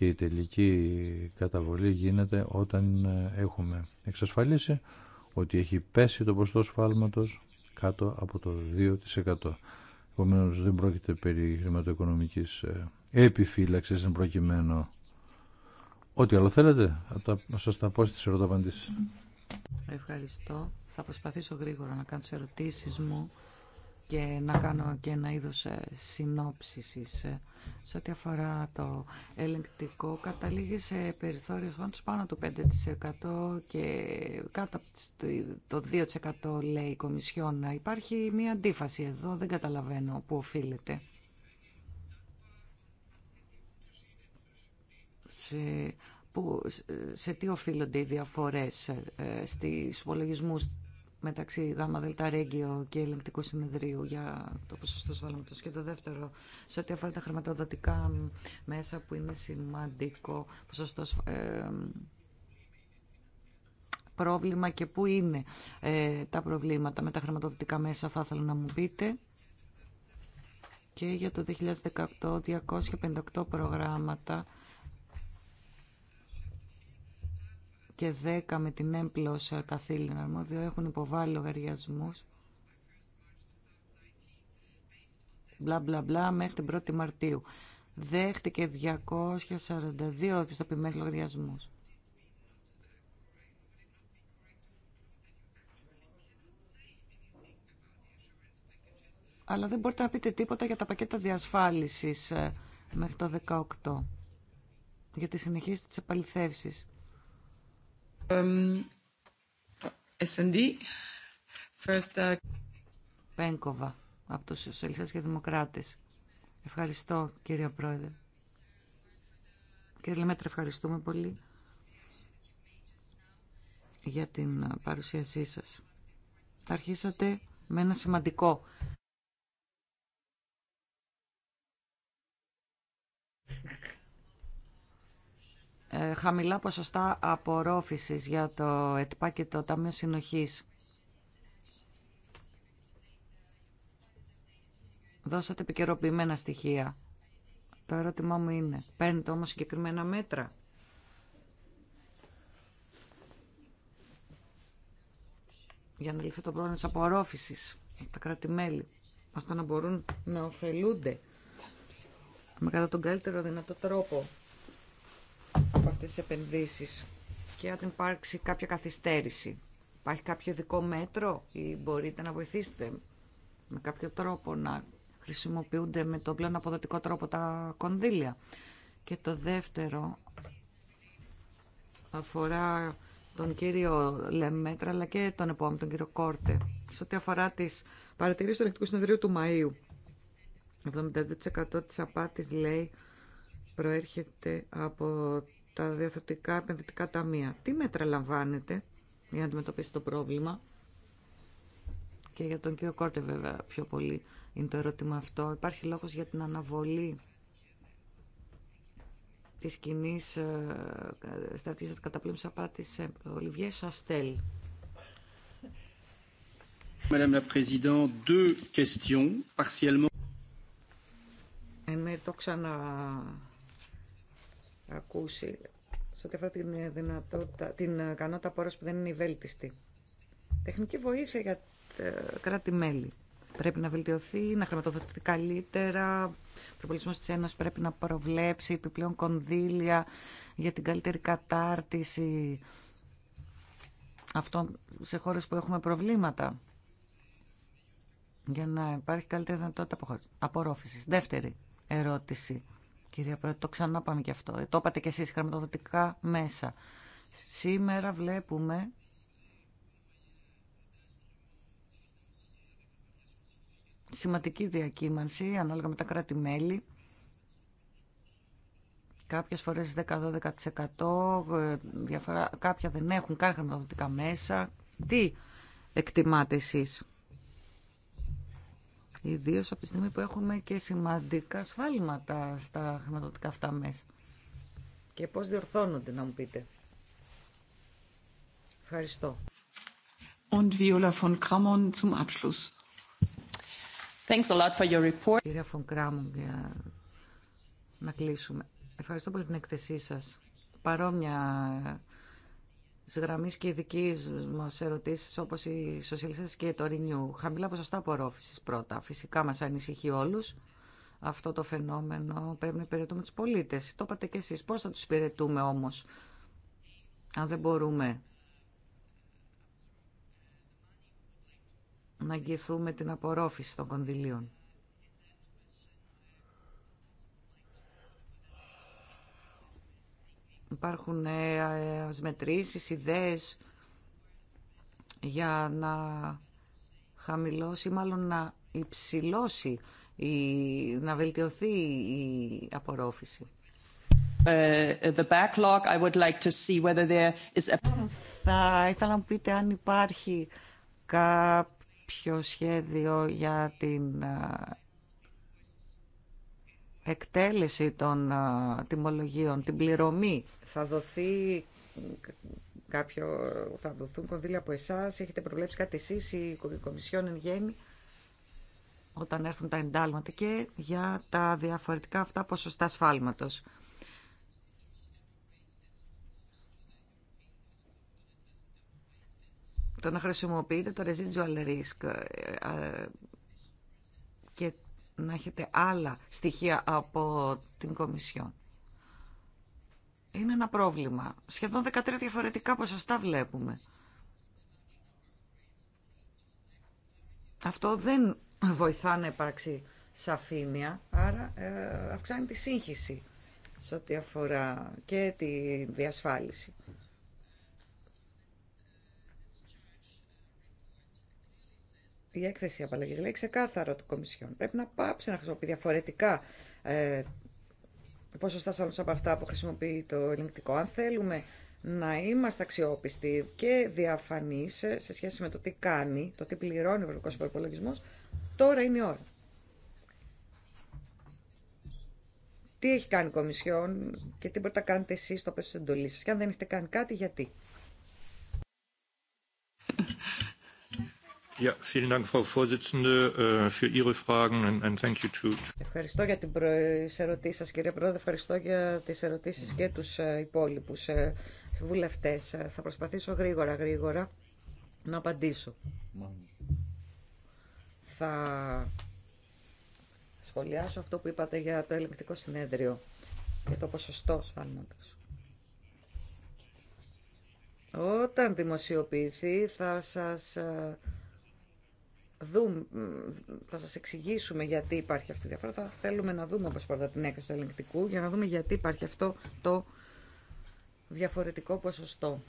B: και η τελική καταβολή γίνεται όταν ε, έχουμε εξασφαλίσει ότι έχει πέσει το ποστό σφάλματος κάτω από το 2%. Επομένω δεν πρόκειται περί χρηματοοικονομικής ε, επιφύλαξης εν προκειμένου. Ό,τι άλλο θέλετε, θα σας τα πω στις ερωταπαντήσεις.
A: Ευχαριστώ. Θα προσπαθήσω γρήγορα να κάνω τις ερωτήσεις μου και να κάνω και ένα είδος ε, συνόψησης ε, σε ό,τι αφορά το ελεγκτικό καταλήγει σε περιθώριο όντως πάνω του 5% και κάτω το 2% λέει η Κομισιόν. Υπάρχει μία αντίφαση εδώ, δεν καταλαβαίνω που οφείλεται. Σε, που, σε τι οφείλονται οι διαφορές ε, ε στις υπολογισμούς μεταξύ ΓΑΜΑ ΔΕΛΤΑ και Ελεγκτικού Συνεδρίου για το ποσοστό σφάλματο. Και το δεύτερο, σε ό,τι αφορά τα χρηματοδοτικά μέσα που είναι σημαντικό ποσοστό ε, πρόβλημα και πού είναι ε, τα προβλήματα με τα χρηματοδοτικά μέσα, θα ήθελα να μου πείτε. Και για το 2018, 258 προγράμματα και 10 με την έμπλωση ε, καθήλυνα αρμόδιο έχουν υποβάλει λογαριασμούς μπλα μπλα μπλα μέχρι την 1η Μαρτίου. Δέχτηκε 242 επιστοποιημένους λογαριασμούς. Αλλά δεν μπορείτε να πείτε τίποτα για τα πακέτα διασφάλισης ε, μέχρι το 18 γιατί συνεχίζετε τις επαληθεύσεις. ΣΝΔ um, First, uh, Πένκοβα, από τους Σοσιαλιστές και Δημοκράτες. Ευχαριστώ, κύριε Πρόεδρε. Κύριε Λεμέτρα, ευχαριστούμε πολύ για την παρουσίασή σας. Αρχίσατε με ένα σημαντικό Ε, χαμηλά ποσοστά απορρόφησης για το ΕΤΠΑ και το Ταμείο Συνοχής. Δώσατε επικαιροποιημένα στοιχεία. Το ερώτημά μου είναι, παίρνετε όμως συγκεκριμένα μέτρα. για να λυθεί το πρόβλημα της απορρόφησης από τα κράτη-μέλη, ώστε να μπορούν να ωφελούνται με κατά τον καλύτερο δυνατό τρόπο τις επενδύσεις και αν υπάρξει κάποια καθυστέρηση. Υπάρχει κάποιο ειδικό μέτρο ή μπορείτε να βοηθήσετε με κάποιο τρόπο να χρησιμοποιούνται με τον πλέον αποδοτικό τρόπο τα κονδύλια. Και το δεύτερο αφορά τον κύριο Λεμέτρα αλλά και τον επόμενο, τον κύριο Κόρτε. Σε ό,τι αφορά τις παρατηρήσεις του Ελεκτικού Συνεδρίου του Μαΐου, 72% της απάτης λέει προέρχεται από τα διαθετικά επενδυτικά ταμεία. Τι μέτρα λαμβάνετε για να αντιμετωπίσετε το πρόβλημα. Και για τον κύριο Κόρτε βέβαια πιο πολύ είναι το ερώτημα αυτό. Υπάρχει λόγος για την αναβολή της κοινή ε, στρατηγικής καταπλήμψης απά της Ολιβιέ Σαστέλ. Ε,
F: Madame la Présidente, deux questions, partiellement.
A: Εν μέρει το ακούσει σε ό,τι αφορά την, ε, δυνατότητα, την ε, ικανότητα απόρρωση που δεν είναι η βέλτιστη. Τεχνική βοήθεια για ε, κράτη-μέλη. Πρέπει να βελτιωθεί, να χρηματοδοτηθεί καλύτερα. Ο προπολισμό τη Ένωση πρέπει να προβλέψει επιπλέον κονδύλια για την καλύτερη κατάρτιση αυτών σε χώρες που έχουμε προβλήματα για να υπάρχει καλύτερη δυνατότητα απορρόφησης. Δεύτερη ερώτηση. Κυρία Πρόεδρε, το ξανά πάμε και αυτό. Ε, το είπατε και εσείς, χρηματοδοτικά μέσα. Σήμερα βλέπουμε σημαντική διακύμανση ανάλογα με τα κράτη-μέλη. Κάποιες φορές 10-12% ε, διαφορά, κάποια δεν έχουν καν χρηματοδοτικά μέσα. Τι εκτιμάτε εσείς. Ιδίω από τη στιγμή που έχουμε και σημαντικά σφάλματα στα χρηματοδοτικά αυτά μέσα. Και πώς διορθώνονται να μου πείτε. Ευχαριστώ. Und Viola von Kramon zum Abschluss. Thanks a lot for your report. Κυρία von Kramon, για να κλείσουμε. Ευχαριστώ πολύ την εκθεσή σας. Παρόμοια γραμμή και ειδική μα ερωτήσει όπω οι σοσιαλιστέ και το Ρινιού. Χαμηλά ποσοστά απορρόφηση πρώτα. Φυσικά μα ανησυχεί όλου αυτό το φαινόμενο. Πρέπει να υπηρετούμε του πολίτε. Το είπατε κι εσεί. Πώ θα του υπηρετούμε όμω, αν δεν μπορούμε να αγγιθούμε την απορρόφηση των κονδυλίων. Υπάρχουν νέες μετρήσεις, ιδέες για να χαμηλώσει, μάλλον να υψηλώσει, η, να βελτιωθεί η απορρόφηση. Ε, backlog, I would like to Θα ήθελα να μου πείτε αν υπάρχει κάποιο σχέδιο για την ε, εκτέλεση των ε, τιμολογίων, την πληρωμή, θα δοθεί κάποιο, θα δοθούν κονδύλια από εσά, έχετε προβλέψει κάτι εσείς, η Κομισιόν εν γέννη, όταν έρθουν τα εντάλματα και για τα διαφορετικά αυτά ποσοστά σφάλματος. Το να χρησιμοποιείτε το residual risk ε, ε, και να έχετε άλλα στοιχεία από την Κομισιόν. Είναι ένα πρόβλημα. Σχεδόν 13 διαφορετικά ποσοστά βλέπουμε. Αυτό δεν βοηθά να υπάρξει σαφήνεια, άρα ε, αυξάνει τη σύγχυση σε ό,τι αφορά και τη διασφάλιση. η έκθεση απαλλαγή λέει ξεκάθαρο του Κομισιόν. Πρέπει να πάψει να χρησιμοποιεί διαφορετικά ε, ποσοστά σαν από αυτά που χρησιμοποιεί το ελληνικτικό. Αν θέλουμε να είμαστε αξιόπιστοι και διαφανεί σε σχέση με το τι κάνει, το τι πληρώνει ο ευρωπαϊκό Υπολογισμό, τώρα είναι η ώρα. Τι έχει κάνει η Κομισιόν και τι μπορείτε να κάνετε εσεί στο πλαίσιο τη εντολή σα και αν δεν έχετε κάνει κάτι, γιατί. Ευχαριστώ για την ερωτή σα κύριε Πρόεδρε. Ευχαριστώ για τις ερωτήσεις και τους ε, υπόλοιπους ε, βουλευτές. Ε, θα προσπαθήσω γρήγορα, γρήγορα να απαντήσω. Θα σχολιάσω αυτό που είπατε για το ελεγκτικό συνέδριο και το ποσοστό σφάλματος. Όταν δημοσιοποιηθεί θα σας δούμε, θα σας εξηγήσουμε γιατί υπάρχει αυτή η διαφορά. Θα θέλουμε να δούμε όπως πρώτα την έκθεση του ελεγκτικού για να δούμε γιατί υπάρχει αυτό το διαφορετικό ποσοστό.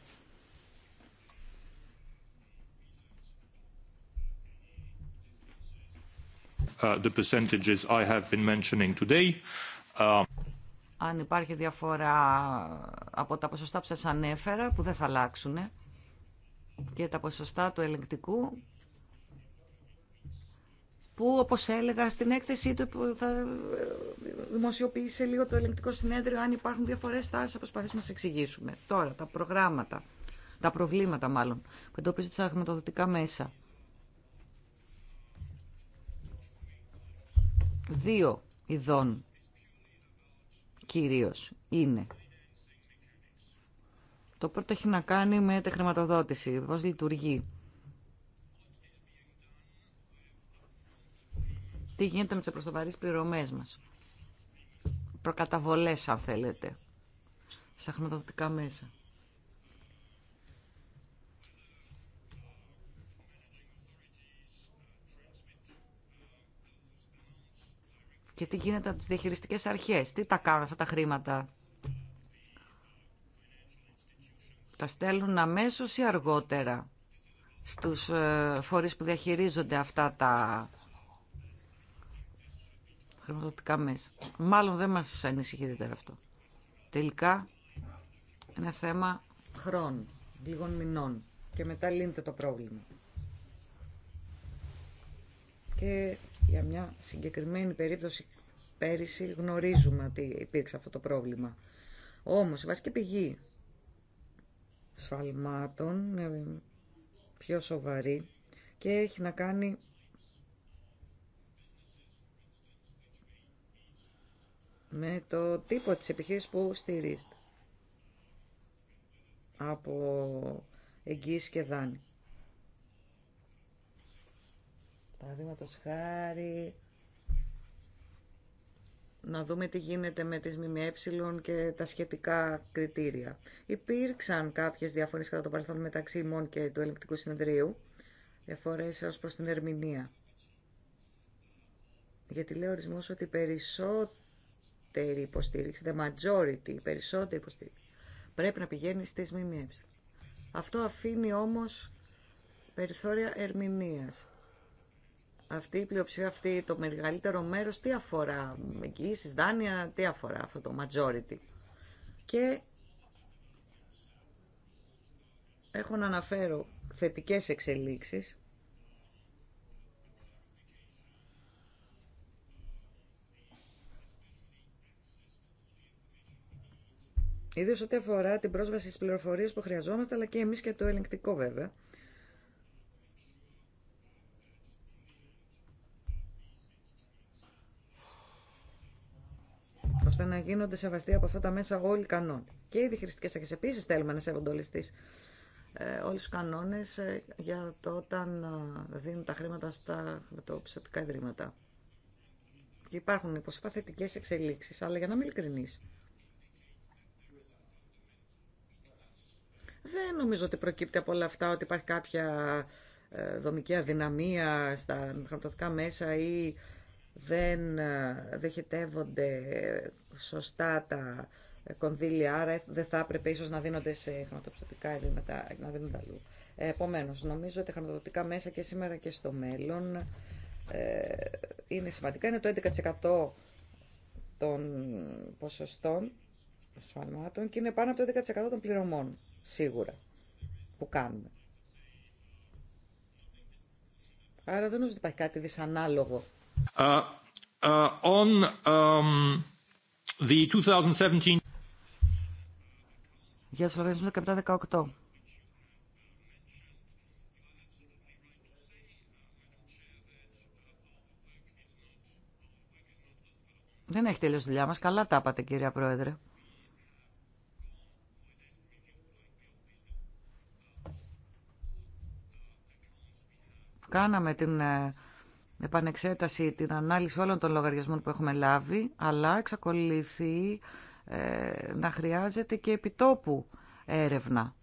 F: Uh, the percentages I have been mentioning today. Uh...
A: Αν υπάρχει διαφορά από τα ποσοστά που σας ανέφερα, που δεν θα αλλάξουν, και τα ποσοστά του ελεγκτικού που όπως έλεγα στην έκθεσή του που θα ε, δημοσιοποιήσει λίγο το ελεγκτικό συνέδριο αν υπάρχουν διαφορές θα προσπαθήσουμε να σας εξηγήσουμε. Τώρα τα προγράμματα, τα προβλήματα μάλλον που εντοπίζονται στα χρηματοδοτικά μέσα. Δύο ειδών κυρίως είναι. Το πρώτο έχει να κάνει με τη χρηματοδότηση, πώς λειτουργεί τι γίνεται με τις προστοβαρείς πληρωμές μας. Προκαταβολές, αν θέλετε, στα χρηματοδοτικά μέσα. Και τι γίνεται από τις διαχειριστικές αρχές. Τι τα κάνουν αυτά τα χρήματα. Τα στέλνουν αμέσως ή αργότερα στους ε, φορείς που διαχειρίζονται αυτά τα χρηματοδοτικά μέσα. Μάλλον δεν μας ανησυχεί ιδιαίτερα αυτό. Τελικά, ένα θέμα χρόνου, λίγων μηνών και μετά λύνεται το πρόβλημα. Και για μια συγκεκριμένη περίπτωση πέρυσι γνωρίζουμε ότι υπήρξε αυτό το πρόβλημα. Όμως η βασική πηγή σφαλμάτων πιο σοβαρή και έχει να κάνει με το τύπο της επιχείρησης που στηρίζεται από εγγύηση και δάνη. Παραδείγματο χάρη, να δούμε τι γίνεται με τις ΜΜΕ και τα σχετικά κριτήρια. Υπήρξαν κάποιες διαφωνίες κατά το παρελθόν μεταξύ ημών και του ελεγκτικού συνεδρίου, διαφορές ως προς την ερμηνεία. Γιατί λέει ορισμό ότι περισσότερο υποστήριξη, the majority, η περισσότερη υποστήριξη, πρέπει να πηγαίνει στις ΜΜΕ. Αυτό αφήνει όμως περιθώρια ερμηνείας. Αυτή η πλειοψηφία, αυτή το μεγαλύτερο μέρος, τι αφορά, εγγυήσεις, δάνεια, τι αφορά αυτό το majority. Και έχω να αναφέρω θετικές εξελίξεις Ιδίω ό,τι αφορά την πρόσβαση στι πληροφορίε που χρειαζόμαστε, αλλά και εμεί και το ελεγκτικό βέβαια. ώστε να γίνονται σεβαστοί από αυτά τα μέσα όλοι οι κανόνε. Και οι διχειριστικέ αρχέ επίση θέλουμε να σέβονται όλε τι ε, όλους τους κανόνες ε, για το όταν ε, δίνουν τα χρήματα στα χρηματοπιστωτικά ιδρύματα. υπάρχουν υποσπαθητικές εξελίξεις, αλλά για να μην ειλικρινής, Δεν νομίζω ότι προκύπτει από όλα αυτά ότι υπάρχει κάποια ε, δομική αδυναμία στα χρηματοδοτικά μέσα ή δεν ε, δεχετεύονται σωστά τα κονδύλια, άρα δεν θα έπρεπε ίσως να δίνονται σε χρηματοπιστωτικά μετά. να δίνονται αλλού. Ε, επομένως, νομίζω ότι χρηματοδοτικά μέσα και σήμερα και στο μέλλον είναι σημαντικά. Είναι το 11% των ποσοστών σφαλμάτων και είναι πάνω από το 11% των πληρωμών σίγουρα που κάνουμε. Άρα δεν νομίζω ότι υπάρχει κάτι δυσανάλογο.
E: Ε, ε, on, um, the 2017...
A: Για τους οργανισμούς 17-18. Δεν έχει τελειώσει δουλειά μας. Καλά τα είπατε, κυρία Πρόεδρε. Κάναμε την ε, επανεξέταση, την ανάλυση όλων των λογαριασμών που έχουμε λάβει, αλλά εξακολουθεί ε, να χρειάζεται και επιτόπου έρευνα.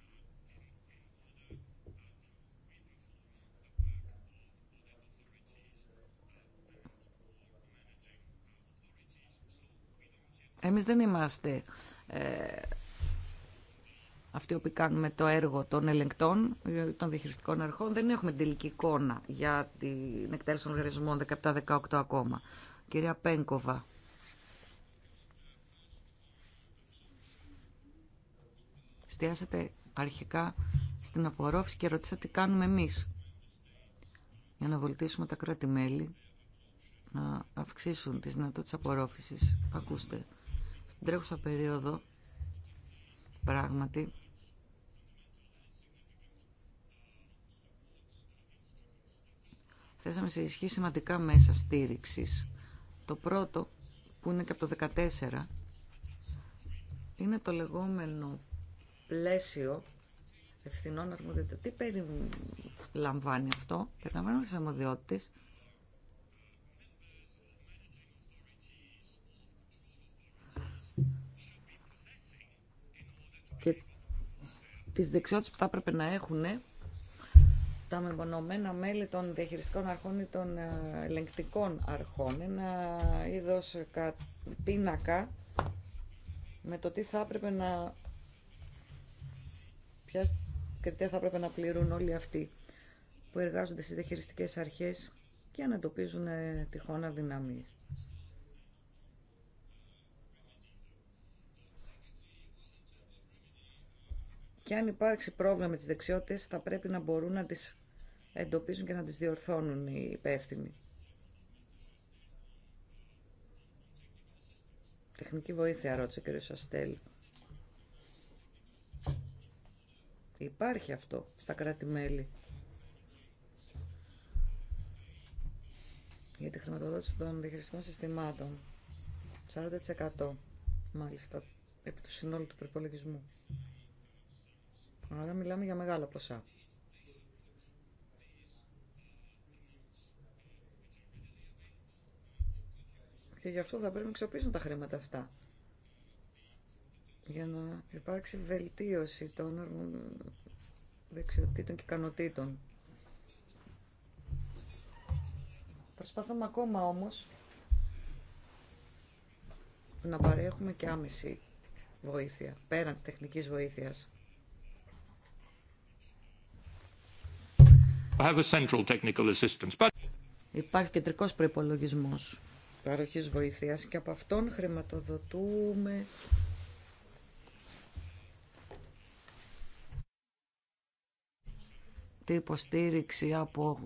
A: Εμείς δεν είμαστε ε, αυτοί που κάνουμε το έργο των ελεγκτών, ε, των διαχειριστικών αρχών, δεν έχουμε τελική εικόνα για την εκτέλεση των λογαριασμών 17-18 ακόμα. Κυρία Πένκοβα. Εστιάσατε αρχικά στην απορρόφηση και ρωτήσατε τι κάνουμε εμείς για να βοηθήσουμε τα κράτη-μέλη να αυξήσουν τις δυνατότητες απορρόφησης. Ακούστε, στην τρέχουσα περίοδο πράγματι θέσαμε σε ισχύ σημαντικά μέσα στήριξης. Το πρώτο, που είναι και από το 2014, είναι το λεγόμενο πλαίσιο ευθυνών αρμοδιότητων. Τι περιλαμβάνει αυτό, περιλαμβάνει τις αρμοδιότητες και τις δεξιότητες που θα έπρεπε να έχουν τα μεμονωμένα μέλη των διαχειριστικών αρχών ή των ε, ελεγκτικών αρχών. Ένα είδος πίνακα με το τι θα έπρεπε να... Ποια θα έπρεπε να πληρούν όλοι αυτοί που εργάζονται στις διαχειριστικές αρχές και ανατοπίζουν ε, τυχόν αδυναμίες. Και αν υπάρξει πρόβλημα με τις δεξιότητες θα πρέπει να μπορούν να τις εντοπίζουν και να τις διορθώνουν οι υπεύθυνοι. Τεχνική βοήθεια ρώτησε ο κ. Σαστέλ. Υπάρχει αυτό στα κράτη-μέλη. Για τη χρηματοδότηση των διαχειριστικών συστημάτων. 40% μάλιστα επί του συνόλου του προπολογισμού. Άρα μιλάμε για μεγάλα ποσά. Και γι' αυτό θα πρέπει να εξοπλίσουν τα χρήματα αυτά. Για να υπάρξει βελτίωση των δεξιοτήτων και ικανοτήτων. Προσπαθούμε ακόμα όμως να παρέχουμε και άμεση βοήθεια, πέραν της τεχνικής βοήθειας. Υπάρχει κεντρικό προπολογισμό παροχή βοήθεια και από αυτόν χρηματοδοτούμε τη υποστήριξη από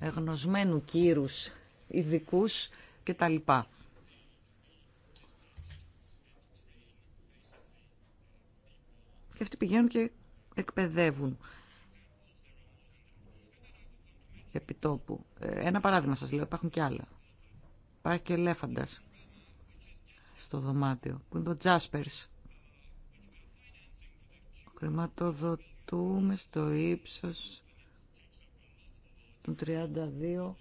A: ε, εγνωσμένου κύρους, ειδικού κτλ. Και αυτοί πηγαίνουν και εκπαιδεύουν επιτόπου. Ε, ένα παράδειγμα σας λέω, υπάρχουν και άλλα. Υπάρχει και ελέφαντας στο δωμάτιο, που είναι το Jaspers. Χρηματοδοτούμε στο ύψος των 32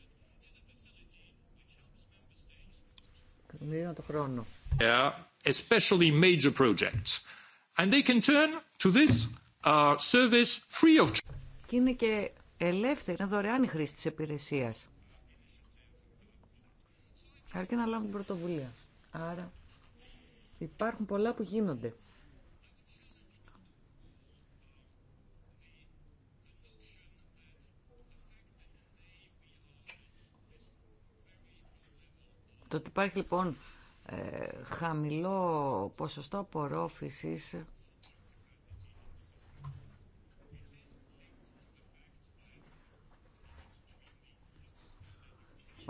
A: εκατομμύριων το χρόνο.
F: Yeah,
E: especially major projects. And they can turn to this uh, service free of...
A: Και είναι και ελεύθερη, είναι δωρεάν η χρήση της υπηρεσίας. Αρκεί να λάβουν πρωτοβουλία. Άρα υπάρχουν πολλά που γίνονται. Το ότι υπάρχει λοιπόν ε, χαμηλό ποσοστό απορρόφησης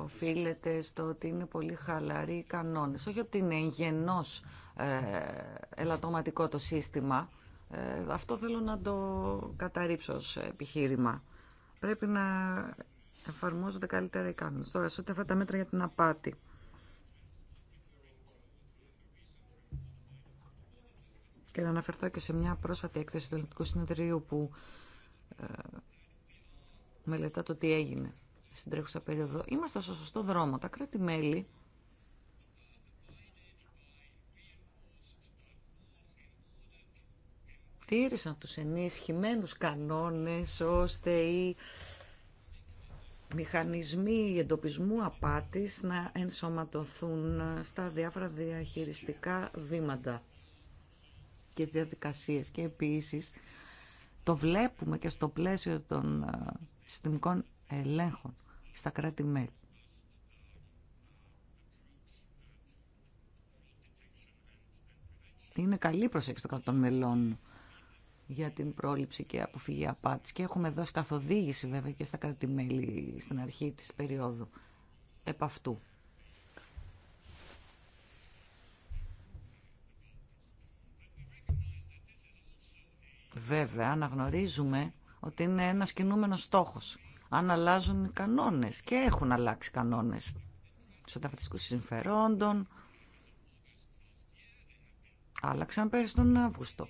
A: οφείλεται στο ότι είναι πολύ χαλαροί οι κανόνες. Όχι ότι είναι γενός ε, ελαττωματικό το σύστημα. Ε, αυτό θέλω να το καταρρύψω ως επιχείρημα. Πρέπει να εφαρμόζονται καλύτερα οι κανόνες. Τώρα, σε ό,τι αφορά τα μέτρα για την απάτη. Και να αναφερθώ και σε μια πρόσφατη έκθεση του Ελληνικού Συνεδρίου που ε, μελετά το τι έγινε στην τρέχουσα περίοδο. Είμαστε στο σωστό δρόμο. Τα κράτη-μέλη τήρησαν τους ενισχυμένους κανόνες ώστε οι μηχανισμοί εντοπισμού απάτης να ενσωματωθούν στα διάφορα διαχειριστικά βήματα και διαδικασίες. Και επίσης το βλέπουμε και στο πλαίσιο των ε, συστημικών ελέγχων στα κράτη-μέλη. Είναι καλή προσέγγιση των κρατών μελών για την πρόληψη και αποφυγή απάτης και έχουμε δώσει καθοδήγηση βέβαια και στα κράτη-μέλη στην αρχή της περίοδου επ' αυτού. Βέβαια, αναγνωρίζουμε ότι είναι ένας κινούμενος στόχος αν αλλάζουν οι κανόνες και έχουν αλλάξει κανόνες στον ταυτιστικό συμφερόντων. Άλλαξαν πέρυσι τον Αύγουστο.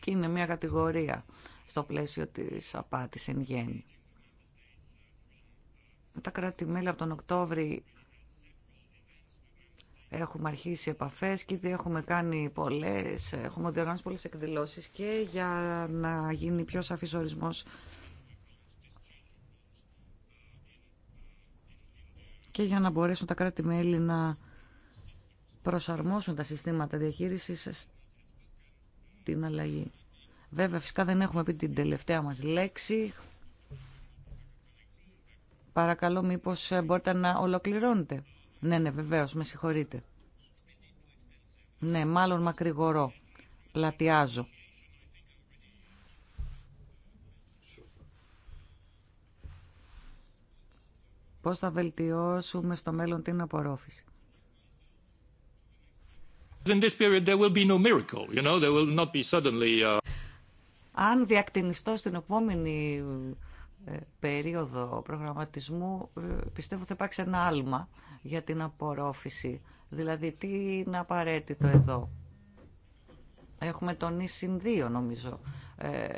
A: Και είναι μια κατηγορία στο πλαίσιο της απάτης εν γέννη. Τα κράτη-μέλη από τον Οκτώβρη Έχουμε αρχίσει επαφές και ήδη έχουμε κάνει πολλές, έχουμε διοργανώσει πολλές εκδηλώσεις και για να γίνει πιο σαφής ορισμός και για να μπορέσουν τα κράτη-μέλη να προσαρμόσουν τα συστήματα διαχείρισης στην αλλαγή. Βέβαια, φυσικά δεν έχουμε πει την τελευταία μας λέξη. Παρακαλώ, μήπως μπορείτε να ολοκληρώνετε. Ναι, ναι, βεβαίως, με συγχωρείτε. Ναι, μάλλον μακρηγορώ. Πλατιάζω. Πώς θα βελτιώσουμε στο μέλλον την απορρόφηση. Αν διακτηνιστώ στην επόμενη ε, περίοδο προγραμματισμού ε, πιστεύω θα υπάρξει ένα άλμα για την απορρόφηση. Δηλαδή τι είναι απαραίτητο εδώ. Έχουμε τον ΙΣΙΝ 2 νομίζω ε,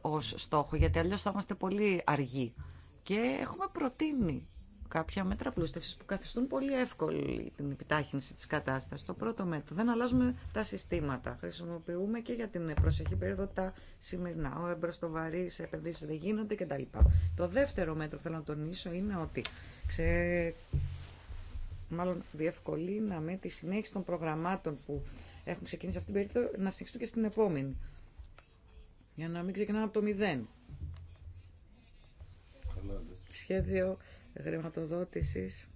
A: ως στόχο γιατί αλλιώς θα είμαστε πολύ αργοί. Και έχουμε προτείνει κάποια μέτρα πλούστευσης που καθιστούν πολύ εύκολη την επιτάχυνση τη κατάσταση. Το πρώτο μέτρο, δεν αλλάζουμε τα συστήματα. Χρησιμοποιούμε και για την προσεχή περίοδο τα σημερινά. Ο εμπροστοβαρής επενδύσει δεν γίνονται κτλ. Το δεύτερο μέτρο θέλω να τονίσω είναι ότι ξε... μάλλον διευκολύναμε τη συνέχιση των προγραμμάτων που έχουν ξεκινήσει αυτή την περίοδο να συνεχιστούν και στην επόμενη. Για να μην ξεκινάμε από το μηδέν. Σχέδιο χρηματοδότησης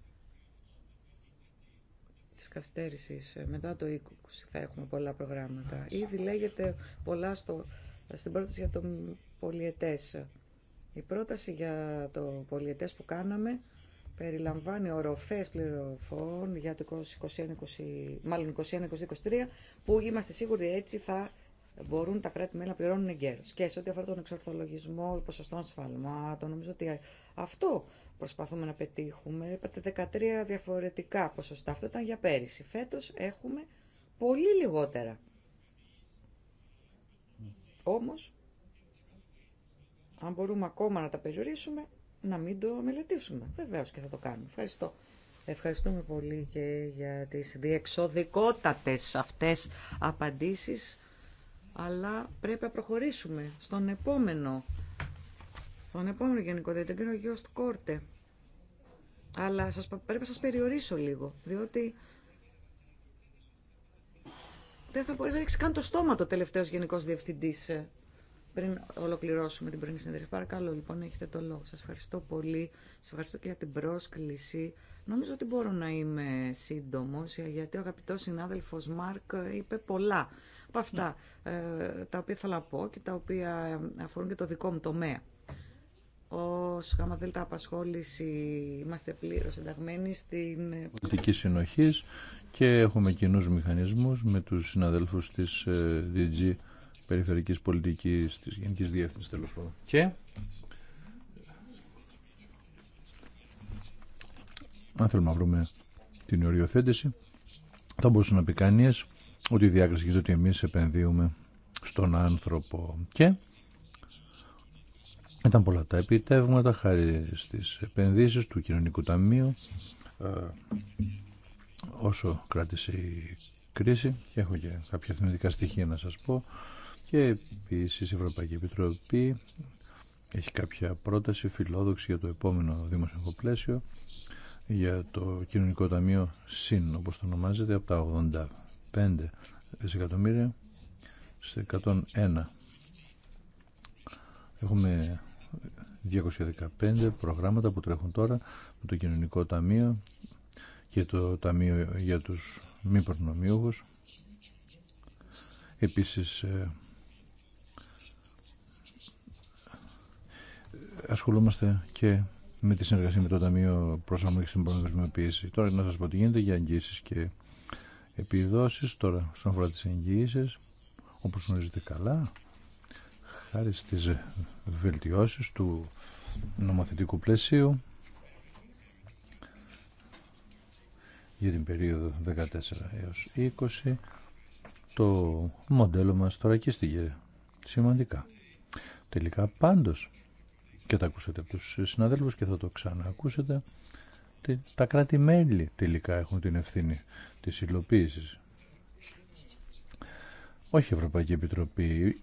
A: της καθυστέρησης. Μετά το 20 θα έχουμε πολλά προγράμματα. Ήδη λέγεται πολλά στο, στην πρόταση για το πολιετές. Η πρόταση για το πολιετές που κάναμε περιλαμβάνει οροφές πληροφών για το 2021 2021-2023 που είμαστε σίγουροι έτσι θα μπορούν τα κράτη-μέλη να πληρώνουν εγκαίρω. Και σε ό,τι αφορά τον εξορθολογισμό ποσοστών σφαλμάτων, νομίζω ότι αυτό προσπαθούμε να πετύχουμε. Είπατε 13 διαφορετικά ποσοστά. Αυτό ήταν για πέρυσι. Φέτο έχουμε πολύ λιγότερα. Όμω, αν μπορούμε ακόμα να τα περιορίσουμε, να μην το μελετήσουμε. Βεβαίω και θα το κάνουμε. Ευχαριστώ. Ευχαριστούμε πολύ και για τις διεξοδικότατες αυτές απαντήσεις αλλά πρέπει να προχωρήσουμε στον επόμενο, στον επόμενο Γενικό Διευθυντή, ο του Κόρτε. Αλλά σας, πρέπει να σας περιορίσω λίγο, διότι δεν θα μπορεί να ρίξει καν το στόμα το τελευταίος Γενικός Διευθυντής ε, πριν ολοκληρώσουμε την πρώτη συνέντευξη. Παρακαλώ, λοιπόν, έχετε το λόγο. Σας ευχαριστώ πολύ. Σας ευχαριστώ και για την πρόσκληση. Νομίζω ότι μπορώ να είμαι σύντομο, γιατί ο αγαπητός συνάδελφος Μάρκ είπε πολλά από αυτά ε, τα οποία θα να πω και τα οποία αφορούν και το δικό μου τομέα. Ω ΓΑΜΑ Απασχόληση είμαστε πλήρω ενταγμένοι στην ε,
B: πολιτική συνοχή και έχουμε κοινού μηχανισμού με του συναδέλφου τη DG ε, Περιφερειακή Πολιτική τη Γενική Διεύθυνση τέλο Και. Αν θέλουμε να βρούμε την οριοθέτηση, θα μπορούσαν να πει κανεί ότι η διάκριση γίνεται ότι εμείς επενδύουμε στον άνθρωπο και ήταν πολλά τα επιτεύγματα χάρη στις επενδύσεις του κοινωνικού ταμείου ε, όσο κράτησε η κρίση και έχω και κάποια θεμετικά στοιχεία να σας πω και επίση η Ευρωπαϊκή Επιτροπή έχει κάποια πρόταση φιλόδοξη για το επόμενο δημοσιακό πλαίσιο για το κοινωνικό ταμείο ΣΥΝ όπως το ονομάζεται από τα δισεκατομμύρια σε 101. Έχουμε 215 προγράμματα που τρέχουν τώρα με το Κοινωνικό Ταμείο και το Ταμείο για τους μη προνομιούχους. Επίσης ε, ασχολούμαστε και με τη συνεργασία με το Ταμείο Προσαρμογής στην Προνομιοποίηση. Τώρα να σας πω τι γίνεται για αγγίσεις και επιδόσεις τώρα στον αφορά τις εγγύησεις όπως γνωρίζετε καλά χάρη στις βελτιώσεις του νομοθετικού πλαισίου για την περίοδο 14 έως 20 το μοντέλο μας τώρα κίστηκε σημαντικά. Τελικά πάντως και τα ακούσατε από τους συναδέλφους και θα το ξαναακούσετε τα κράτη-μέλη τελικά έχουν την ευθύνη της υλοποίησης. Όχι η Ευρωπαϊκή Επιτροπή.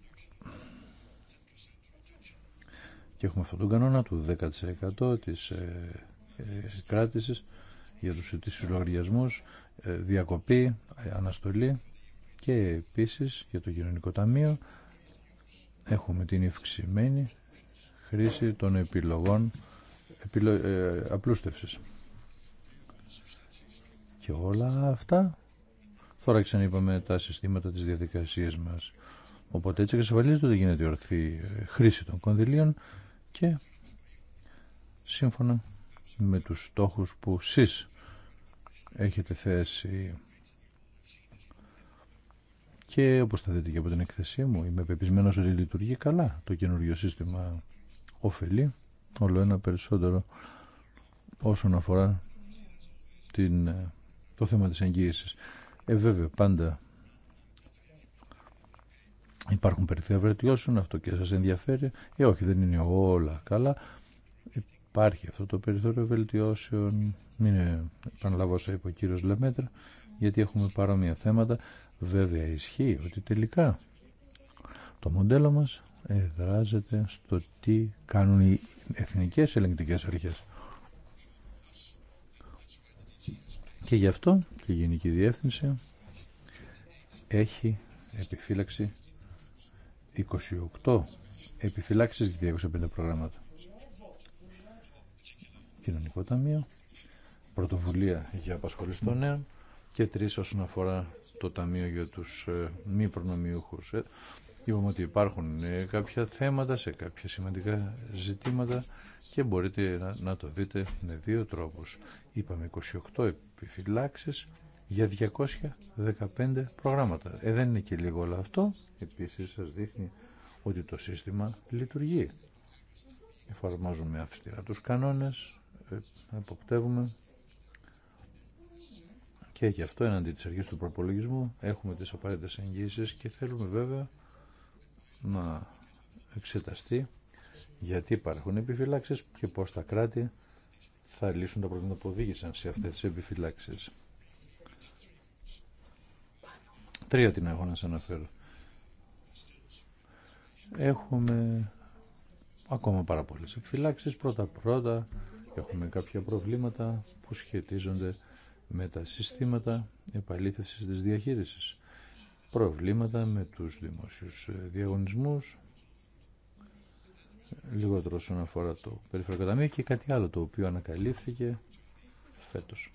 B: Και έχουμε αυτόν τον κανόνα του 10% της ε, ε, κράτησης για τους ετήσιους ε, διακοπή, αναστολή και επίσης για το κοινωνικό ταμείο έχουμε την ευξημένη χρήση των επιλογών ε, απλούστευσης. Και όλα αυτά τώρα ξαναείπαμε τα συστήματα της διαδικασίας μας. Οπότε έτσι εξασφαλίζεται ότι γίνεται η ορθή χρήση των κονδυλίων και σύμφωνα με τους στόχους που εσείς έχετε θέσει και όπως θα δείτε και από την εκθεσή μου είμαι πεπισμένος ότι λειτουργεί καλά το καινούργιο σύστημα ωφελεί όλο ένα περισσότερο όσον αφορά την ε, το θέμα της εγγύησης. Ε, βέβαια, πάντα υπάρχουν περιθώρια βελτιώσεων, αυτό και σας ενδιαφέρει. Ε, όχι, δεν είναι όλα καλά. Υπάρχει αυτό το περιθώριο βελτιώσεων. Μην επαναλάβω όσα είπε ο κύριος Λεμέτρα, γιατί έχουμε παρόμοια θέματα. Βέβαια, ισχύει ότι τελικά το μοντέλο μας εδράζεται στο τι κάνουν οι εθνικές ελεγκτικές αρχές. Και γι' αυτό και η Γενική Διεύθυνση έχει επιφύλαξη 28 επιφυλάξεις για 205 προγράμματα. Κοινωνικό Ταμείο, πρωτοβουλία για απασχολήση των νέων και τρεις όσον αφορά το Ταμείο για τους ε, μη προνομιούχους. Ε, Είπαμε ότι υπάρχουν ε, κάποια θέματα σε κάποια σημαντικά ζητήματα και μπορείτε να, το δείτε με δύο τρόπους. Είπαμε 28 επιφυλάξεις για 215 προγράμματα. Ε, δεν είναι και λίγο όλο αυτό. Επίσης σας δείχνει ότι το σύστημα λειτουργεί. Εφαρμόζουμε αυστηρά τους κανόνες, αποπτεύουμε ε, και γι' αυτό εναντί της αρχής του προπολογισμού έχουμε τις απαραίτητες εγγύσεις και θέλουμε βέβαια να εξεταστεί γιατί υπάρχουν επιφυλάξεις και πώς τα κράτη θα λύσουν τα προβλήματα που οδήγησαν σε αυτές τις επιφυλάξεις. Τρία την έχω να σας αναφέρω. Έχουμε ακόμα πάρα πολλές επιφυλάξεις. Πρώτα-πρώτα έχουμε κάποια προβλήματα που σχετίζονται με τα συστήματα επαλήθευσης της διαχείρισης προβλήματα με τους δημόσιους ε, διαγωνισμούς, λιγότερο όσον αφορά το περιφερειακό ταμείο και κάτι άλλο το οποίο ανακαλύφθηκε φέτος.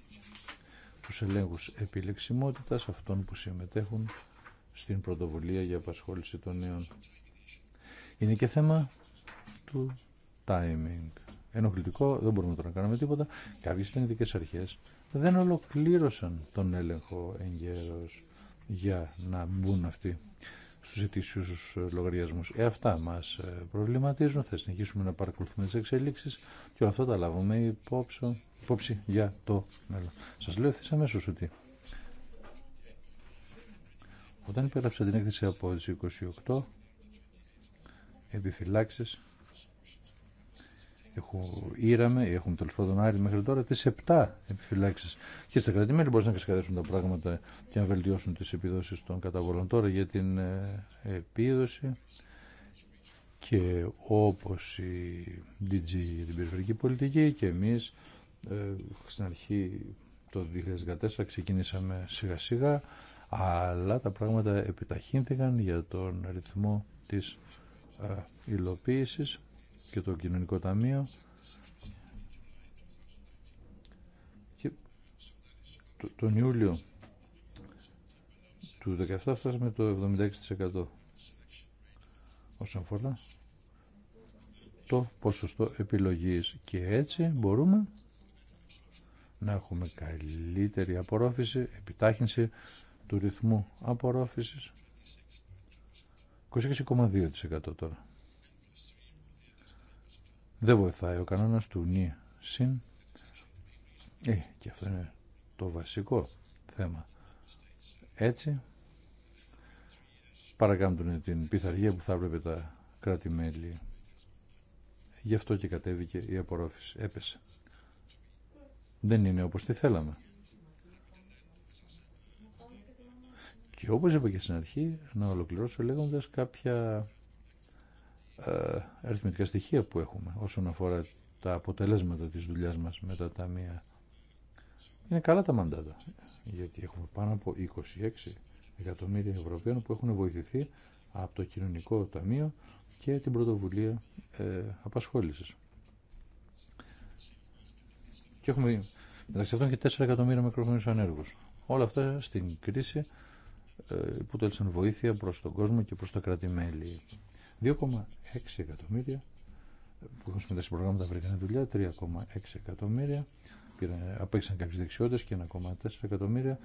B: Τους ελέγχους επιλεξιμότητας αυτών που συμμετέχουν στην πρωτοβουλία για απασχόληση των νέων. Είναι και θέμα του timing. Ενοχλητικό, δεν μπορούμε τώρα να κάνουμε τίποτα. Κάποιες ειδικές αρχές δεν ολοκλήρωσαν τον έλεγχο εγκαίρως για να μπουν αυτοί στους ετήσιους ε, λογαριασμούς. Ε, αυτά μας ε, προβληματίζουν, θα συνεχίσουμε να παρακολουθούμε τις εξελίξεις και όλα αυτά τα λάβουμε υπόψη, υπόψη για το μέλλον. Σας λέω ευθύς αμέσως ότι όταν υπέγραψα την έκθεση από τις 28 επιφυλάξεις έχουν ήραμε, έχουμε τέλο πάντων άρει μέχρι τώρα τι 7 επιφυλάξει. Και στα κρατημέλη μπορεί να ξεκαθαρίσουν τα πράγματα και να βελτιώσουν τι επιδόσει των καταβολών. Τώρα για την ε, επίδοση και όπω η DG για την περιφερειακή πολιτική και εμεί ε, στην αρχή το 2014 ξεκινήσαμε σιγά σιγά αλλά τα πράγματα επιταχύνθηκαν για τον ρυθμό της ε, υλοποίησης και το Κοινωνικό Ταμείο και τον Ιούλιο του 17 φτάσαμε το 76% όσον αφορά το ποσοστό επιλογής και έτσι μπορούμε να έχουμε καλύτερη απορρόφηση, επιτάχυνση του ρυθμού απορρόφησης 26,2% τώρα. Δεν βοηθάει ο κανόνα του νη συν. Ε, και αυτό είναι το βασικό θέμα. Έτσι, παρακάμπτουν την πειθαργία που θα έπρεπε τα κράτη-μέλη. Γι' αυτό και κατέβηκε η απορρόφηση. Έπεσε. Δεν είναι όπως τη θέλαμε. Και όπως είπα και στην αρχή, να ολοκληρώσω λέγοντας κάποια ε, αριθμητικά στοιχεία που έχουμε όσον αφορά τα αποτελέσματα της δουλειάς μας με τα ταμεία. Είναι καλά τα μαντάτα, γιατί έχουμε πάνω από 26 εκατομμύρια Ευρωπαίων που έχουν βοηθηθεί από το Κοινωνικό Ταμείο και την πρωτοβουλία ε, απασχόλησης. Και έχουμε μεταξύ αυτών και 4 εκατομμύρια μικροφωνούς ανέργους. Όλα αυτά στην κρίση ε, που βοήθεια προς τον κόσμο και προς τα κρατη 2,6 εκατομμύρια που έχουν συμμετάσχει προγράμματα βρήκαν δουλειά, 3,6 εκατομμύρια απέξαν κάποιε δεξιότητε και 1,4 ε, εκατομμύρια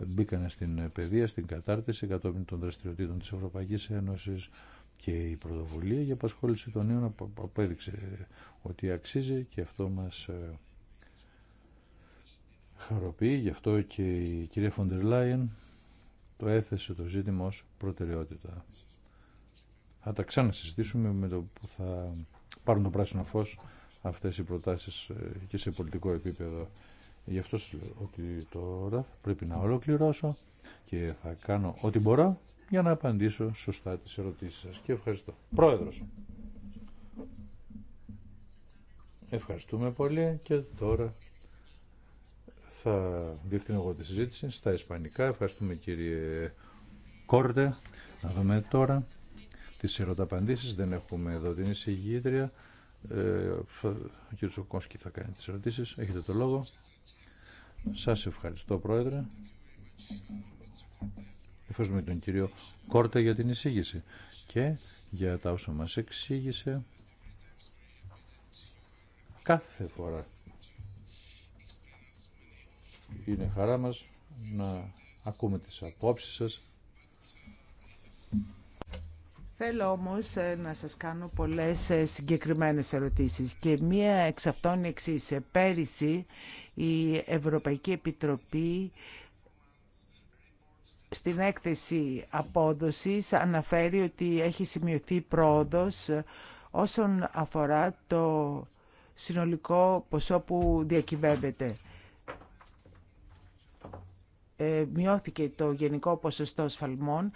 B: ε, μπήκαν στην ε, παιδεία, στην κατάρτιση κατόπιν των δραστηριοτήτων τη Ευρωπαϊκή Ένωση και η πρωτοβουλία για απασχόληση των νέων απέδειξε ότι αξίζει και αυτό μα χαροποιεί. Γι' αυτό και η κυρία Φοντερ Λάιεν το έθεσε το ζήτημα ως προτεραιότητα θα τα ξανασυζητήσουμε με το που θα πάρουν το πράσινο φως αυτές οι προτάσεις ε, και σε πολιτικό επίπεδο. Γι' αυτό σας λέω ότι τώρα πρέπει να ολοκληρώσω και θα κάνω ό,τι μπορώ για να απαντήσω σωστά τις ερωτήσεις σας. Και ευχαριστώ. Πρόεδρος. Ευχαριστούμε πολύ και τώρα θα διευθύνω εγώ τη συζήτηση στα ισπανικά. Ευχαριστούμε κύριε Κόρτε. Να δούμε τώρα τις ερωταπαντήσεις. Δεν έχουμε εδώ την εισηγήτρια. Ε, ο κ. Σοκόσκι θα κάνει τις ερωτήσεις. Έχετε το λόγο. Σας ευχαριστώ, Πρόεδρε. Ευχαριστούμε τον κύριο Κόρτα για την εισήγηση και για τα όσα μας εξήγησε κάθε φορά. Είναι χαρά μας να ακούμε τις απόψεις σας
D: Θέλω όμως ε, να σας κάνω πολλές ε, συγκεκριμένες ερωτήσεις και μία εξ αυτών εξής. Ε, πέρυσι η Ευρωπαϊκή Επιτροπή στην έκθεση απόδοσης αναφέρει ότι έχει σημειωθεί πρόοδος όσον αφορά το συνολικό ποσό που διακυβεύεται. Ε, μειώθηκε το γενικό ποσοστό σφαλμών,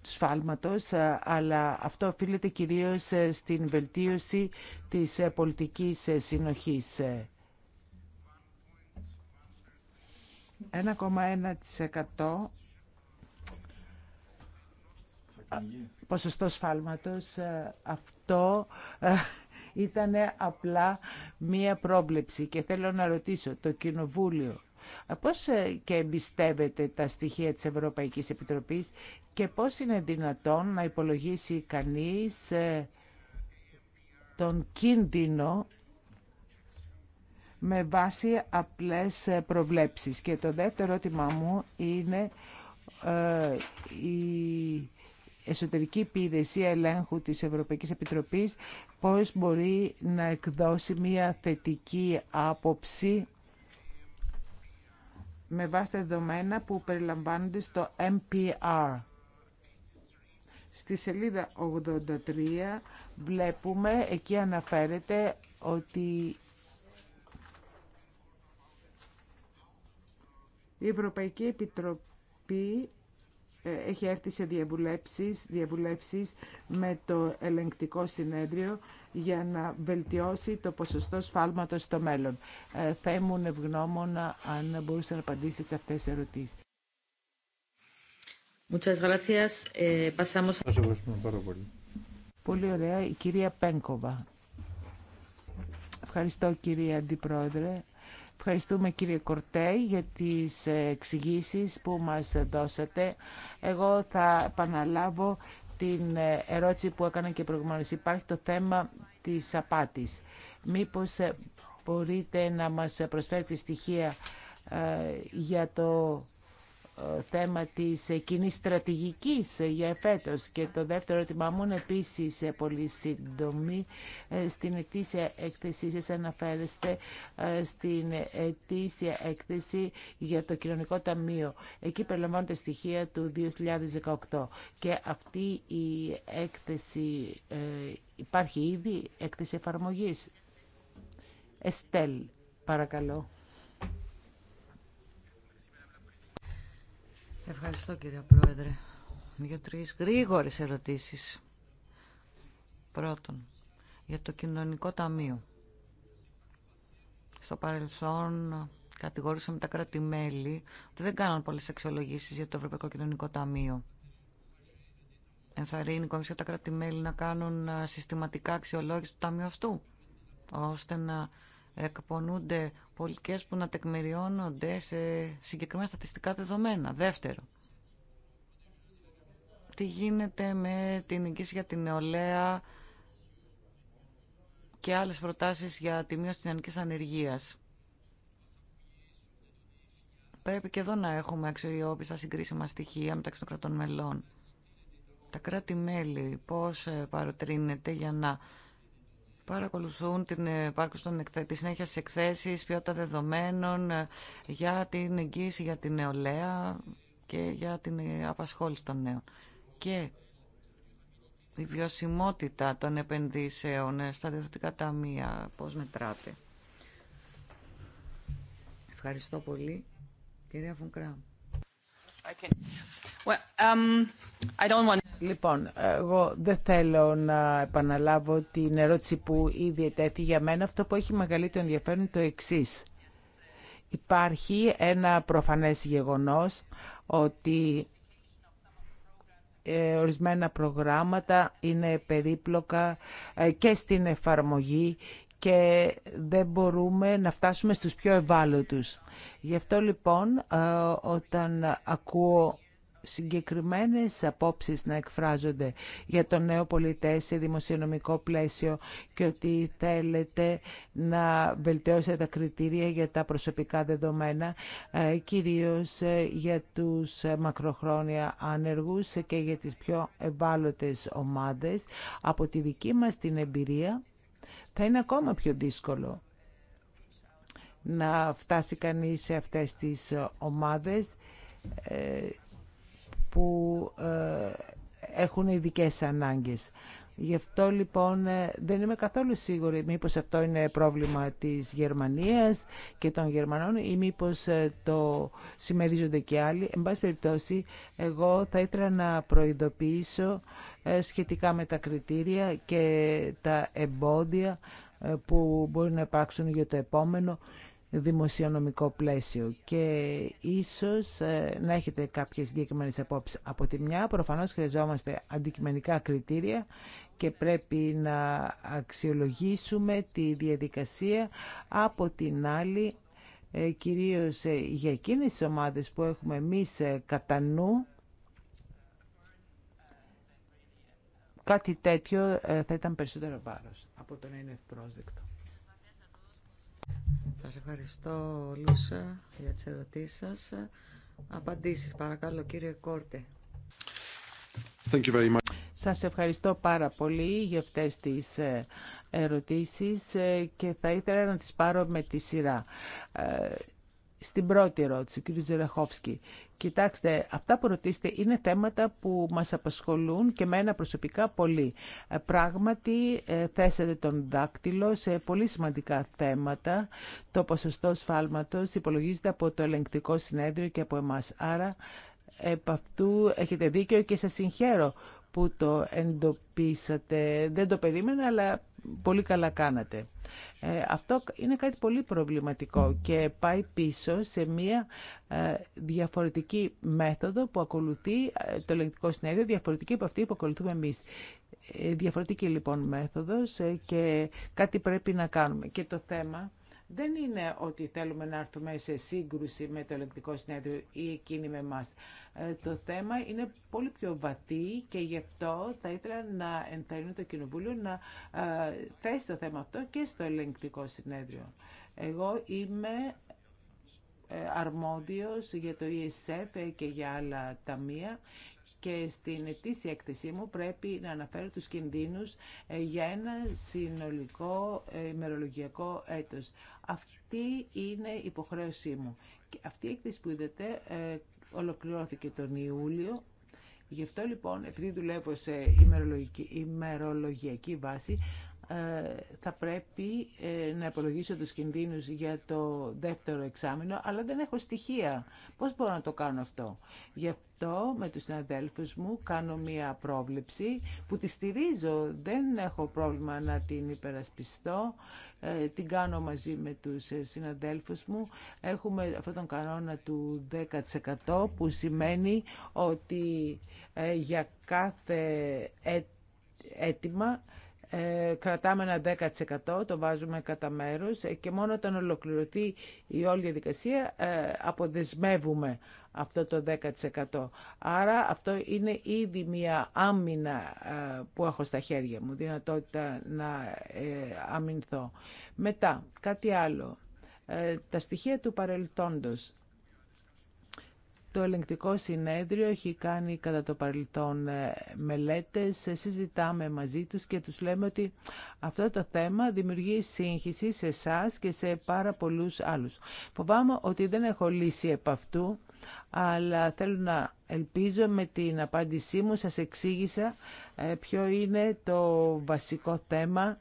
D: σφάλματος, ε, αλλά αυτό οφείλεται κυρίως ε, στην βελτίωση της πολιτικής συνοχής. 1,1% ποσοστό σφάλματος, αυτό ήταν απλά μία πρόβλεψη και θέλω να ρωτήσω το Κοινοβούλιο Πώς ε, και εμπιστεύεται τα στοιχεία της Ευρωπαϊκής Επιτροπής και πώς είναι δυνατόν να υπολογίσει κανείς ε, τον κίνδυνο με βάση απλές ε, προβλέψεις. Και το δεύτερο ερώτημά μου είναι η εσωτερική υπηρεσία ελέγχου της Ευρωπαϊκής Επιτροπής πώς μπορεί να εκδώσει μια θετική άποψη με βάση τα δεδομένα που περιλαμβάνονται στο MPR. Στη σελίδα 83 βλέπουμε, εκεί αναφέρεται ότι η Ευρωπαϊκή Επιτροπή ε, έχει έρθει σε διαβουλεύσεις, διαβουλεύσεις με το ελεγκτικό συνέδριο για να βελτιώσει το ποσοστό σφάλματος στο μέλλον. Ε, θα ήμουν ευγνώμων αν μπορούσα να απαντήσει σε
A: αυτές τις ερωτήσεις.
E: Ε, πολύ. ωραία. Η κυρία Πένκοβα.
D: Ευχαριστώ κυρία Αντιπρόεδρε. Ευχαριστούμε κύριε Κορτέ για τις εξηγήσεις που μας δώσατε. Εγώ θα επαναλάβω την ε, ερώτηση που έκανα και προηγουμένως. Υπάρχει το θέμα της απάτης. Μήπως ε, μπορείτε να μας προσφέρετε στοιχεία ε, για το θέμα της κοινή στρατηγικής για φέτος. και το δεύτερο ερώτημά μου είναι επίσης πολύ σύντομη. Ε, στην ετήσια έκθεση σας αναφέρεστε ε, στην ετήσια έκθεση για το κοινωνικό ταμείο. Εκεί περιλαμβάνονται στοιχεία του 2018 και αυτή η έκθεση ε, υπάρχει ήδη έκθεση εφαρμογής.
A: Εστέλ, παρακαλώ. Ευχαριστώ κύριε Πρόεδρε. Δύο-τρεις γρήγορες ερωτήσεις. Πρώτον, για το κοινωνικό ταμείο. Στο παρελθόν κατηγορούσαμε τα κράτη-μέλη ότι δεν κάναν πολλές αξιολογήσεις για το Ευρωπαϊκό Κοινωνικό Ταμείο. Ενθαρρύνει η Κομισιό τα κράτη-μέλη να κάνουν συστηματικά αξιολόγηση του ταμείου αυτού, ώστε να εκπονούνται πολιτικές που να τεκμηριώνονται σε συγκεκριμένα στατιστικά δεδομένα. Δεύτερο, τι γίνεται με την εγγύηση για την νεολαία και άλλες προτάσεις για τη μείωση της νεανικής ανεργίας. Πρέπει και εδώ να έχουμε τα συγκρίσιμα στοιχεία μεταξύ των κρατών μελών. Τα κράτη-μέλη πώς ε, παροτρύνεται για να παρακολουθούν την επάρκωση των τη συνέχεια τη εκθέσει, ποιότητα δεδομένων ε, για την εγγύηση για την νεολαία και για την απασχόληση των νέων. Και η βιωσιμότητα των επενδύσεων στα διευθυντικά ταμεία, πώς μετράτε. Ευχαριστώ πολύ. Κυρία Φουνκρά. Well, um, Λοιπόν,
D: εγώ δεν θέλω να επαναλάβω την ερώτηση που ήδη ετέθη για μένα. Αυτό που έχει μεγαλύτερο ενδιαφέρον είναι το εξή. Υπάρχει ένα προφανές γεγονός ότι ε, ορισμένα προγράμματα είναι περίπλοκα ε, και στην εφαρμογή και δεν μπορούμε να φτάσουμε στους πιο ευάλωτους. Γι' αυτό λοιπόν ε, όταν ακούω συγκεκριμένες απόψεις να εκφράζονται για το νέο σε δημοσιονομικό πλαίσιο και ότι θέλετε να βελτιώσετε τα κριτήρια για τα προσωπικά δεδομένα, ε, κυρίως ε, για τους ε, μακροχρόνια άνεργους και για τις πιο ευάλωτες ομάδες. Από τη δική μας την εμπειρία θα είναι ακόμα πιο δύσκολο να φτάσει κανείς σε αυτές τις ομάδες που ε, έχουν ειδικέ ανάγκες. Γι' αυτό λοιπόν ε, δεν είμαι καθόλου σίγουρη μήπως αυτό είναι πρόβλημα της Γερμανίας και των Γερμανών ή μήπως ε, το συμμερίζονται και άλλοι. Εν πάση περιπτώσει, εγώ θα ήθελα να προειδοποιήσω σχετικά με τα κριτήρια και τα εμπόδια που μπορεί να υπάρξουν για το επόμενο δημοσιονομικό πλαίσιο και ίσως ε, να έχετε κάποιες συγκεκριμένε απόψεις. Από τη μια προφανώς χρειαζόμαστε αντικειμενικά κριτήρια και πρέπει να αξιολογήσουμε τη διαδικασία. Από την άλλη, ε, κυρίως ε, για εκείνες τις ομάδες που έχουμε εμείς κατά νου, κάτι τέτοιο θα ήταν περισσότερο βάρος από το να είναι πρόσδεκτο.
A: Σας ευχαριστώ Λούσα, για τις ερωτήσεις σας. Απαντήσεις παρακαλώ κύριε Κόρτε.
C: Thank you very much.
D: Σας ευχαριστώ πάρα πολύ για αυτές τις ε, ερωτήσεις ε, και θα ήθελα να τις πάρω με τη σειρά. Ε, στην πρώτη ερώτηση, κύριε Τζερεχόφσκι, Κοιτάξτε, αυτά που ρωτήσετε είναι θέματα που μας απασχολούν και μένα προσωπικά πολύ. Ε, πράγματι, ε, θέσατε τον δάκτυλο σε πολύ σημαντικά θέματα. Το ποσοστό σφάλματος υπολογίζεται από το ελεγκτικό συνέδριο και από εμάς. Άρα, επ' αυτού έχετε δίκιο και σας συγχαίρω που το εντοπίσατε. Δεν το περίμενα, αλλά πολύ καλά κάνατε. Ε, αυτό είναι κάτι πολύ προβληματικό και πάει πίσω σε μία ε, διαφορετική μέθοδο που ακολουθεί ε, το ελεγκτικό συνέδριο, διαφορετική από αυτή που ακολουθούμε εμείς. διαφορετική λοιπόν μέθοδος και κάτι πρέπει να κάνουμε. Και το θέμα δεν είναι ότι θέλουμε να έρθουμε σε σύγκρουση με το ελεγκτικό συνέδριο ή εκείνη με εμά. Ε, το θέμα είναι πολύ πιο βαθύ και γι' αυτό θα ήθελα να ενθαρρύνω το Κοινοβούλιο να ε, θέσει το θέμα αυτό και στο ελεγκτικό συνέδριο. Εγώ είμαι ε, αρμόδιος για το ESF και για άλλα ταμεία και στην ετήσια έκθεσή μου πρέπει να αναφέρω τους κινδύνους για ένα συνολικό ημερολογιακό έτος. Αυτή είναι η υποχρέωσή μου. Και αυτή η έκθεση που είδατε ε, ολοκληρώθηκε τον Ιούλιο. Γι' αυτό λοιπόν, επειδή δουλεύω σε ημερολογιακή βάση, ε, θα πρέπει ε, να υπολογίσω τους κινδύνους για το δεύτερο εξάμεινο, αλλά δεν έχω στοιχεία. Πώς μπορώ να το κάνω αυτό. Γι' αυτό με τους συναδέλφους μου κάνω μία πρόβλεψη που τη στηρίζω. Δεν έχω πρόβλημα να την υπερασπιστώ. Ε, την κάνω μαζί με τους συναδέλφους μου. Έχουμε αυτόν τον κανόνα του 10% που σημαίνει ότι για κάθε έτοιμα ε, κρατάμε ένα 10%, το βάζουμε κατά μέρος ε, και μόνο όταν ολοκληρωθεί η όλη διαδικασία ε, αποδεσμεύουμε αυτό το 10%. Άρα αυτό είναι ήδη μια άμυνα που έχω στα χέρια μου, δυνατότητα να αμυνθώ. Μετά, κάτι άλλο. Τα στοιχεία του παρελθόντος το ελεγκτικό συνέδριο έχει κάνει κατά το παρελθόν ε, μελέτες, ε, συζητάμε μαζί τους και τους λέμε ότι αυτό το θέμα δημιουργεί σύγχυση σε εσά και σε πάρα πολλούς άλλους. Φοβάμαι ότι δεν έχω λύσει επ' αυτού, αλλά θέλω να ελπίζω με την απάντησή μου σας εξήγησα ε, ποιο είναι το βασικό θέμα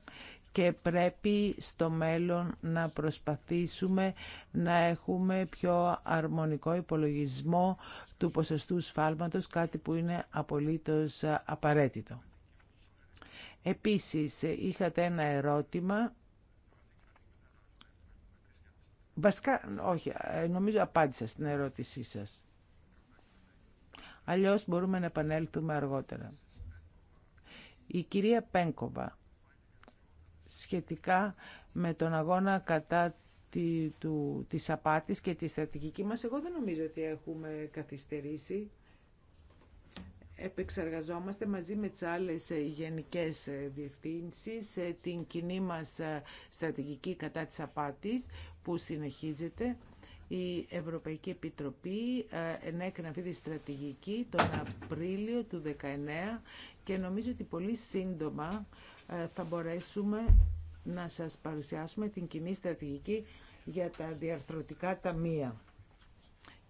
D: και πρέπει στο μέλλον να προσπαθήσουμε να έχουμε πιο αρμονικό υπολογισμό του ποσοστού σφάλματος, κάτι που είναι απολύτως απαραίτητο. Επίσης, είχατε ένα ερώτημα. Βασικά, όχι, νομίζω απάντησα στην ερώτησή σας. Αλλιώς μπορούμε να επανέλθουμε αργότερα. Η κυρία Πένκοβα σχετικά με τον αγώνα κατά τη, του, της απάτης και τη στρατηγική μας. Εγώ δεν νομίζω ότι έχουμε καθυστερήσει. Επεξεργαζόμαστε μαζί με τις άλλες γενικές διευθύνσεις ε, την κοινή μας ε, στρατηγική κατά της απάτης που συνεχίζεται. Η Ευρωπαϊκή Επιτροπή ε, ενέκρινε αυτή τη στρατηγική τον Απρίλιο του 2019 και νομίζω ότι πολύ σύντομα ε, θα μπορέσουμε να σας παρουσιάσουμε την κοινή στρατηγική για τα διαρθρωτικά ταμεία.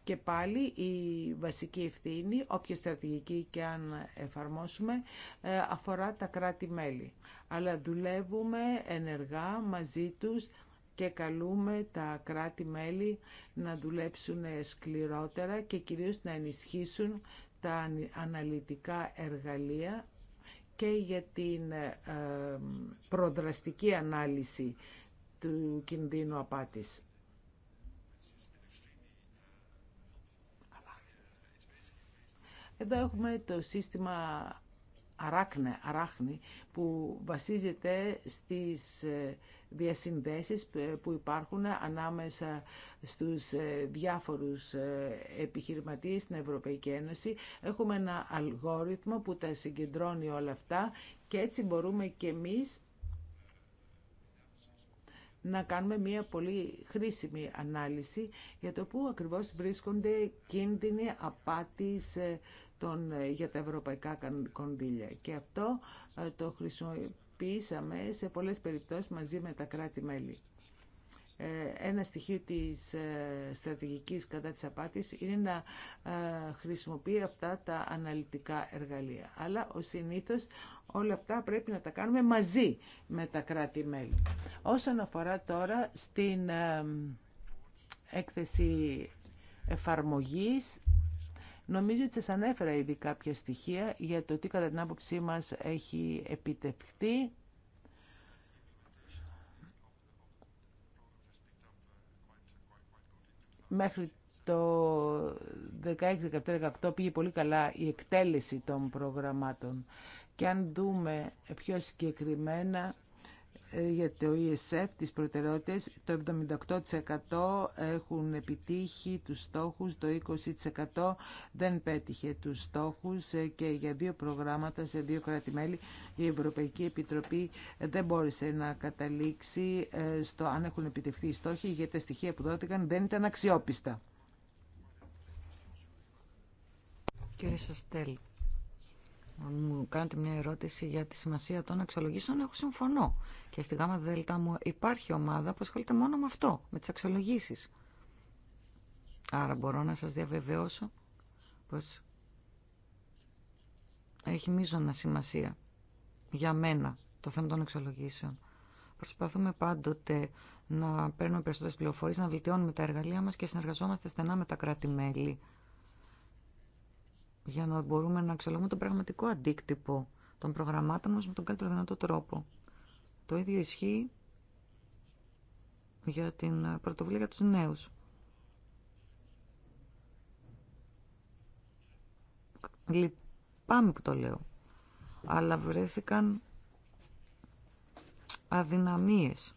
D: Και πάλι η βασική ευθύνη, όποια στρατηγική και αν εφαρμόσουμε, ε, αφορά τα κράτη-μέλη. Αλλά δουλεύουμε ενεργά μαζί τους και καλούμε τα κράτη-μέλη να δουλέψουν σκληρότερα και κυρίως να ενισχύσουν τα αναλυτικά εργαλεία και για την ε, προδραστική ανάλυση του κινδύνου απάτης. Εδώ έχουμε το σύστημα αράκνε, αράχνη, που βασίζεται στις ε, διασυνδέσεις που υπάρχουν ανάμεσα στους ε, διάφορους ε, επιχειρηματίες στην Ευρωπαϊκή Ένωση. Έχουμε ένα αλγόριθμο που τα συγκεντρώνει όλα αυτά και έτσι μπορούμε και εμείς να κάνουμε μια πολύ χρήσιμη ανάλυση για το πού ακριβώς βρίσκονται κίνδυνοι απάτης ε, των, για τα ευρωπαϊκά κονδύλια. Και αυτό το σε πολλές περιπτώσεις μαζί με τα κράτη-μέλη. Ε, ένα στοιχείο της ε, στρατηγικής κατά της απάτης είναι να ε, χρησιμοποιεί αυτά τα αναλυτικά εργαλεία. Αλλά ο συνήθως όλα αυτά πρέπει να τα κάνουμε μαζί με τα κράτη-μέλη. Όσον αφορά τώρα στην έκθεση εφαρμογής Νομίζω ότι σας ανέφερα ήδη κάποια στοιχεία για το τι κατά την άποψή μας έχει επιτευχθεί. Μέχρι το 16, 17, 18 πήγε πολύ καλά η εκτέλεση των προγραμμάτων. Και αν δούμε πιο συγκεκριμένα ε, για το ESF, τις προτεραιότητες, το 78% έχουν επιτύχει τους στόχους, το 20% δεν πέτυχε τους στόχους ε, και για δύο προγράμματα σε δύο κράτη-μέλη η Ευρωπαϊκή Επιτροπή ε, δεν μπόρεσε να καταλήξει στο αν έχουν επιτευχθεί οι στόχοι γιατί τα στοιχεία που δόθηκαν δεν ήταν αξιόπιστα.
A: Κύριε αν μου κάνετε μια ερώτηση για τη σημασία των αξιολογήσεων, Έχω συμφωνώ. Και στη ΓΑΜΑ ΔΕΛΤΑ μου υπάρχει ομάδα που ασχολείται μόνο με αυτό, με τις αξιολογήσεις. Άρα μπορώ να σας διαβεβαιώσω πως έχει μείζωνα σημασία για μένα το θέμα των αξιολογήσεων. Προσπαθούμε πάντοτε να παίρνουμε περισσότερες πληροφορίες, να βελτιώνουμε τα εργαλεία μας και συνεργαζόμαστε στενά με τα κράτη-μέλη για να μπορούμε να αξιολογούμε τον πραγματικό αντίκτυπο των προγραμμάτων μας με τον καλύτερο δυνατό τρόπο. Το ίδιο ισχύει για την πρωτοβουλία για τους νέους. Λυπάμαι που το λέω. Αλλά βρέθηκαν αδυναμίες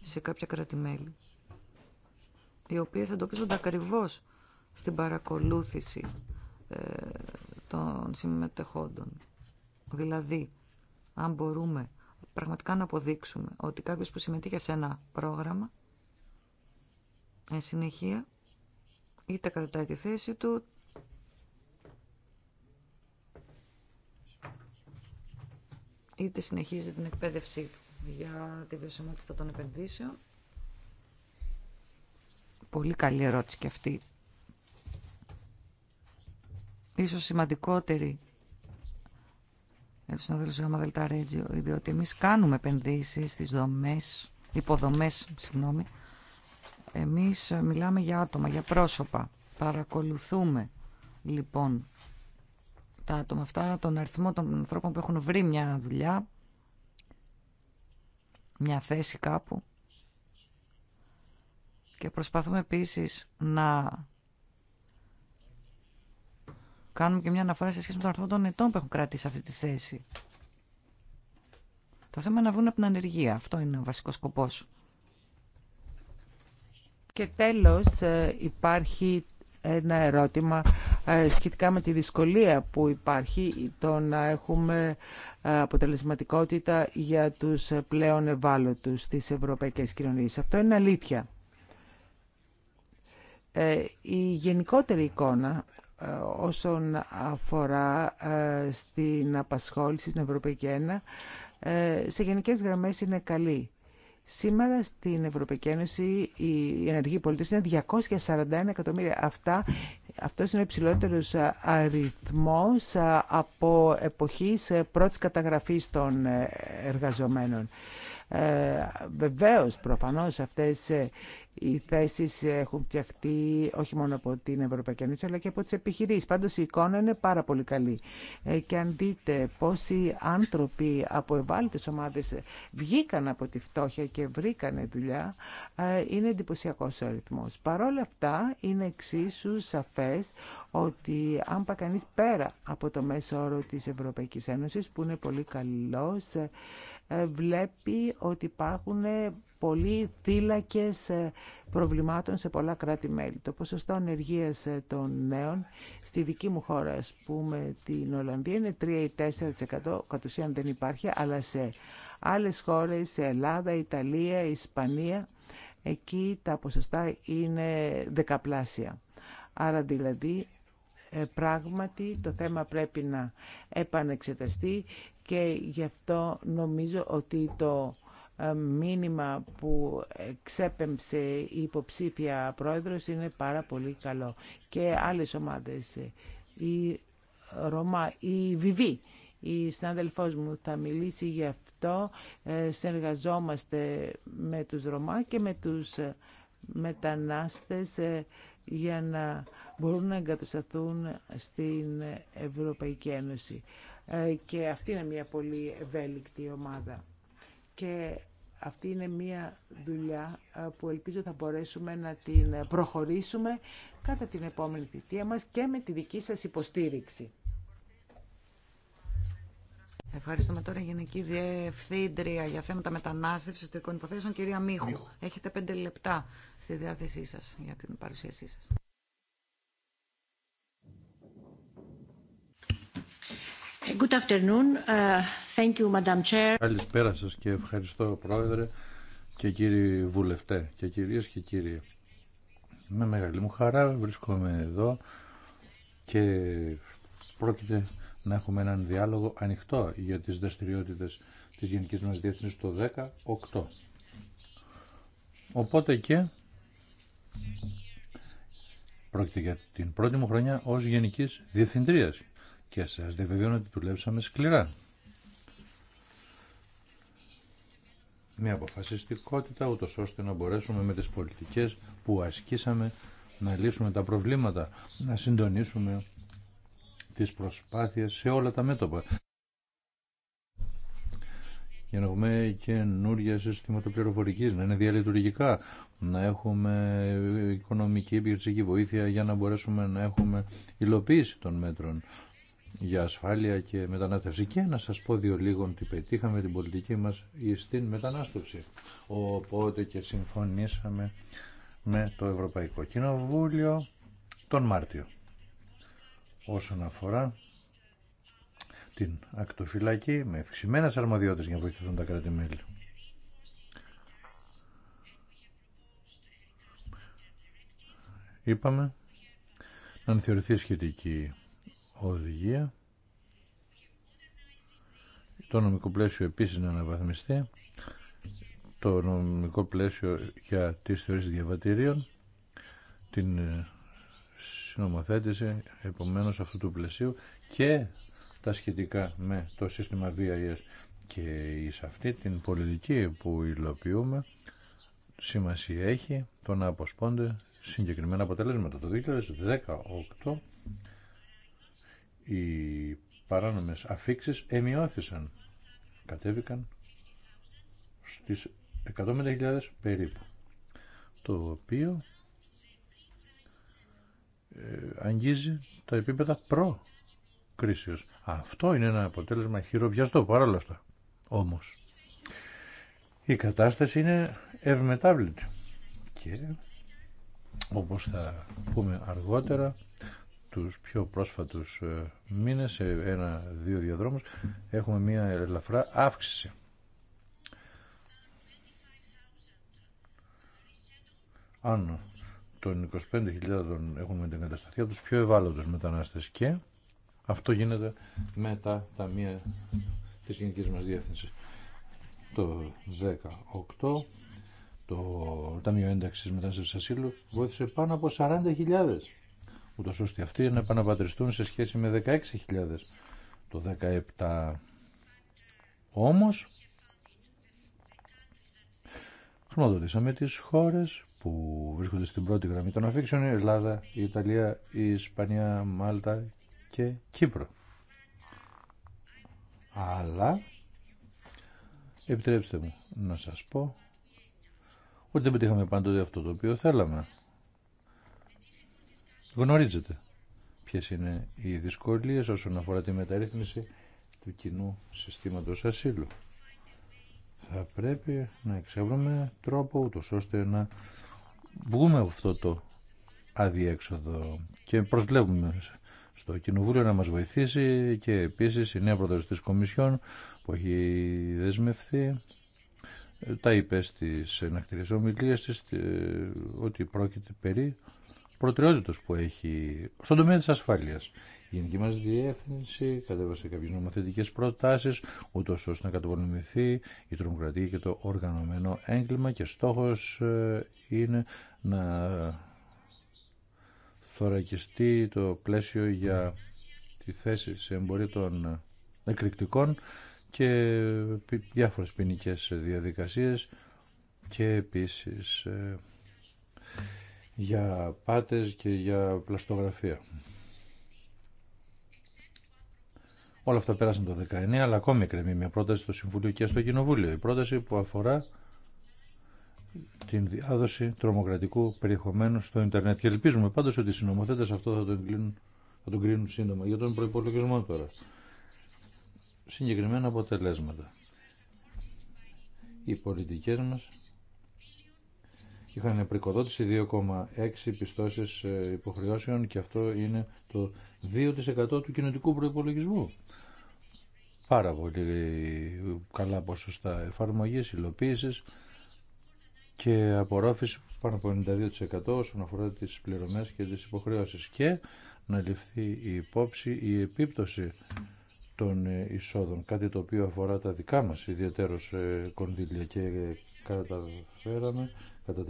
A: σε κάποια κρατημέλη, οι οποίες εντοπίζονται ακριβώς στην παρακολούθηση ε, των συμμετεχόντων. Δηλαδή, αν μπορούμε πραγματικά να αποδείξουμε ότι κάποιος που συμμετείχε σε ένα πρόγραμμα, εν συνεχεία, είτε κρατάει τη θέση του, είτε συνεχίζει την εκπαίδευσή για τη βιωσιμότητα των επενδύσεων. Πολύ καλή ερώτηση και αυτή ίσως σημαντικότερη για τους συναδέλφους ΓΔ Ρέτζιο, διότι εμείς κάνουμε επενδύσεις στις δομές, υποδομές, συγγνώμη. Εμείς μιλάμε για άτομα, για πρόσωπα. Παρακολουθούμε, λοιπόν, τα άτομα αυτά, τον αριθμό των ανθρώπων που έχουν βρει μια δουλειά, μια θέση κάπου. Και προσπαθούμε επίσης να κάνουμε και μια αναφορά σε σχέση με τον αριθμό των ετών που έχουν κρατήσει αυτή τη θέση. Το θέμα είναι να βγουν από την ανεργία. Αυτό είναι ο βασικός σκοπός. Και τέλος ε, υπάρχει ένα ερώτημα
D: ε, σχετικά με τη δυσκολία που υπάρχει το να έχουμε ε, αποτελεσματικότητα για τους πλέον ευάλωτους της ευρωπαϊκής κοινωνίας. Αυτό είναι αλήθεια. Η γενικότερη εικόνα ε, όσον αφορά ε, στην απασχόληση στην Ευρωπαϊκή Ένωση ε, σε γενικές γραμμές είναι καλή. Σήμερα στην Ευρωπαϊκή Ένωση οι ενεργοί πολίτες είναι 241 εκατομμύρια. Αυτά, αυτός είναι ο υψηλότερος αριθμός από εποχής πρώτης καταγραφής των εργαζομένων. Ε, βεβαίως, προφανώς, αυτές οι θέσει έχουν φτιαχτεί όχι μόνο από την Ευρωπαϊκή Ένωση αλλά και από τι επιχειρήσει. Πάντω η εικόνα είναι πάρα πολύ καλή. Ε, και αν δείτε πόσοι άνθρωποι από ευάλωτε ομάδε βγήκαν από τη φτώχεια και βρήκαν δουλειά, ε, είναι εντυπωσιακό ο αριθμό. Παρ' όλα αυτά είναι εξίσου σαφές ότι αν πάει κανεί πέρα από το μέσο όρο της Ευρωπαϊκή Ένωση, που είναι πολύ καλός, ε, ε, βλέπει ότι υπάρχουν πολλοί θύλακες ε, προβλημάτων σε πολλά κράτη-μέλη. Το ποσοστό ανεργίας ε, των νέων στη δική μου χώρα, ας πούμε την Ολλανδία, είναι 3 ή 4%, κατ' ουσίαν δεν υπάρχει, αλλά σε άλλες χώρες, σε Ελλάδα, Ιταλία, Ισπανία, εκεί τα ποσοστά είναι δεκαπλάσια. Άρα δηλαδή πράγματι το θέμα πρέπει να επανεξεταστεί και γι' αυτό νομίζω ότι το ε, μήνυμα που ξέπεμψε η υποψήφια πρόεδρος είναι πάρα πολύ καλό. Και άλλες ομάδες, η Ρωμά, η Βιβί, η συνάδελφός μου θα μιλήσει γι' αυτό. Ε, συνεργαζόμαστε με τους Ρωμά και με τους μετανάστες ε, για να μπορούν να εγκατασταθούν στην Ευρωπαϊκή Ένωση. Ε, και αυτή είναι μια πολύ ευέλικτη ομάδα. Και αυτή είναι μια δουλειά ε, που ελπίζω θα μπορέσουμε να την προχωρήσουμε κατά την επόμενη θητεία μας και με τη δική σας υποστήριξη.
A: Ευχαριστούμε τώρα Γενική Διευθύντρια για θέματα μετανάστευση ιστορικών υποθέσεων, κυρία Μίχου. Έχετε πέντε λεπτά στη διάθεσή σας για την παρουσίασή σα.
D: Uh,
B: Καλησπέρα σας και ευχαριστώ Πρόεδρε και κύριοι βουλευτέ και κυρίες και κύριοι. Με μεγάλη μου χαρά βρίσκομαι εδώ και πρόκειται να έχουμε έναν διάλογο ανοιχτό για τις δραστηριότητε της Γενικής μας Διεύθυνσης το 18. Οπότε και πρόκειται για την πρώτη μου χρονιά ως Γενικής Διευθυντρίας και σας διαβεβαιώνω ότι δουλέψαμε σκληρά. Μια αποφασιστικότητα ούτως ώστε να μπορέσουμε με τις πολιτικές που ασκήσαμε να λύσουμε τα προβλήματα, να συντονίσουμε τις προσπάθειες σε όλα τα μέτωπα. Για να έχουμε καινούργια συστήματα πληροφορική, να είναι διαλειτουργικά, να έχουμε οικονομική, επικοινωνική βοήθεια για να μπορέσουμε να έχουμε υλοποίηση των μέτρων για ασφάλεια και μετανάστευση. Και να σας πω δύο λίγων ότι πετύχαμε την πολιτική μας στην μετανάστευση. Οπότε και συμφωνήσαμε με το Ευρωπαϊκό Κοινοβούλιο τον Μάρτιο. Όσον αφορά την ακτοφυλακή με ευξημένες αρμοδιότητες για να βοηθηθούν τα κράτη-μέλη. Είπαμε να θεωρηθεί σχετική οδηγία το νομικό πλαίσιο επίσης να αναβαθμιστεί το νομικό πλαίσιο για τις θεωρίες διαβατηρίων την ε, συνομοθέτηση επομένως αυτού του πλαισίου και τα σχετικά με το σύστημα VIS και η αυτή την πολιτική που υλοποιούμε σημασία έχει το να αποσπώνται συγκεκριμένα αποτελέσματα. Το 2018 οι παράνομες αφήξεις εμειώθησαν. Κατέβηκαν στις 150.000 περίπου. Το οποίο ε, αγγίζει τα επίπεδα προ-κρίσεως. Αυτό είναι ένα αποτέλεσμα χειροβιαστό παράλληλα αυτά. Όμως, η κατάσταση είναι ευμετάβλητη και όπως θα πούμε αργότερα τους πιο πρόσφατους ε, μήνες, σε ένα-δύο διαδρόμους, έχουμε μία ελαφρά αύξηση. Αν των 25.000 έχουν μετεγκατασταθεί από τους πιο ευάλωτους μετανάστες και αυτό γίνεται με τα ταμεία της Γενικής μας Διεύθυνσης. Το 18 το Ταμείο Ένταξης Μετανάστευσης Ασύλου βοήθησε πάνω από 40.000 ούτως ώστε αυτοί να επαναπατριστούν σε σχέση με 16.000 το 17. Όμως, χρηματοδοτήσαμε τις χώρες που βρίσκονται στην πρώτη γραμμή των αφήξεων, η Ελλάδα, η Ιταλία, η Ισπανία, Μάλτα και Κύπρο. Αλλά, επιτρέψτε μου να σας πω ότι δεν πετύχαμε πάντοτε αυτό το οποίο θέλαμε. Γνωρίζετε ποιες είναι οι δυσκολίε όσον αφορά τη μεταρρύθμιση του κοινού συστήματος ασύλου. Θα πρέπει να εξεύρουμε τρόπο ούτω ώστε να βγούμε από αυτό το αδιέξοδο και προσβλέπουμε στο Κοινοβούλιο να μας βοηθήσει και επίσης η νέα πρόταση της Κομισιόν που έχει δεσμευθεί ε, τα είπε στις ενακτηρίες ομιλίες ε, ότι πρόκειται περί προτεραιότητας που έχει στον τομέα τη ασφάλειας. Η Γενική μα Διεύθυνση κατέβασε κάποιε νομοθετικέ προτάσεις, ούτω ώστε να καταπονημηθεί η τρομοκρατία και το οργανωμένο έγκλημα και στόχος ε, είναι να θωρακιστεί το πλαίσιο για τη θέση σε εμπορία των εκρηκτικών και διάφορες ποινικέ διαδικασίες και επίσης ε, για πάτες και για πλαστογραφία. Όλα αυτά πέρασαν το 19, αλλά ακόμη εκκρεμεί μια πρόταση στο Συμβούλιο και στο Κοινοβούλιο. Η πρόταση που αφορά την διάδοση τρομοκρατικού περιεχομένου στο ίντερνετ. Και ελπίζουμε πάντως ότι οι συνωμοθέτε αυτό θα τον κρίνουν, θα τον κρίνουν σύντομα για τον προπολογισμό τώρα. Συγκεκριμένα αποτελέσματα. Οι πολιτικές μας είχαν πρικοδότηση 2,6 πιστώσεις ε, υποχρεώσεων και αυτό είναι το 2% του κοινωτικού προϋπολογισμού. Πάρα πολύ καλά ποσοστά εφαρμογής, υλοποίηση και απορρόφηση πάνω από 92% όσον αφορά τις πληρωμές και τις υποχρεώσεις και να ληφθεί η υπόψη η επίπτωση των ε, εισόδων, κάτι το οποίο αφορά τα δικά μας ιδιαίτερως ε, κονδύλια και καταφέραμε κατά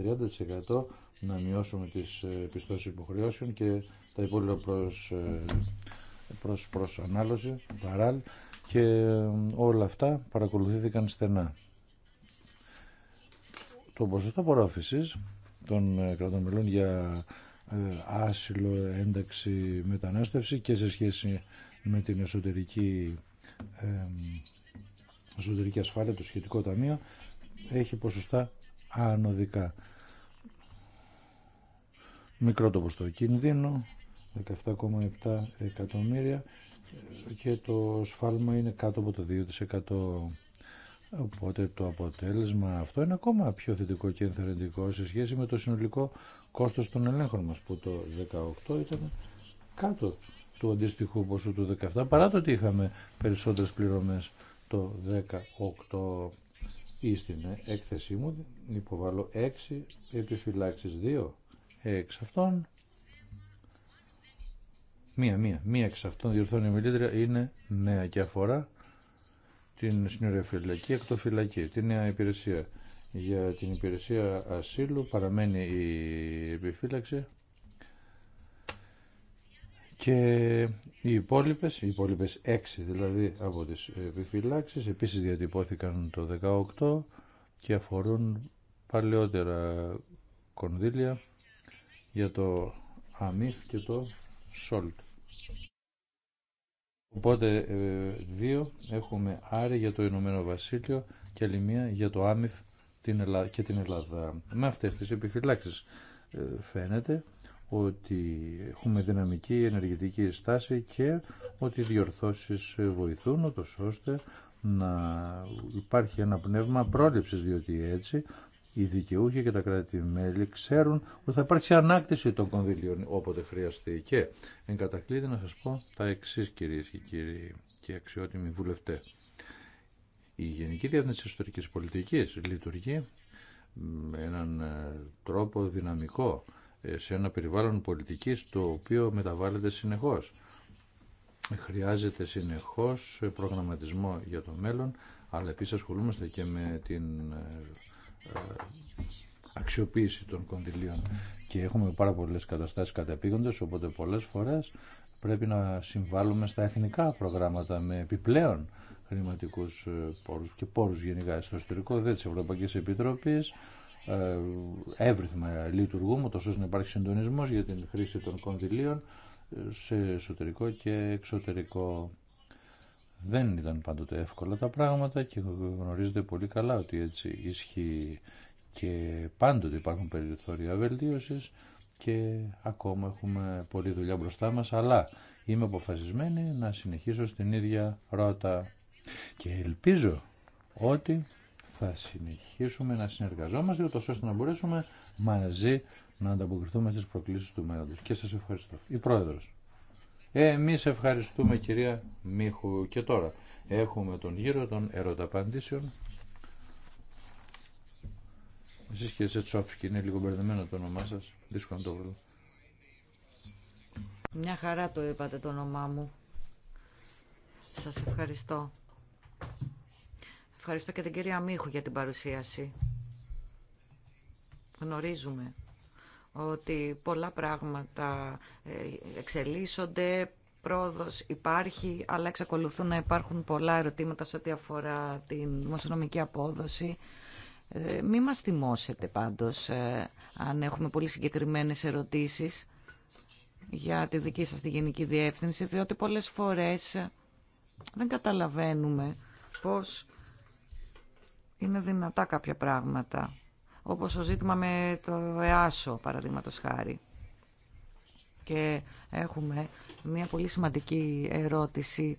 B: 30% να μειώσουμε τις ε, πιστώσεις υποχρεώσεων και τα υπόλοιπα προς, ε, προς, προς ανάλωση, παράλ, και ε, όλα αυτά παρακολουθήθηκαν στενά. Το ποσοστό απορρόφησης των κρατών για άσυλο, ένταξη, μετανάστευση και σε σχέση με την εσωτερική, εσωτερική ασφάλεια, του σχετικού ταμείου έχει ποσοστά ανωδικά Μικρό το ποστό κινδύνο, 17,7 εκατομμύρια και το σφάλμα είναι κάτω από το 2%. Οπότε το αποτέλεσμα αυτό είναι ακόμα πιο θετικό και ενθαρρυντικό σε σχέση με το συνολικό κόστος των ελέγχων μας που το 18 ήταν κάτω του αντίστοιχου ποσού του 17 παρά το ότι είχαμε περισσότερες πληρωμές το 18 ή στην έκθεσή μου υποβάλλω έξι επιφυλάξεις, δύο εξ αυτών. Μία, μία, μία εξ αυτών διορθώνει η μιλήτρια είναι νέα και αφορά την φυλακή εκτοφυλακή, τη νέα υπηρεσία. Για την υπηρεσία ασύλου παραμένει η επιφύλαξη και οι υπόλοιπε, οι υπόλοιπες 6 δηλαδή από τις επιφυλάξεις επίσης διατυπώθηκαν το 18 και αφορούν παλαιότερα κονδύλια για το αμύθ και το σόλτ. Οπότε ε, δύο έχουμε άρη για το Ηνωμένο Βασίλειο και άλλη μία για το άμυθ και την Ελλάδα. Με αυτές τις επιφυλάξεις ε, φαίνεται ότι έχουμε δυναμική ενεργητική στάση και ότι οι διορθώσεις βοηθούν ούτως ώστε να υπάρχει ένα πνεύμα πρόληψης διότι έτσι οι δικαιούχοι και τα κράτη-μέλη ξέρουν ότι θα υπάρξει ανάκτηση των κονδυλίων όποτε χρειαστεί. Και εν κατακλείδη να σας πω τα εξή κυρίε και κύριοι και αξιότιμοι βουλευτέ. Η Γενική Διεύθυνση Ιστορικής Πολιτικής λειτουργεί με έναν ε, τρόπο δυναμικό σε ένα περιβάλλον πολιτικής το οποίο μεταβάλλεται συνεχώς. Χρειάζεται συνεχώς προγραμματισμό για το μέλλον, αλλά επίσης ασχολούμαστε και με την ε, αξιοποίηση των κονδυλίων και έχουμε πάρα πολλές καταστάσεις κατεπήγοντες, οπότε πολλές φορές πρέπει να συμβάλλουμε στα εθνικά προγράμματα με επιπλέον χρηματικούς ε, πόρους και πόρους γενικά στο εσωτερικό, δε της Ευρωπαϊκής Επιτροπής, ε, εύρυθμα λειτουργούμε, τόσο να υπάρχει συντονισμό για την χρήση των κονδυλίων σε εσωτερικό και εξωτερικό. Δεν ήταν πάντοτε εύκολα τα πράγματα και γνωρίζετε πολύ καλά ότι έτσι ισχύει και πάντοτε υπάρχουν περιθώρια βελτίωσης και ακόμα έχουμε πολλή δουλειά μπροστά μας, αλλά είμαι αποφασισμένη να συνεχίσω στην ίδια ρότα και ελπίζω ότι θα συνεχίσουμε να συνεργαζόμαστε ούτως ώστε να μπορέσουμε μαζί να ανταποκριθούμε στις προκλήσεις του μέλλοντος. Και σας ευχαριστώ. Η Πρόεδρος. Ε, εμείς ευχαριστούμε κυρία Μίχου και τώρα έχουμε τον γύρο των ερωταπαντήσεων. Εσείς και σε είναι λίγο μπερδεμένο το όνομά σας. Δύσκολο να το βρω.
A: Μια χαρά το είπατε το όνομά μου. Σας ευχαριστώ. Ευχαριστώ και την κυρία Μίχου για την παρουσίαση. Γνωρίζουμε ότι πολλά πράγματα ε, εξελίσσονται, πρόοδος υπάρχει, αλλά εξακολουθούν να υπάρχουν πολλά ερωτήματα σε ό,τι αφορά τη δημοσιονομική απόδοση. Ε, μη μας θυμώσετε πάντως ε, αν έχουμε πολύ συγκεκριμένες ερωτήσεις για τη δική σας τη Γενική Διεύθυνση, διότι πολλές φορές δεν καταλαβαίνουμε πώς είναι δυνατά κάποια πράγματα, όπως το ζήτημα με το ΕΑΣΟ, παραδείγματος χάρη. Και έχουμε μια πολύ σημαντική ερώτηση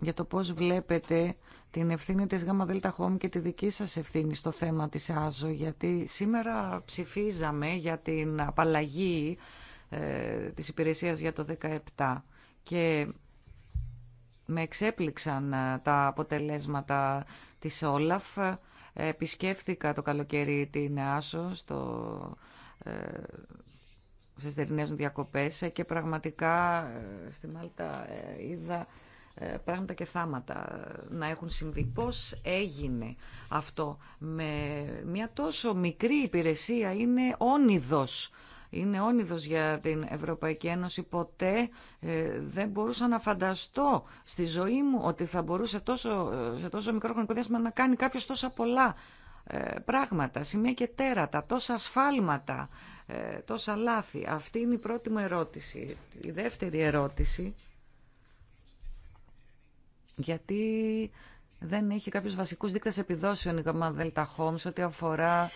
A: για το πώς βλέπετε την ευθύνη της ΧΟΜ και τη δική σας ευθύνη στο θέμα της ΕΑΣΟ, γιατί σήμερα ψηφίζαμε για την απαλλαγή ε, της υπηρεσίας για το 2017 και με εξέπληξαν ε, τα αποτελέσματα της Όλαφ. Ε, επισκέφθηκα το καλοκαίρι την Άσο στο, ε, στις μου διακοπές και πραγματικά στη Μάλτα είδα πράγματα και θάματα να έχουν συμβεί. Πώς έγινε αυτό με μια τόσο μικρή υπηρεσία, είναι όνειδος είναι όνειδος για την Ευρωπαϊκή Ένωση. Ποτέ ε, δεν μπορούσα να φανταστώ στη ζωή μου ότι θα μπορούσε τόσο, ε, σε τόσο μικρό χρονικό διάστημα να κάνει κάποιος τόσα πολλά ε, πράγματα, σημεία και τέρατα, τόσα ασφάλματα, τόσα λάθη. Αυτή είναι η πρώτη μου ερώτηση. Η δεύτερη ερώτηση, γιατί δεν έχει κάποιους βασικούς δείκτες επιδόσεων η ΓΑΜΑ ΔΕΛΤΑ ό,τι αφορά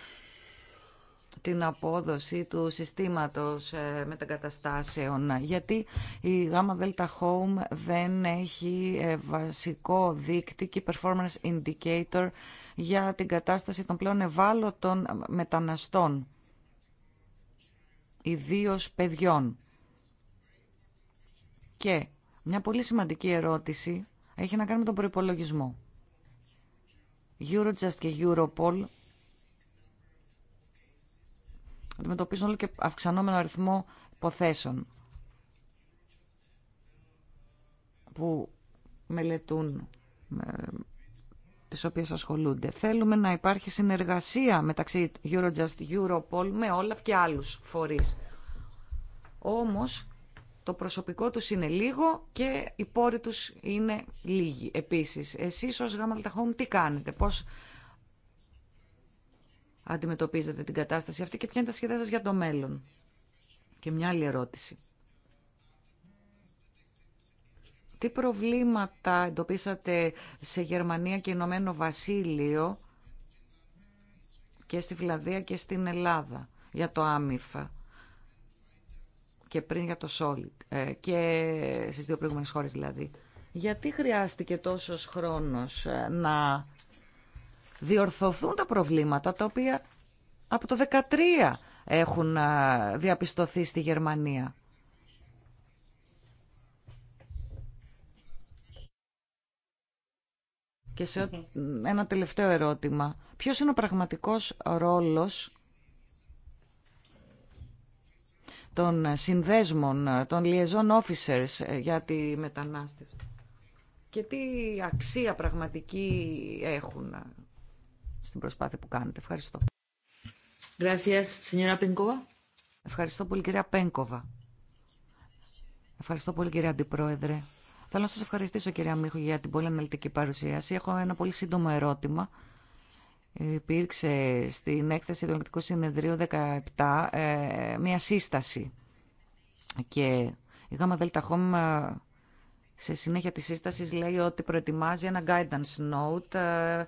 A: την απόδοση του συστήματος ε, μεταγκαταστάσεων γιατί η γάμα Delta Home δεν έχει ε, βασικό δείκτη και performance indicator για την κατάσταση των πλέον ευάλωτων μεταναστών ιδίω παιδιών. Και μια πολύ σημαντική ερώτηση έχει να κάνει με τον προϋπολογισμό. Eurojust και Europol αντιμετωπίζουν όλο και αυξανόμενο αριθμό υποθέσεων που μελετούν, ε, τις οποίες ασχολούνται. Θέλουμε να υπάρχει συνεργασία μεταξύ Eurojust, Europol, με όλα και άλλους φορείς. Όμως, το προσωπικό τους είναι λίγο και οι πόροι τους είναι λίγοι. Επίσης, εσείς ως γάμα τι κάνετε, πώς αντιμετωπίζετε την κατάσταση αυτή και ποια είναι τα σχέδια σας για το μέλλον. Και μια άλλη ερώτηση. Τι προβλήματα εντοπίσατε σε Γερμανία και Ηνωμένο Βασίλειο και στη Φιλανδία και στην Ελλάδα για το άμυφα και πριν για το Solid ε, και στις δύο προηγούμενες χώρες δηλαδή. Γιατί χρειάστηκε τόσος χρόνος ε, να διορθωθούν τα προβλήματα τα οποία από το 2013 έχουν διαπιστωθεί στη Γερμανία. Και σε ένα τελευταίο ερώτημα. Ποιος είναι ο πραγματικός ρόλος των συνδέσμων, των liaison officers ε, για τη μετανάστευση και τι αξία πραγματική έχουν στην προσπάθεια που κάνετε. Ευχαριστώ. Ευχαριστώ πολύ κυρία Πένκοβα. Ευχαριστώ πολύ κυρία Αντιπρόεδρε. Θέλω να σα ευχαριστήσω κυρία Μίχου για την πολύ αναλυτική παρουσίαση. Έχω ένα πολύ σύντομο ερώτημα. Υπήρξε στην έκθεση του Ελεκτικού Συνεδρίου 17 ε, μια σύσταση και η ΓΔΧ σε συνέχεια της σύστασης λέει ότι προετοιμάζει ένα guidance note, ε,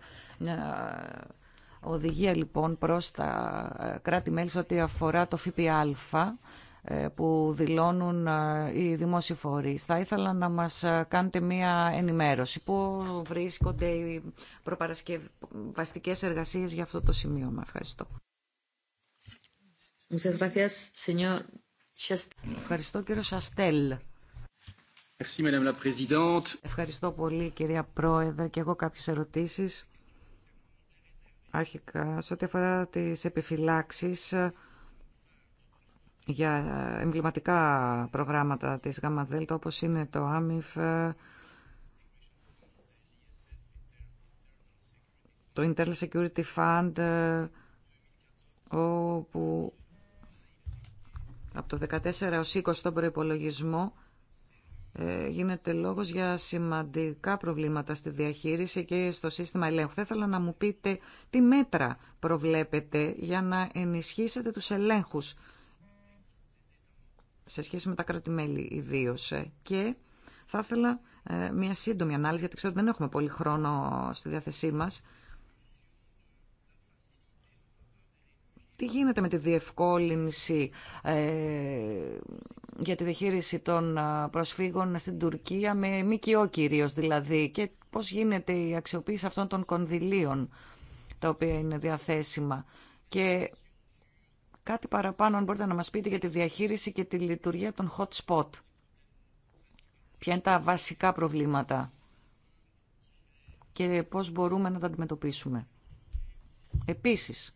A: οδηγία λοιπόν προς τα ε, κράτη-μέλη ό,τι αφορά το ΦΠΑ ε, που δηλώνουν οι δημόσιοι φορείς. Θα ήθελα να μας κάνετε μία ενημέρωση. Πού βρίσκονται οι προπαρασκευαστικές εργασίες για αυτό το σημείο. Με ευχαριστώ. Ευχαριστώ κύριο Σαστέλ. Ευχαριστώ πολύ κυρία Πρόεδρε και εγώ κάποιες ερωτήσεις. Αρχικά, σε ό,τι αφορά τις επιφυλάξεις ε, για εμβληματικά προγράμματα της ΓΑΜΑΔΕΛΤΑ όπως είναι το ΆΜΙΦ, ε, το Internal Security Fund, ε, όπου από το 14 έως 20 τον προϋπολογισμό ε, γίνεται λόγος για σημαντικά προβλήματα στη διαχείριση και στο σύστημα ελέγχου. Θα ήθελα να μου πείτε τι μέτρα προβλέπετε για να ενισχύσετε τους ελέγχους σε σχέση με τα κράτη-μέλη Και θα ήθελα ε, μια σύντομη ανάλυση, γιατί ξέρω ότι δεν έχουμε πολύ χρόνο στη διάθεσή μας, Τι γίνεται με τη διευκόλυνση ε, για τη διαχείριση των ε, προσφύγων στην Τουρκία με ΜΚΟ κυρίως δηλαδή και πώς γίνεται η αξιοποίηση αυτών των κονδυλίων τα οποία είναι διαθέσιμα και κάτι παραπάνω αν μπορείτε να μας πείτε για τη διαχείριση και τη λειτουργία των hot spot. Ποια είναι τα βασικά προβλήματα και πώς μπορούμε να τα αντιμετωπίσουμε. Επίσης,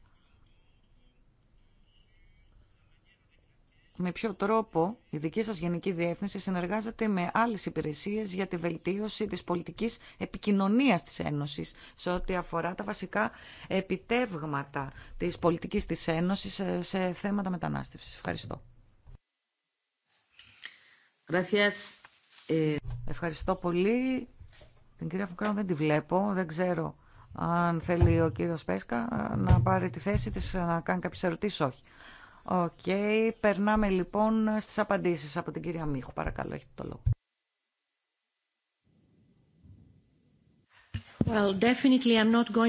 A: με ποιο τρόπο η δική σας Γενική Διεύθυνση συνεργάζεται με άλλες υπηρεσίες για τη βελτίωση της πολιτικής επικοινωνίας της Ένωσης σε ό,τι αφορά τα βασικά επιτεύγματα της πολιτικής της Ένωσης σε θέματα μετανάστευσης. Ευχαριστώ. Ε, Ευχαριστώ πολύ. Την κυρία Φουκράου δεν τη βλέπω, δεν ξέρω αν θέλει ο κύριος Πέσκα να πάρει τη θέση της, να κάνει κάποιες ερωτήσεις, όχι. Οκ, okay. περνάμε λοιπόν στις απαντήσεις από την κυρία Μίχου. Παρακαλώ, έχετε το λόγο.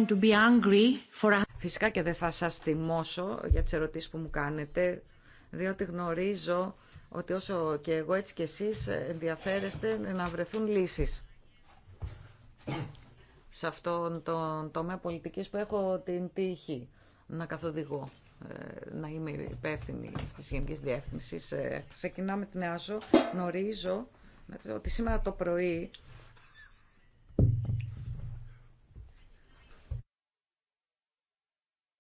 A: to be angry for... Φυσικά και δεν θα σας θυμώσω για τις ερωτήσεις που μου κάνετε, διότι γνωρίζω ότι όσο και εγώ έτσι και εσείς ενδιαφέρεστε να βρεθούν λύσεις σε αυτόν τον τομέα πολιτικής που έχω την τύχη να καθοδηγώ. Ε, να είμαι υπεύθυνη αυτής της Γενικής Διεύθυνσης. Ε, ξεκινάω την ΕΑΖΟ. Γνωρίζω ότι σήμερα το πρωί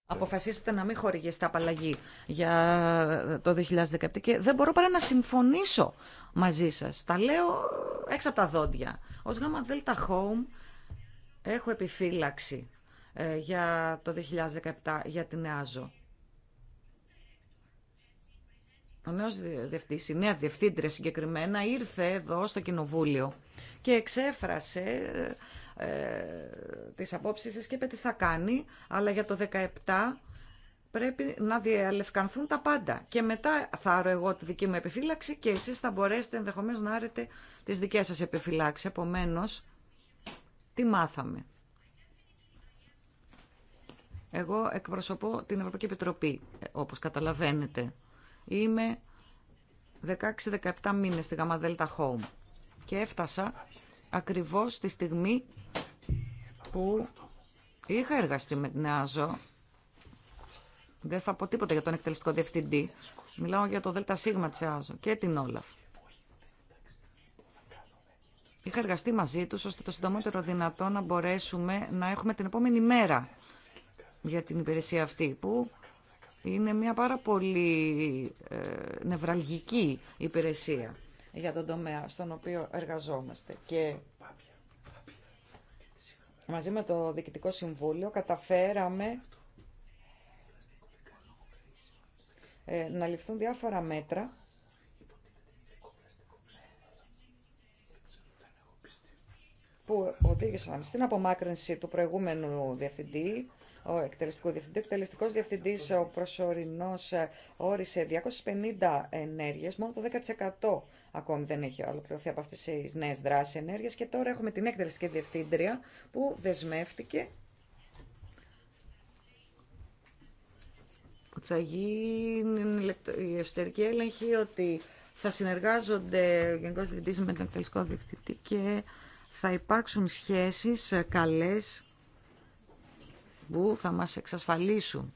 A: αποφασίσατε να μην χορηγήσετε απαλλαγή για το 2017 και δεν μπορώ παρά να συμφωνήσω μαζί σας. Τα λέω έξω από τα δόντια. Ως γάμα Δέλτα Home έχω επιφύλαξη ε, για το 2017 για την ΕΑΖΟ ο νέος διευθύντης, η νέα διευθύντρια συγκεκριμένα ήρθε εδώ στο Κοινοβούλιο και εξέφρασε ε, ε, τις απόψεις της και είπε τι θα κάνει, αλλά για το 17 πρέπει να διαλευκανθούν τα πάντα. Και μετά θα άρω εγώ τη δική μου επιφύλαξη και εσείς θα μπορέσετε ενδεχομένως να άρετε τις δικές σας επιφυλάξει. Επομένως, τι μάθαμε. Εγώ εκπροσωπώ την Ευρωπαϊκή Επιτροπή, όπως καταλαβαίνετε. Είμαι 16-17 μήνες στη ΓΑΜΑ ΔΕΛΤΑ Home και έφτασα ακριβώς στη στιγμή που είχα εργαστεί με την ΑΖΟ. Δεν θα πω τίποτα για τον εκτελεστικό διευθυντή. Μιλάω για το ΔΕΛΤΑ ΣΥΓΜΑ της ΑΖΟ και την Όλαφ. Είχα εργαστεί μαζί τους ώστε το συντομότερο δυνατό να μπορέσουμε να έχουμε την επόμενη μέρα για την υπηρεσία αυτή που είναι μια πάρα πολύ ε, νευραλγική υπηρεσία για τον τομέα στον οποίο εργαζόμαστε. Και μαζί με το Διοικητικό Συμβούλιο καταφέραμε ε, να ληφθούν διάφορα μέτρα που οδήγησαν στην απομάκρυνση του προηγούμενου διευθυντή ο εκτελεστικός διευθυντή. Ο εκτελεστικό διευθυντή, ο προσωρινό, ε, όρισε 250 ενέργειε. Μόνο το 10% ακόμη δεν έχει ολοκληρωθεί από αυτέ τι νέε δράσει ενέργεια. Και τώρα έχουμε την εκτελεστική διευθύντρια που δεσμεύτηκε που θα γίνει η εσωτερική έλεγχη ότι θα συνεργάζονται ο Γενικός Διευθυντής με τον εκτελεστικό διευθυντή και θα υπάρξουν σχέσεις καλές που θα μας εξασφαλίσουν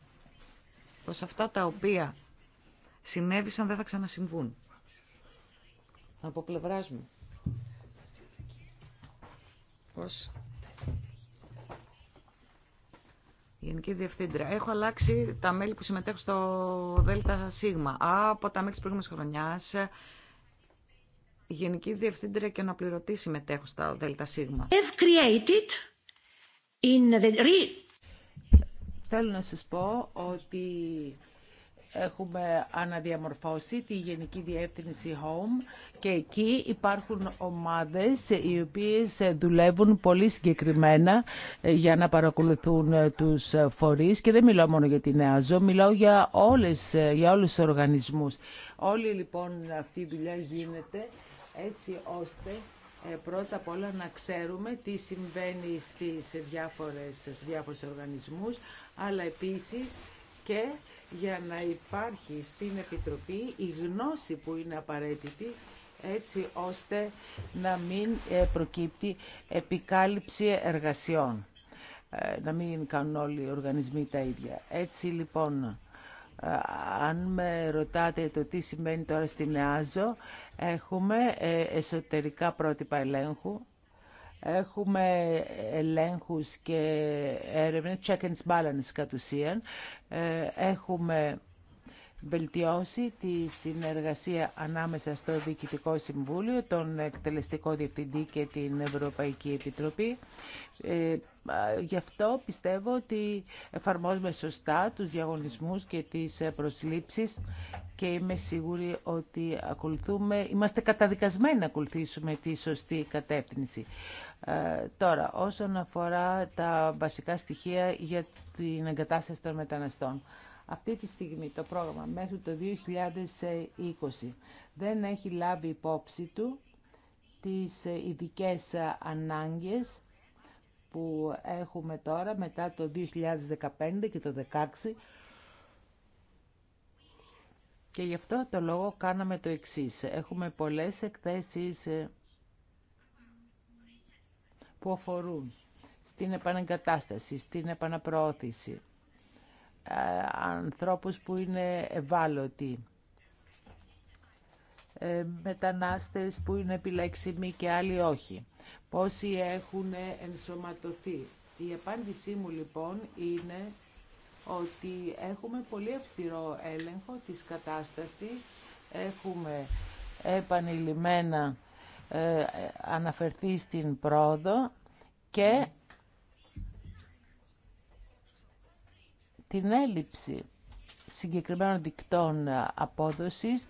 A: πως αυτά τα οποία συνέβησαν δεν θα ξανασυμβούν. Από πλευράς μου. Ως Γενική Διευθύντρια. Έχω αλλάξει τα μέλη που συμμετέχουν στο ΔΕΛΤΑ ΣΥΓΜΑ. Από τα μέλη της προηγούμενης χρονιάς η Γενική Διευθύντρια και αναπληρωτή συμμετέχουν στα ΔΕΛΤΑ Σίγμα. Have created
D: in the Θέλω να σας πω ότι έχουμε αναδιαμορφώσει τη Γενική Διεύθυνση Home και εκεί υπάρχουν ομάδες οι οποίες δουλεύουν πολύ συγκεκριμένα για να παρακολουθούν τους φορείς και δεν μιλάω μόνο για την Αζό, μιλάω για, όλες, για όλους τους οργανισμούς. Όλη λοιπόν αυτή η δουλειά γίνεται έτσι ώστε ε, πρώτα απ' όλα να ξέρουμε τι συμβαίνει στις διάφορες, στις οργανισμούς, αλλά επίσης και για να υπάρχει στην Επιτροπή η γνώση που είναι απαραίτητη έτσι ώστε να μην ε, προκύπτει επικάλυψη εργασιών. Ε, να μην κάνουν όλοι οι οργανισμοί τα ίδια. Έτσι λοιπόν, ε, αν με ρωτάτε το τι σημαίνει τώρα στην ΕΑΖΟ, έχουμε εσωτερικά πρότυπα ελέγχου, Έχουμε ελέγχους και έρευνες, check and balance κατ' ουσίαν. Ε, έχουμε βελτιώσει τη συνεργασία ανάμεσα στο Διοικητικό Συμβούλιο, τον Εκτελεστικό Διευθυντή και την Ευρωπαϊκή Επιτροπή. Ε, Γι' αυτό πιστεύω ότι εφαρμόζουμε σωστά τους διαγωνισμούς και τις ε, προσλήψεις και είμαι σίγουρη ότι ακολουθούμε, είμαστε καταδικασμένοι να ακολουθήσουμε τη σωστή κατεύθυνση. Ε, τώρα, όσον αφορά τα βασικά στοιχεία για την εγκατάσταση των μεταναστών. Αυτή τη στιγμή το πρόγραμμα μέχρι το 2020 δεν έχει λάβει υπόψη του τις ε, ειδικέ ε, ανάγκες που έχουμε τώρα μετά το 2015 και το 2016 και γι' αυτό το λόγο κάναμε το εξής. Έχουμε πολλές εκθέσεις ε, που αφορούν στην επαναγκατάσταση, στην επαναπροώθηση, ε, ανθρώπους που είναι ευάλωτοι, ε, μετανάστες που είναι επιλέξιμοι και άλλοι όχι πόσοι έχουν ενσωματωθεί. Η απάντησή μου λοιπόν είναι ότι έχουμε πολύ αυστηρό έλεγχο της κατάστασης, έχουμε επανειλημμένα ε, αναφερθεί στην πρόοδο και την έλλειψη συγκεκριμένων δικτών ε, απόδοσης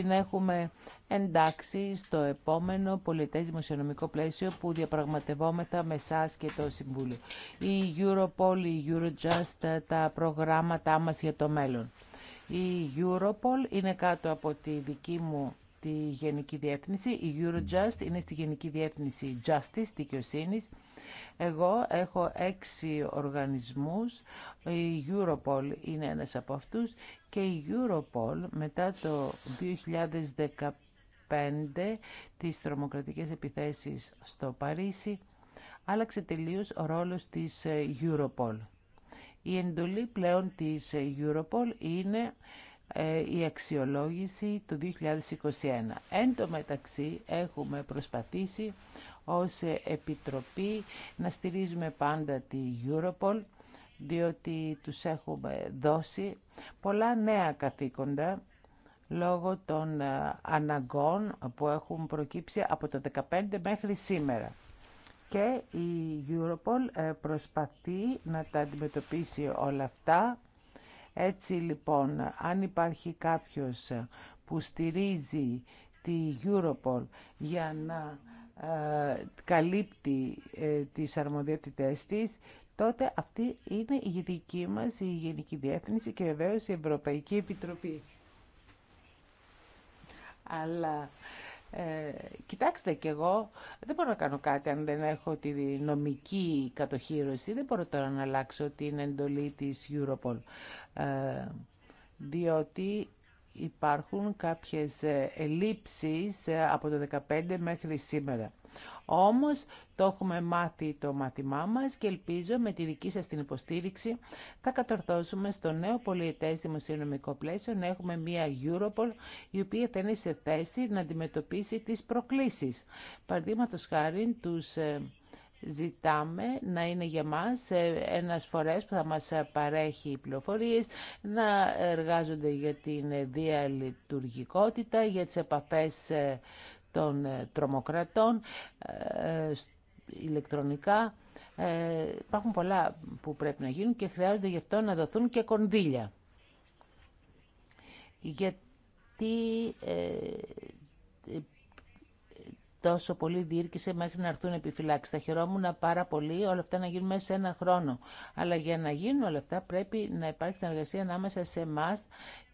D: την έχουμε εντάξει στο επόμενο πολιτές δημοσιονομικό πλαίσιο που διαπραγματευόμεθα με εσά και το Συμβούλιο. Η Europol, η Eurojust, τα προγράμματά μας για το μέλλον. Η Europol είναι κάτω από τη δική μου τη Γενική Διεύθυνση. Η Eurojust είναι στη Γενική Διεύθυνση Justice, δικαιοσύνη. Εγώ έχω έξι οργανισμούς, η Europol είναι ένας από αυτούς και η Europol μετά το 2015 τις τρομοκρατικές επιθέσεις στο Παρίσι άλλαξε τελείως ο ρόλος της ε, Europol. Η εντολή πλέον της ε, Europol είναι ε, η αξιολόγηση του 2021. Εν τω μεταξύ έχουμε προσπαθήσει ως Επιτροπή να στηρίζουμε πάντα τη Europol διότι τους έχουμε δώσει πολλά νέα καθήκοντα λόγω των ε, αναγκών που έχουν προκύψει από το 2015 μέχρι σήμερα. Και η Europol ε, προσπαθεί να τα αντιμετωπίσει όλα αυτά. Έτσι λοιπόν, αν υπάρχει κάποιος που στηρίζει τη Europol για να ε, καλύπτει τις αρμοδιότητές της, τότε αυτή είναι η δική μας, η Γενική Διεύθυνση και βεβαίω η Ευρωπαϊκή Επιτροπή. Αλλά ε, κοιτάξτε κι εγώ, δεν μπορώ να κάνω κάτι αν δεν έχω τη νομική κατοχήρωση, δεν μπορώ τώρα να αλλάξω την εντολή της Europol. Ε, διότι υπάρχουν κάποιες ε, ελλείψεις ε, από το 2015 μέχρι σήμερα. Όμως το έχουμε μάθει το μάθημά μας και ελπίζω με τη δική σας την υποστήριξη θα κατορθώσουμε στο νέο πολιετές δημοσιονομικό πλαίσιο να έχουμε μια Europol η οποία θα είναι σε θέση να αντιμετωπίσει τις προκλήσεις. Παραδείγματο χάρη τους ε, ζητάμε να είναι για μας ε, ένας φορές που θα μας παρέχει πληροφορίες, να εργάζονται για την διαλειτουργικότητα, για τις επαφές ε, των ε, τρομοκρατών ηλεκτρονικά. υπάρχουν πολλά που πρέπει να γίνουν και χρειάζονται γι' αυτό να δοθούν και κονδύλια. Γιατί τόσο πολύ διήρκησε μέχρι να έρθουν επιφυλάξει. Θα χαιρόμουν πάρα πολύ όλα αυτά να γίνουν μέσα σε ένα χρόνο. Αλλά για να γίνουν όλα αυτά πρέπει να υπάρχει συνεργασία ανάμεσα σε εμά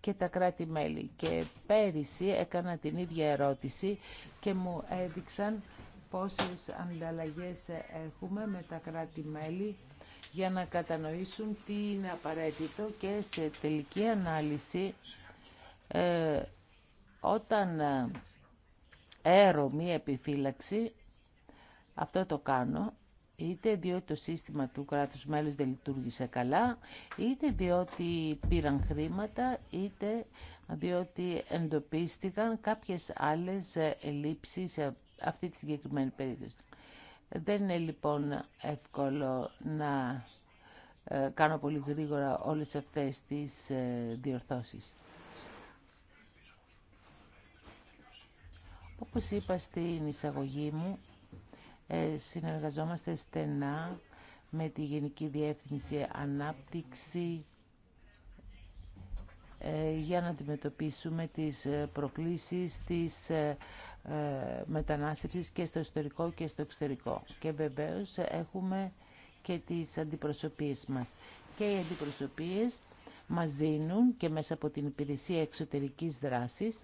D: και τα κράτη-μέλη. Και πέρυσι έκανα την ίδια ερώτηση και μου έδειξαν πόσες ανταλλαγές έχουμε με τα κράτη-μέλη για να κατανοήσουν τι είναι απαραίτητο και σε τελική ανάλυση ε, όταν έρωμη επιφύλαξη, αυτό το κάνω, είτε διότι το σύστημα του κράτους μέλους δεν λειτουργήσε καλά, είτε διότι πήραν χρήματα, είτε διότι εντοπίστηκαν κάποιες άλλες ελλείψεις σε αυτή τη συγκεκριμένη περίπτωση. Δεν είναι λοιπόν εύκολο να ε, κάνω πολύ γρήγορα όλες αυτές τις ε, διορθώσεις. Όπως είπα στην εισαγωγή μου, ε, συνεργαζόμαστε στενά με τη Γενική Διεύθυνση Ανάπτυξη ε, για να αντιμετωπίσουμε τις ε, προκλήσεις της μετανάστευσης και στο ιστορικό και στο εξωτερικό. Και βεβαίως έχουμε και τις αντιπροσωπείες μας. Και οι αντιπροσωπείες μας δίνουν και μέσα από την υπηρεσία εξωτερικής δράσης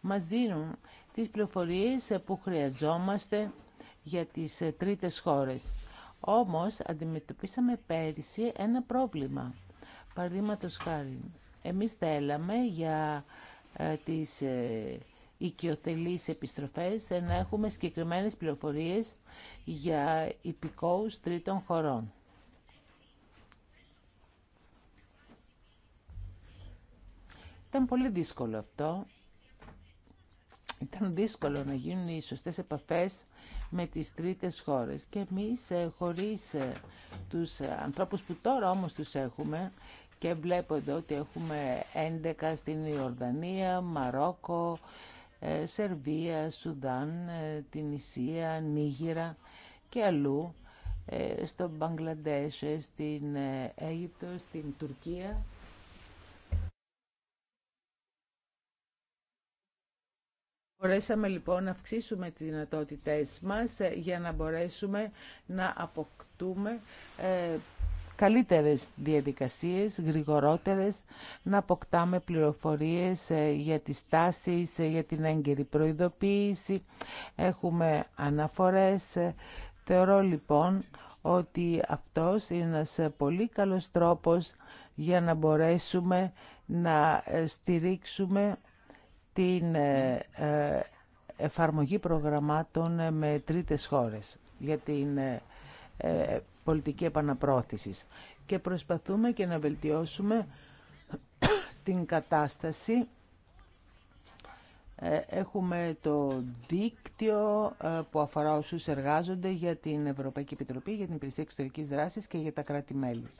D: μας δίνουν τις πληροφορίες ε, που χρειαζόμαστε για τις ε, τρίτες χώρες. Όμως αντιμετωπίσαμε πέρυσι ένα πρόβλημα. Παραδείγματο χάρη, εμείς θέλαμε για ε, τις οικειοθελείς επιστροφές να έχουμε συγκεκριμένες πληροφορίες για υπηκόους τρίτων χωρών. Ήταν πολύ δύσκολο αυτό ήταν δύσκολο να γίνουν οι σωστές επαφές με τις τρίτες χώρες. Και εμείς ε, χωρίς ε, τους ανθρώπους που τώρα όμως τους έχουμε και βλέπω εδώ ότι έχουμε 11 στην Ιορδανία, Μαρόκο, ε, Σερβία, Σουδάν, την Ισία, Νίγηρα και αλλού, στο Μπαγκλαντές, στην Αίγυπτο, στην Τουρκία Μπορέσαμε λοιπόν να αυξήσουμε τις δυνατότητές μας ε, για να μπορέσουμε να αποκτούμε ε, καλύτερες διαδικασίες, γρηγορότερες, να αποκτάμε πληροφορίες ε, για τις τάσεις, για την έγκαιρη προειδοποίηση. Έχουμε αναφορές. Θεωρώ λοιπόν ότι αυτός είναι ένας πολύ καλός τρόπος για να μπορέσουμε να στηρίξουμε την ε, ε, εφαρμογή προγραμμάτων ε, με τρίτες χώρες για την πολιτική επαναπρόθεση. και προσπαθούμε και να βελτιώσουμε <coughs> την κατάσταση. Έχουμε το δίκτυο που αφορά όσους εργάζονται για την Ευρωπαϊκή Επιτροπή, για την Υπηρεσία Εξωτερικής Δράσης και για τα κράτη-μέλη.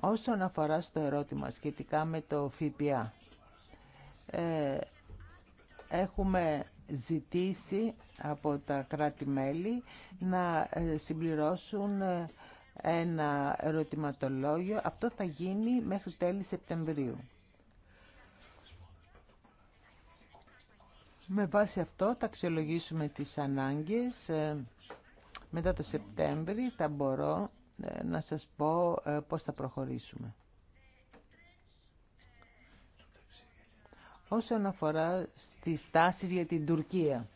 D: Όσον αφορά στο ερώτημα σχετικά με το ΦΠΑ, έχουμε ζητήσει από τα κράτη-μέλη να ε, συμπληρώσουν ε, ένα ερωτηματολόγιο. Αυτό θα γίνει μέχρι τέλη Σεπτεμβρίου. Με βάση αυτό θα αξιολογήσουμε τις ανάγκες. Ε, μετά το Σεπτέμβριο θα μπορώ να σας πω πώς θα προχωρήσουμε. όσον αφορά στις τάσεις για την Τουρκία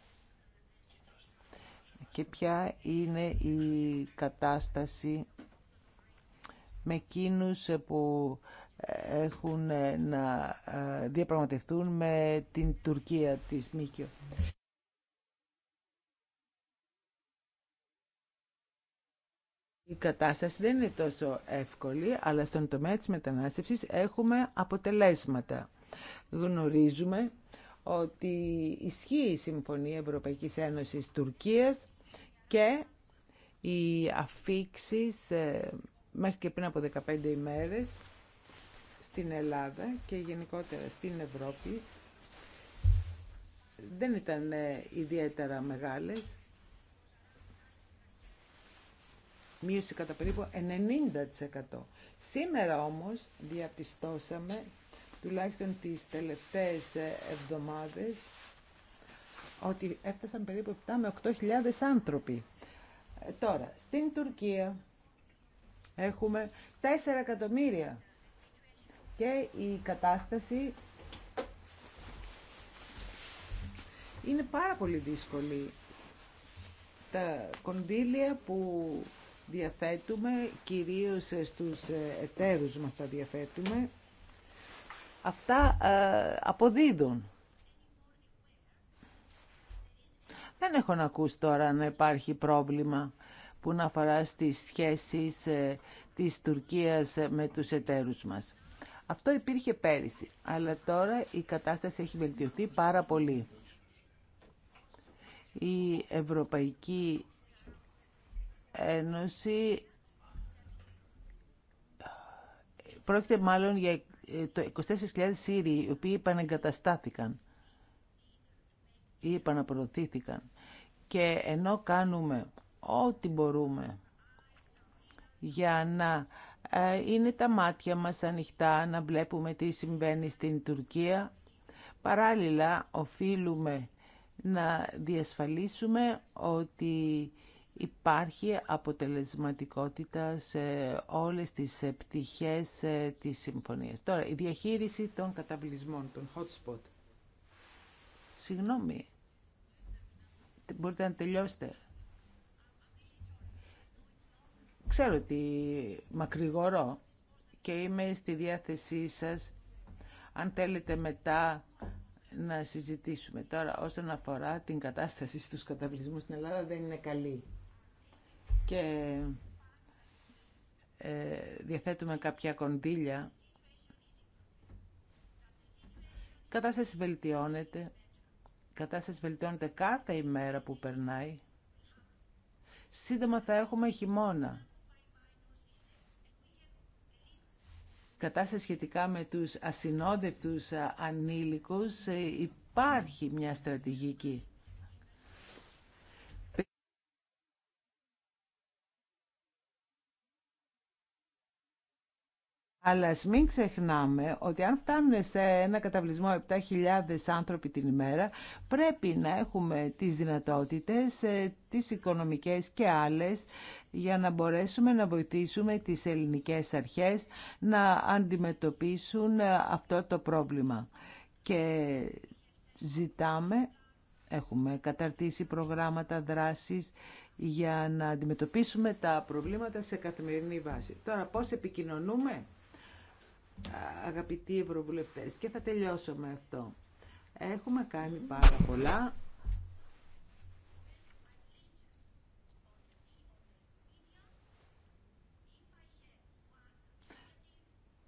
D: και ποια είναι η κατάσταση με εκείνους που έχουν να ε, διαπραγματευτούν με την Τουρκία της Μίκιο. Η κατάσταση δεν είναι τόσο εύκολη, αλλά στον τομέα της μετανάστευσης έχουμε αποτελέσματα. Γνωρίζουμε ότι ισχύει η Συμφωνία Ευρωπαϊκής Ένωσης Τουρκίας και οι αφήξεις ε, μέχρι και πριν από 15 ημέρες στην Ελλάδα και γενικότερα στην Ευρώπη δεν ήταν ε, ιδιαίτερα μεγάλες. Μείωση κατά περίπου 90%. Σήμερα όμως διαπιστώσαμε τουλάχιστον τις τελευταίες ε, εβδομάδες ότι έφτασαν περίπου 7 με 8.000 άνθρωποι. Ε, τώρα, στην Τουρκία έχουμε 4 εκατομμύρια και η κατάσταση είναι πάρα πολύ δύσκολη. Τα κονδύλια που διαθέτουμε, κυρίως ε, στους εταίρους μας τα διαθέτουμε, αυτά ε, αποδίδουν. Δεν έχω να ακούσει τώρα να υπάρχει πρόβλημα που να αφορά στις σχέσεις ε, της Τουρκίας ε, με τους εταίρους μας. Αυτό υπήρχε πέρυσι, αλλά τώρα η κατάσταση έχει βελτιωθεί πάρα πολύ. Η Ευρωπαϊκή Ένωση πρόκειται μάλλον για το 24.000 Σύριοι οι οποίοι επαναγκαταστάθηκαν ή επαναπροωθήθηκαν. Και ενώ κάνουμε ό,τι μπορούμε για να ε, είναι τα μάτια μας ανοιχτά, να βλέπουμε τι συμβαίνει στην Τουρκία, παράλληλα οφείλουμε να διασφαλίσουμε ότι υπάρχει αποτελεσματικότητα σε όλες τις ε, πτυχές ε, της συμφωνίας. Τώρα, η διαχείριση των καταβλισμών, των hotspot. Συγγνώμη, μπορείτε να τελειώσετε. Ξέρω ότι μακρηγορώ και είμαι στη διάθεσή σας αν θέλετε μετά να συζητήσουμε. Τώρα, όσον αφορά την κατάσταση στους καταβλισμούς στην Ελλάδα, δεν είναι καλή και ε, διαθέτουμε κάποια κοντήλια Η κατάσταση βελτιώνεται. Η κατάσταση βελτιώνεται κάθε ημέρα που περνάει. Σύντομα θα έχουμε χειμώνα. Η κατάσταση σχετικά με τους ασυνόδευτους ε, ανήλικους ε, υπάρχει μια στρατηγική. Αλλά ας μην ξεχνάμε ότι αν φτάνουν σε ένα καταβλισμό 7.000 άνθρωποι την ημέρα, πρέπει να έχουμε τις δυνατότητες, ε, τις οικονομικές και άλλες, για να μπορέσουμε να βοηθήσουμε τις ελληνικές αρχές να αντιμετωπίσουν ε, αυτό το πρόβλημα. Και ζητάμε, έχουμε καταρτήσει προγράμματα δράσης για να αντιμετωπίσουμε τα προβλήματα σε καθημερινή βάση. Τώρα πώς επικοινωνούμε αγαπητοί ευρωβουλευτές και θα τελειώσω με αυτό. Έχουμε κάνει πάρα πολλά.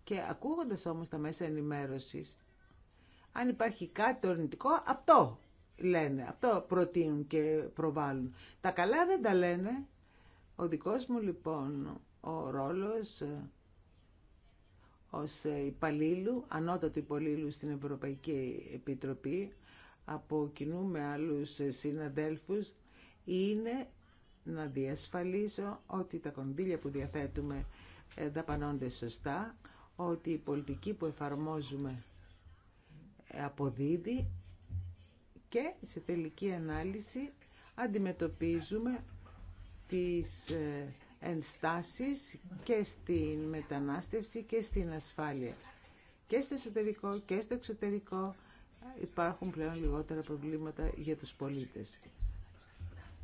D: Και ακούγοντας όμως τα μέσα ενημέρωσης, αν υπάρχει κάτι αρνητικό, αυτό λένε, αυτό προτείνουν και προβάλλουν. Τα καλά δεν τα λένε. Ο δικός μου λοιπόν ο ρόλος ε, ως υπαλλήλου, ανώτατο υπαλλήλου στην Ευρωπαϊκή Επιτροπή, από κοινού με άλλους συναδέλφους, είναι να διασφαλίσω ότι τα κονδύλια που διαθέτουμε ε, δαπανώνται σωστά, ότι η πολιτική που εφαρμόζουμε ε, αποδίδει και σε τελική ανάλυση αντιμετωπίζουμε τις ε, ενστάσεις και στην μετανάστευση και στην ασφάλεια. Και στο εσωτερικό και στο εξωτερικό υπάρχουν πλέον λιγότερα προβλήματα για τους πολίτες.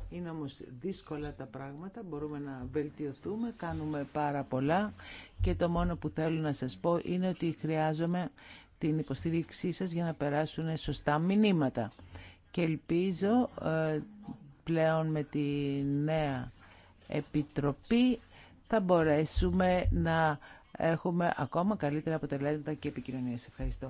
D: Είναι όμως δύσκολα τα πράγματα, μπορούμε να βελτιωθούμε, κάνουμε πάρα πολλά και το μόνο που θέλω να σας πω είναι ότι χρειάζομαι την υποστήριξή σας για να περάσουν σωστά μηνύματα. Και ελπίζω ε, πλέον με τη νέα Επιτροπή θα μπορέσουμε
A: να έχουμε ακόμα καλύτερα αποτελέσματα και επικοινωνίες. Ευχαριστώ.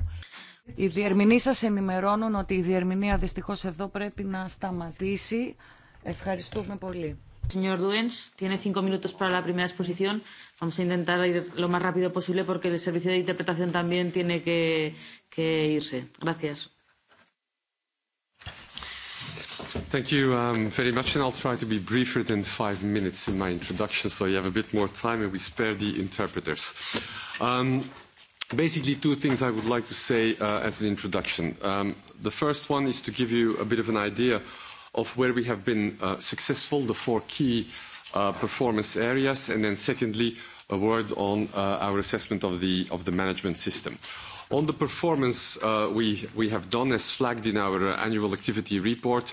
A: Οι διερμηνοί σας ενημερώνουν ότι η διερμηνία δυστυχώς εδώ πρέπει να σταματήσει. Ευχαριστούμε πολύ.
E: Señor Duens, tiene cinco minutos para la primera exposición. Vamos a intentar ir lo más rápido posible porque el servicio de interpretación también tiene que, que irse. Gracias.
F: Thank you very much, and I'll try to be briefer than five minutes in my introduction, so you have a bit more time and we spare the interpreters. Basically, two things I would like to say as an introduction. The first one is to give you a bit of an idea of where we have been successful, the four key performance areas, and then secondly, a word on our assessment of the management system. On the performance we have done, as flagged in our annual activity report,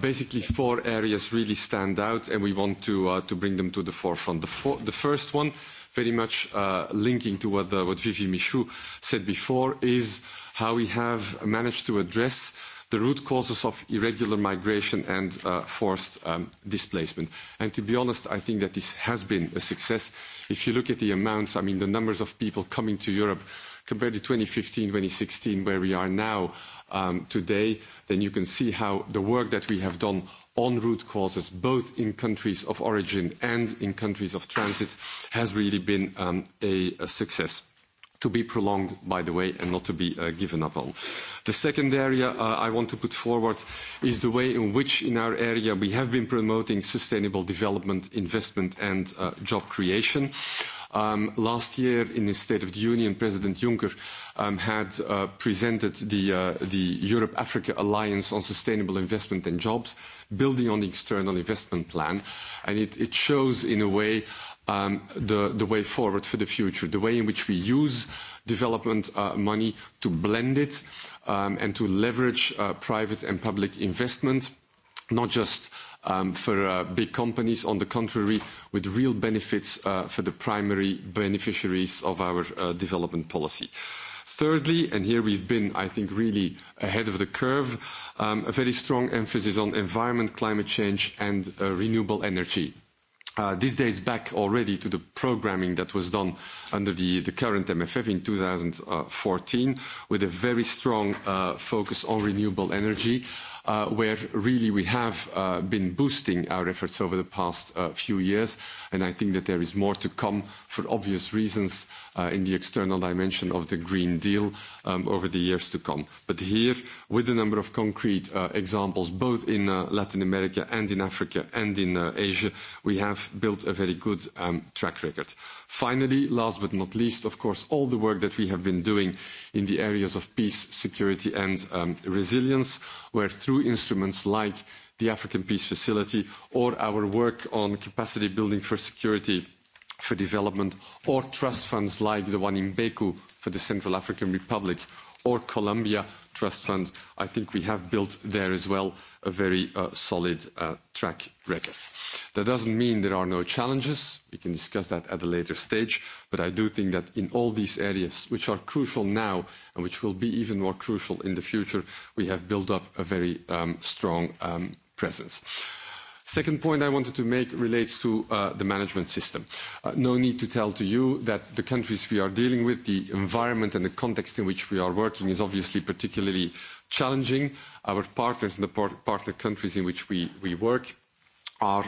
F: basically four areas really stand out, and we want to bring them to the forefront. The first one, very much linking to what Vivi Michaud said before, is how we have managed to address the root causes of irregular migration and forced displacement. And to be honest, I think that this has been a success. If you look at the amounts, I mean, the numbers of people coming to Europe Compared to 2015, 2016, where we are now today, then you can see how the work that we have done on root causes, both in countries of origin and in countries of transit, has really been a success to be prolonged, by the way, and not to be given up on. The second area I want to put forward is the way in which in our area we have been promoting sustainable development, investment and job creation. Last year, in the State of the Union, President Juncker had presented the Europe-Africa Alliance on Sustainable Investment and Jobs, building on the external investment plan. And it shows, in a way, the way forward for the future, the way in which we use development money to blend it and to leverage private and public investment, not just for big companies. On the contrary, with real benefits for the primary beneficiaries of our development policy. Thirdly, and here we've been, I think, really ahead of the curve, a very strong emphasis on environment, climate change and renewable energy. This dates back already to the programming that was done under the current MFF in 2014, with a very strong focus on renewable energy where really we have been boosting our efforts over the past few years. And I think that there is more to come for obvious reasons in the external dimension of the Green Deal over the years to come. But here, with a number of concrete examples, both in Latin America and in Africa and in Asia, we have built a very good track record. Finally, last but not least, of course, all the work that we have been doing in the areas of peace, security and resilience where through instruments like the African Peace Facility or our work on capacity building for security for development or trust funds like the one in Beku for the Central African Republic or Colombia Trust Fund, I think we have built there as well a very solid track record. That doesn't mean there are no challenges. We can discuss that at a later stage. But I do think that in all these areas, which are crucial now and which will be even more crucial in the future, we have built up a very strong presence. Second point I wanted to make relates to the management system. No need to tell to you that the countries we are dealing with, the environment and the context in which we are working is obviously particularly challenging. Our partners and the partner countries in which we work are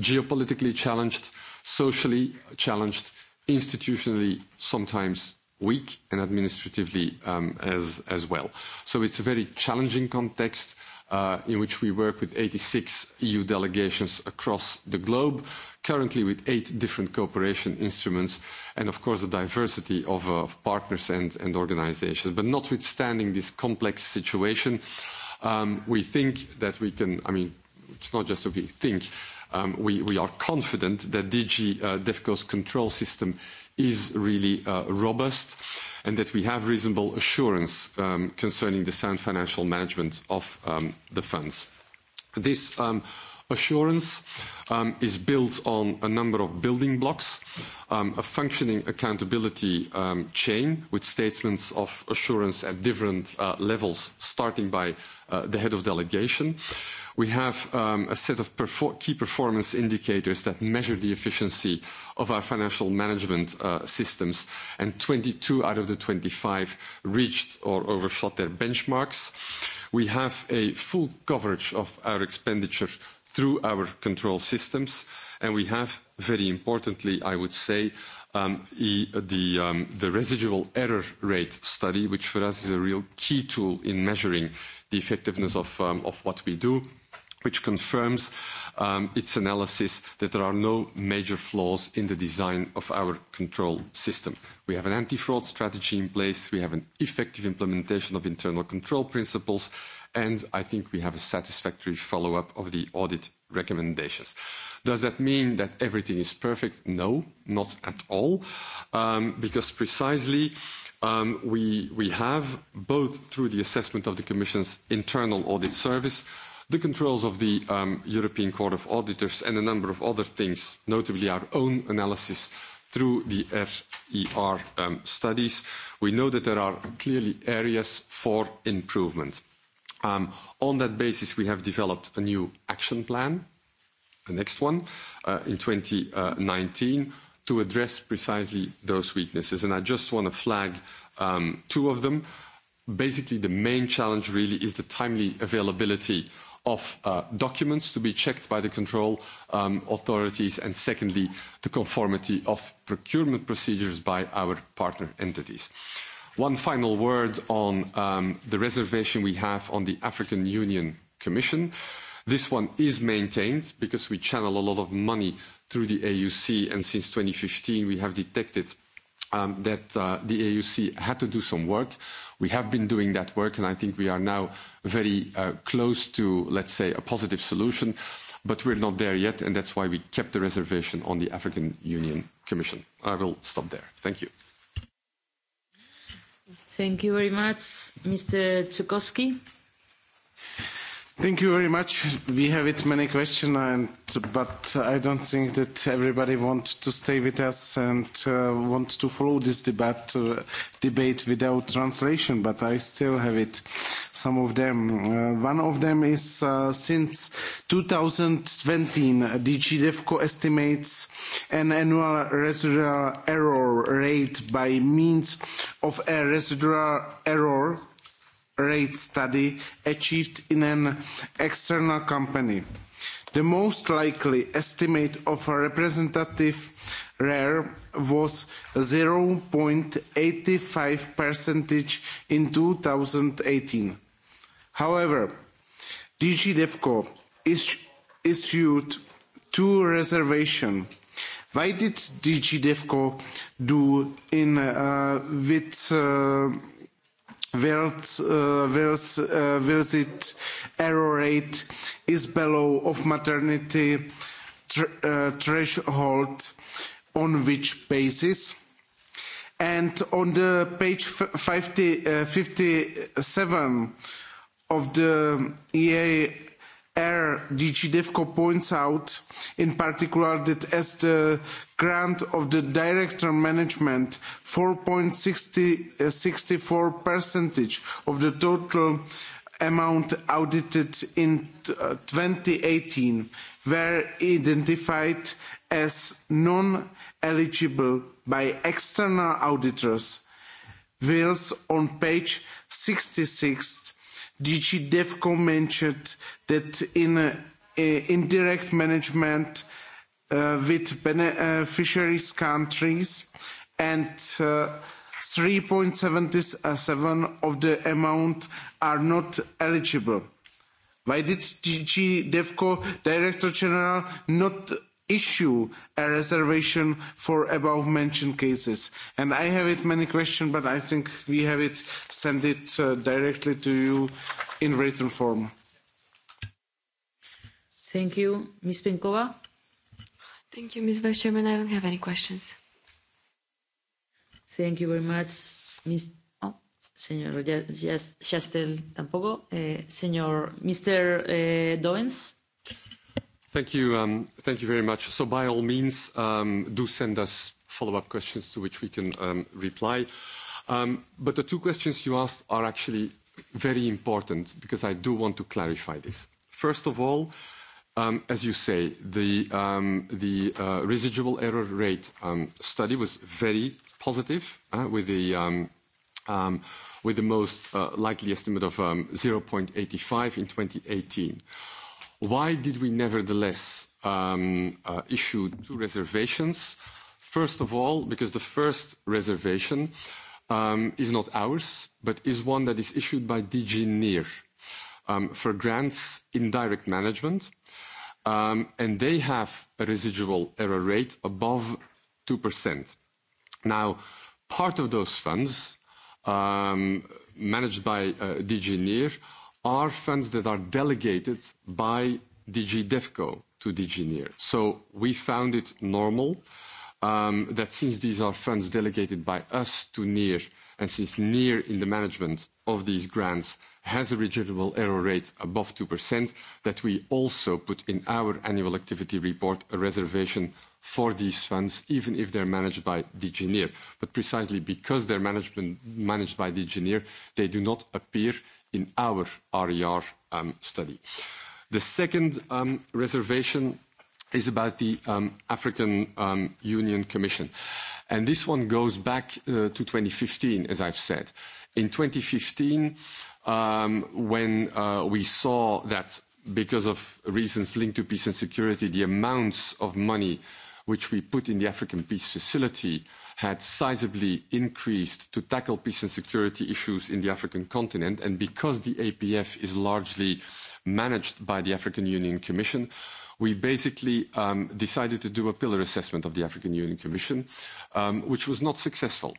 F: geopolitically challenged, socially challenged, institutionally sometimes weak, and administratively as well. So it's a very challenging context in which we work with 86 EU delegations across the globe, currently with eight different cooperation instruments, and of course the diversity of partners and organizations. But notwithstanding this complex situation, we think that we can, I mean, it's not just that we think, we are confident that DG DEFCO's control system is really robust and that we have reasonable assurance concerning the sound financial management of the funds. This assurance is built on a number of building blocks, a functioning accountability chain with statements of assurance at different levels, starting by the head of delegation. We have a set of key performance indicators that measure the efficiency of our financial management systems, and 22 out of the 25 reached or overshot their benchmarks. We have a full coverage of our expenditure through our control systems, and we have, very importantly, I would say, the residual error rate study, which for us is a real key tool in measuring the effectiveness of what we do which confirms its analysis that there are no major flaws in the design of our control system. We have an anti-fraud strategy in place, we have an effective implementation of internal control principles, and I think we have a satisfactory follow-up of the audit recommendations. Does that mean that everything is perfect? No, not at all, because precisely we have, both through the assessment of the Commission's internal audit service, the controls of the European Court of Auditors and a number of other things, notably our own analysis through the FER studies. We know that there are clearly areas for improvement. On that basis, we have developed a new action plan, the next one, in 2019 to address precisely those weaknesses. And I just want to flag two of them. Basically, the main challenge really is the timely availability of documents to be checked by the control authorities and secondly the conformity of procurement procedures by our partner entities. One final word on the reservation we have on the African Union Commission. This one is maintained because we channel a lot of money through the AUC and since 2015 we have detected that the AUC had to do some work we have been doing that work and i think we are now very close to let's say a positive solution but we're not there yet and that's why we kept the reservation on the african union commission. i will stop there. thank you.
E: thank you very much mr
F: Thank you very much. We have it
C: many questions, and but I don't think that everybody wants to stay with us and want to follow this debate debate without translation. But I still have it, some of them. One of them is since 2020 DG DEFCO estimates an annual residual error rate by means of a residual error rate study achieved in an external company. The most likely estimate of a representative rare was 0.85 percentage in 2018. However, DG DEFCO issued two reservations. Why did DG DEFCO do in with visit error rate is below of maternity threshold on which basis and on the page 57 of the EA DG devco points out in particular that as the grant of the director management four 4.64 percentage of the total amount audited in eighteen were identified as non-eligible by external auditors, whilst on page sixty six DG Devco mentioned that in indirect management with beneficiaries countries and 3.77 of the amount are not eligible. Why did DG Devco Director General not issue a reservation for above mentioned cases and i have it many questions but i think we have it send it directly to you in written form
E: thank you ms pinkova thank you ms vice chairman i don't have any questions thank you very much ms señor chastel tampoco señor mr doens
F: Thank you. Thank you very much. So by all means, do send us follow-up questions to which we can reply. But the two questions you asked are actually very important because I do want to clarify this. First of all, as you say, the residual error rate study was very positive with the most likely estimate of 0.85 in 2018. Why did we nevertheless issue two reservations? First of all, because the first reservation is not ours, but is one that is issued by DG NIR for grants in direct management, and they have a residual error rate above 2%. Now, part of those funds managed by DG NIR are funds that are delegated by DG DEFCO to DG NEAR. So we found it normal that since these are funds delegated by us to NIR, and since NIR in the management of these grants has a regenerable error rate above 2%, that we also put in our annual activity report a reservation for these funds, even if they're managed by DG NIR. But precisely because they're managed by DG NEAR, they do not appear in our RER study. The second reservation is about the African Union Commission. And this one goes back to 2015, as I've said. In 2015, when we saw that because of reasons linked to peace and security, the amounts of money which we put in the African Peace Facility had sizably increased to tackle peace and security issues in the African continent. And because the APF is largely managed by the African Union Commission, we basically decided to do a pillar assessment of the African Union Commission, which was not successful.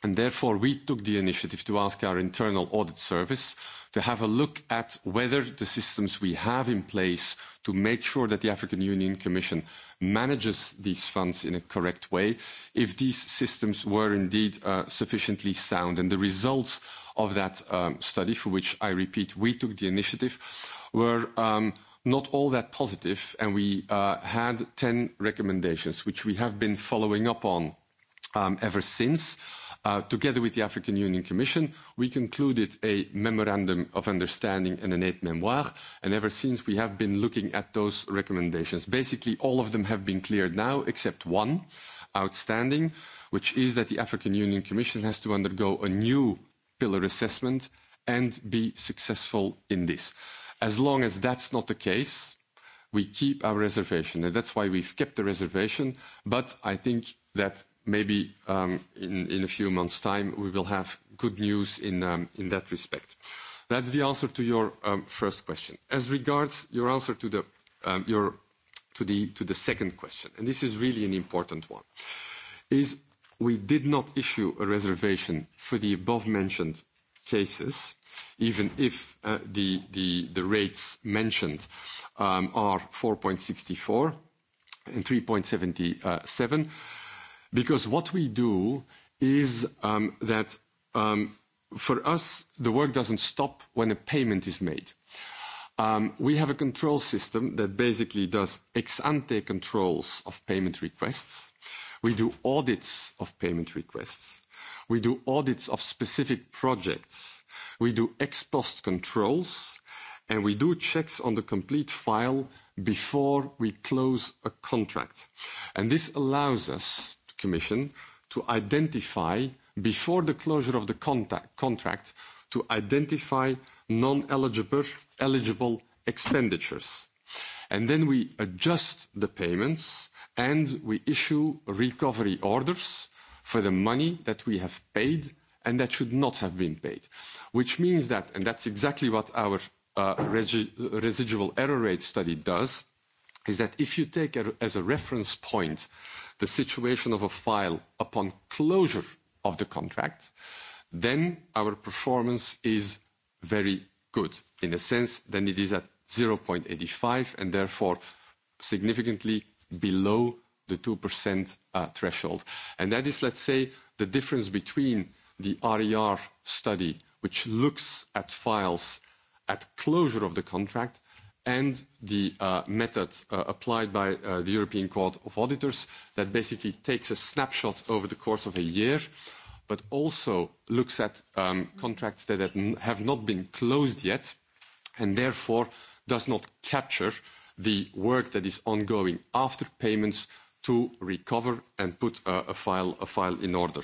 F: And therefore, we took the initiative to ask our internal audit service to have a look at whether the systems we have in place to make sure that the African Union Commission manages these funds in a correct way, if these systems were indeed sufficiently sound. And the results of that study, for which I repeat, we took the initiative, were not all that positive, and we had 10 recommendations, which we have been following up on ever since together with the African Union Commission, we concluded a memorandum of understanding and an aide memoire, and ever since we have been looking at those recommendations. Basically, all of them have been cleared now, except one outstanding, which is that the African Union Commission has to undergo a new pillar assessment and be successful in this. As long as that's not the case, we keep our reservation, and that's why we've kept the reservation, but I think that maybe in a few months' time we will have good news in that respect. That's the answer to your first question. As regards your answer to the second question, and this is really an important one, is we did not issue a reservation for the above-mentioned cases, even if the rates mentioned are 4.64 and 3.77 because what we do is that for us the work doesn't stop when a payment is made. We have a control system that basically does ex ante controls of payment requests. We do audits of payment requests. We do audits of specific projects. We do ex post controls and we do checks on the complete file before we close a contract. And this allows us Commission to identify, before the closure of the contract, to identify non-eligible expenditures. And then we adjust the payments and we issue recovery orders for the money that we have paid and that should not have been paid. Which means that, and that's exactly what our residual error rate study does, is that if you take as a reference point the situation of a file upon closure of the contract, then our performance is very good in a sense then it is at 0.85 and therefore significantly below the 2% threshold. And that is, let's say, the difference between the RER study, which looks at files at closure of the contract, and the method applied by the European Court of Auditors that basically takes a snapshot over the course of a year, but also looks at contracts that have not been closed yet and therefore does not capture the work that is ongoing after payments to recover and put a file in order.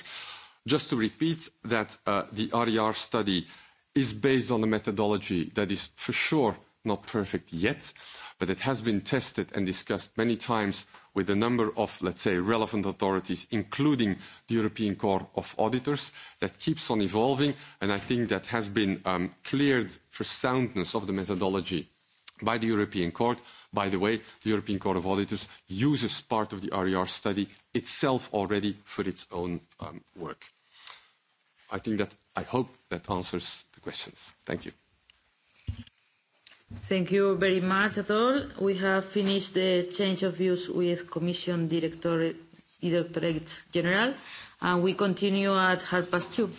F: Just to repeat that the RER study is based on a methodology that is for sure not perfect yet, but it has been tested and discussed many times with a number of, let's say, relevant authorities, including the European Court of Auditors, that keeps on evolving, and I think that has been cleared for soundness of the methodology by the European Court. By the way, the European Court of Auditors uses part of the RER study itself already for its own work. I think that I hope that answers the questions. Thank you.
E: Thank you very much at all. We have finished the exchange of views with Commission Director Directorate General and we continue at half past two.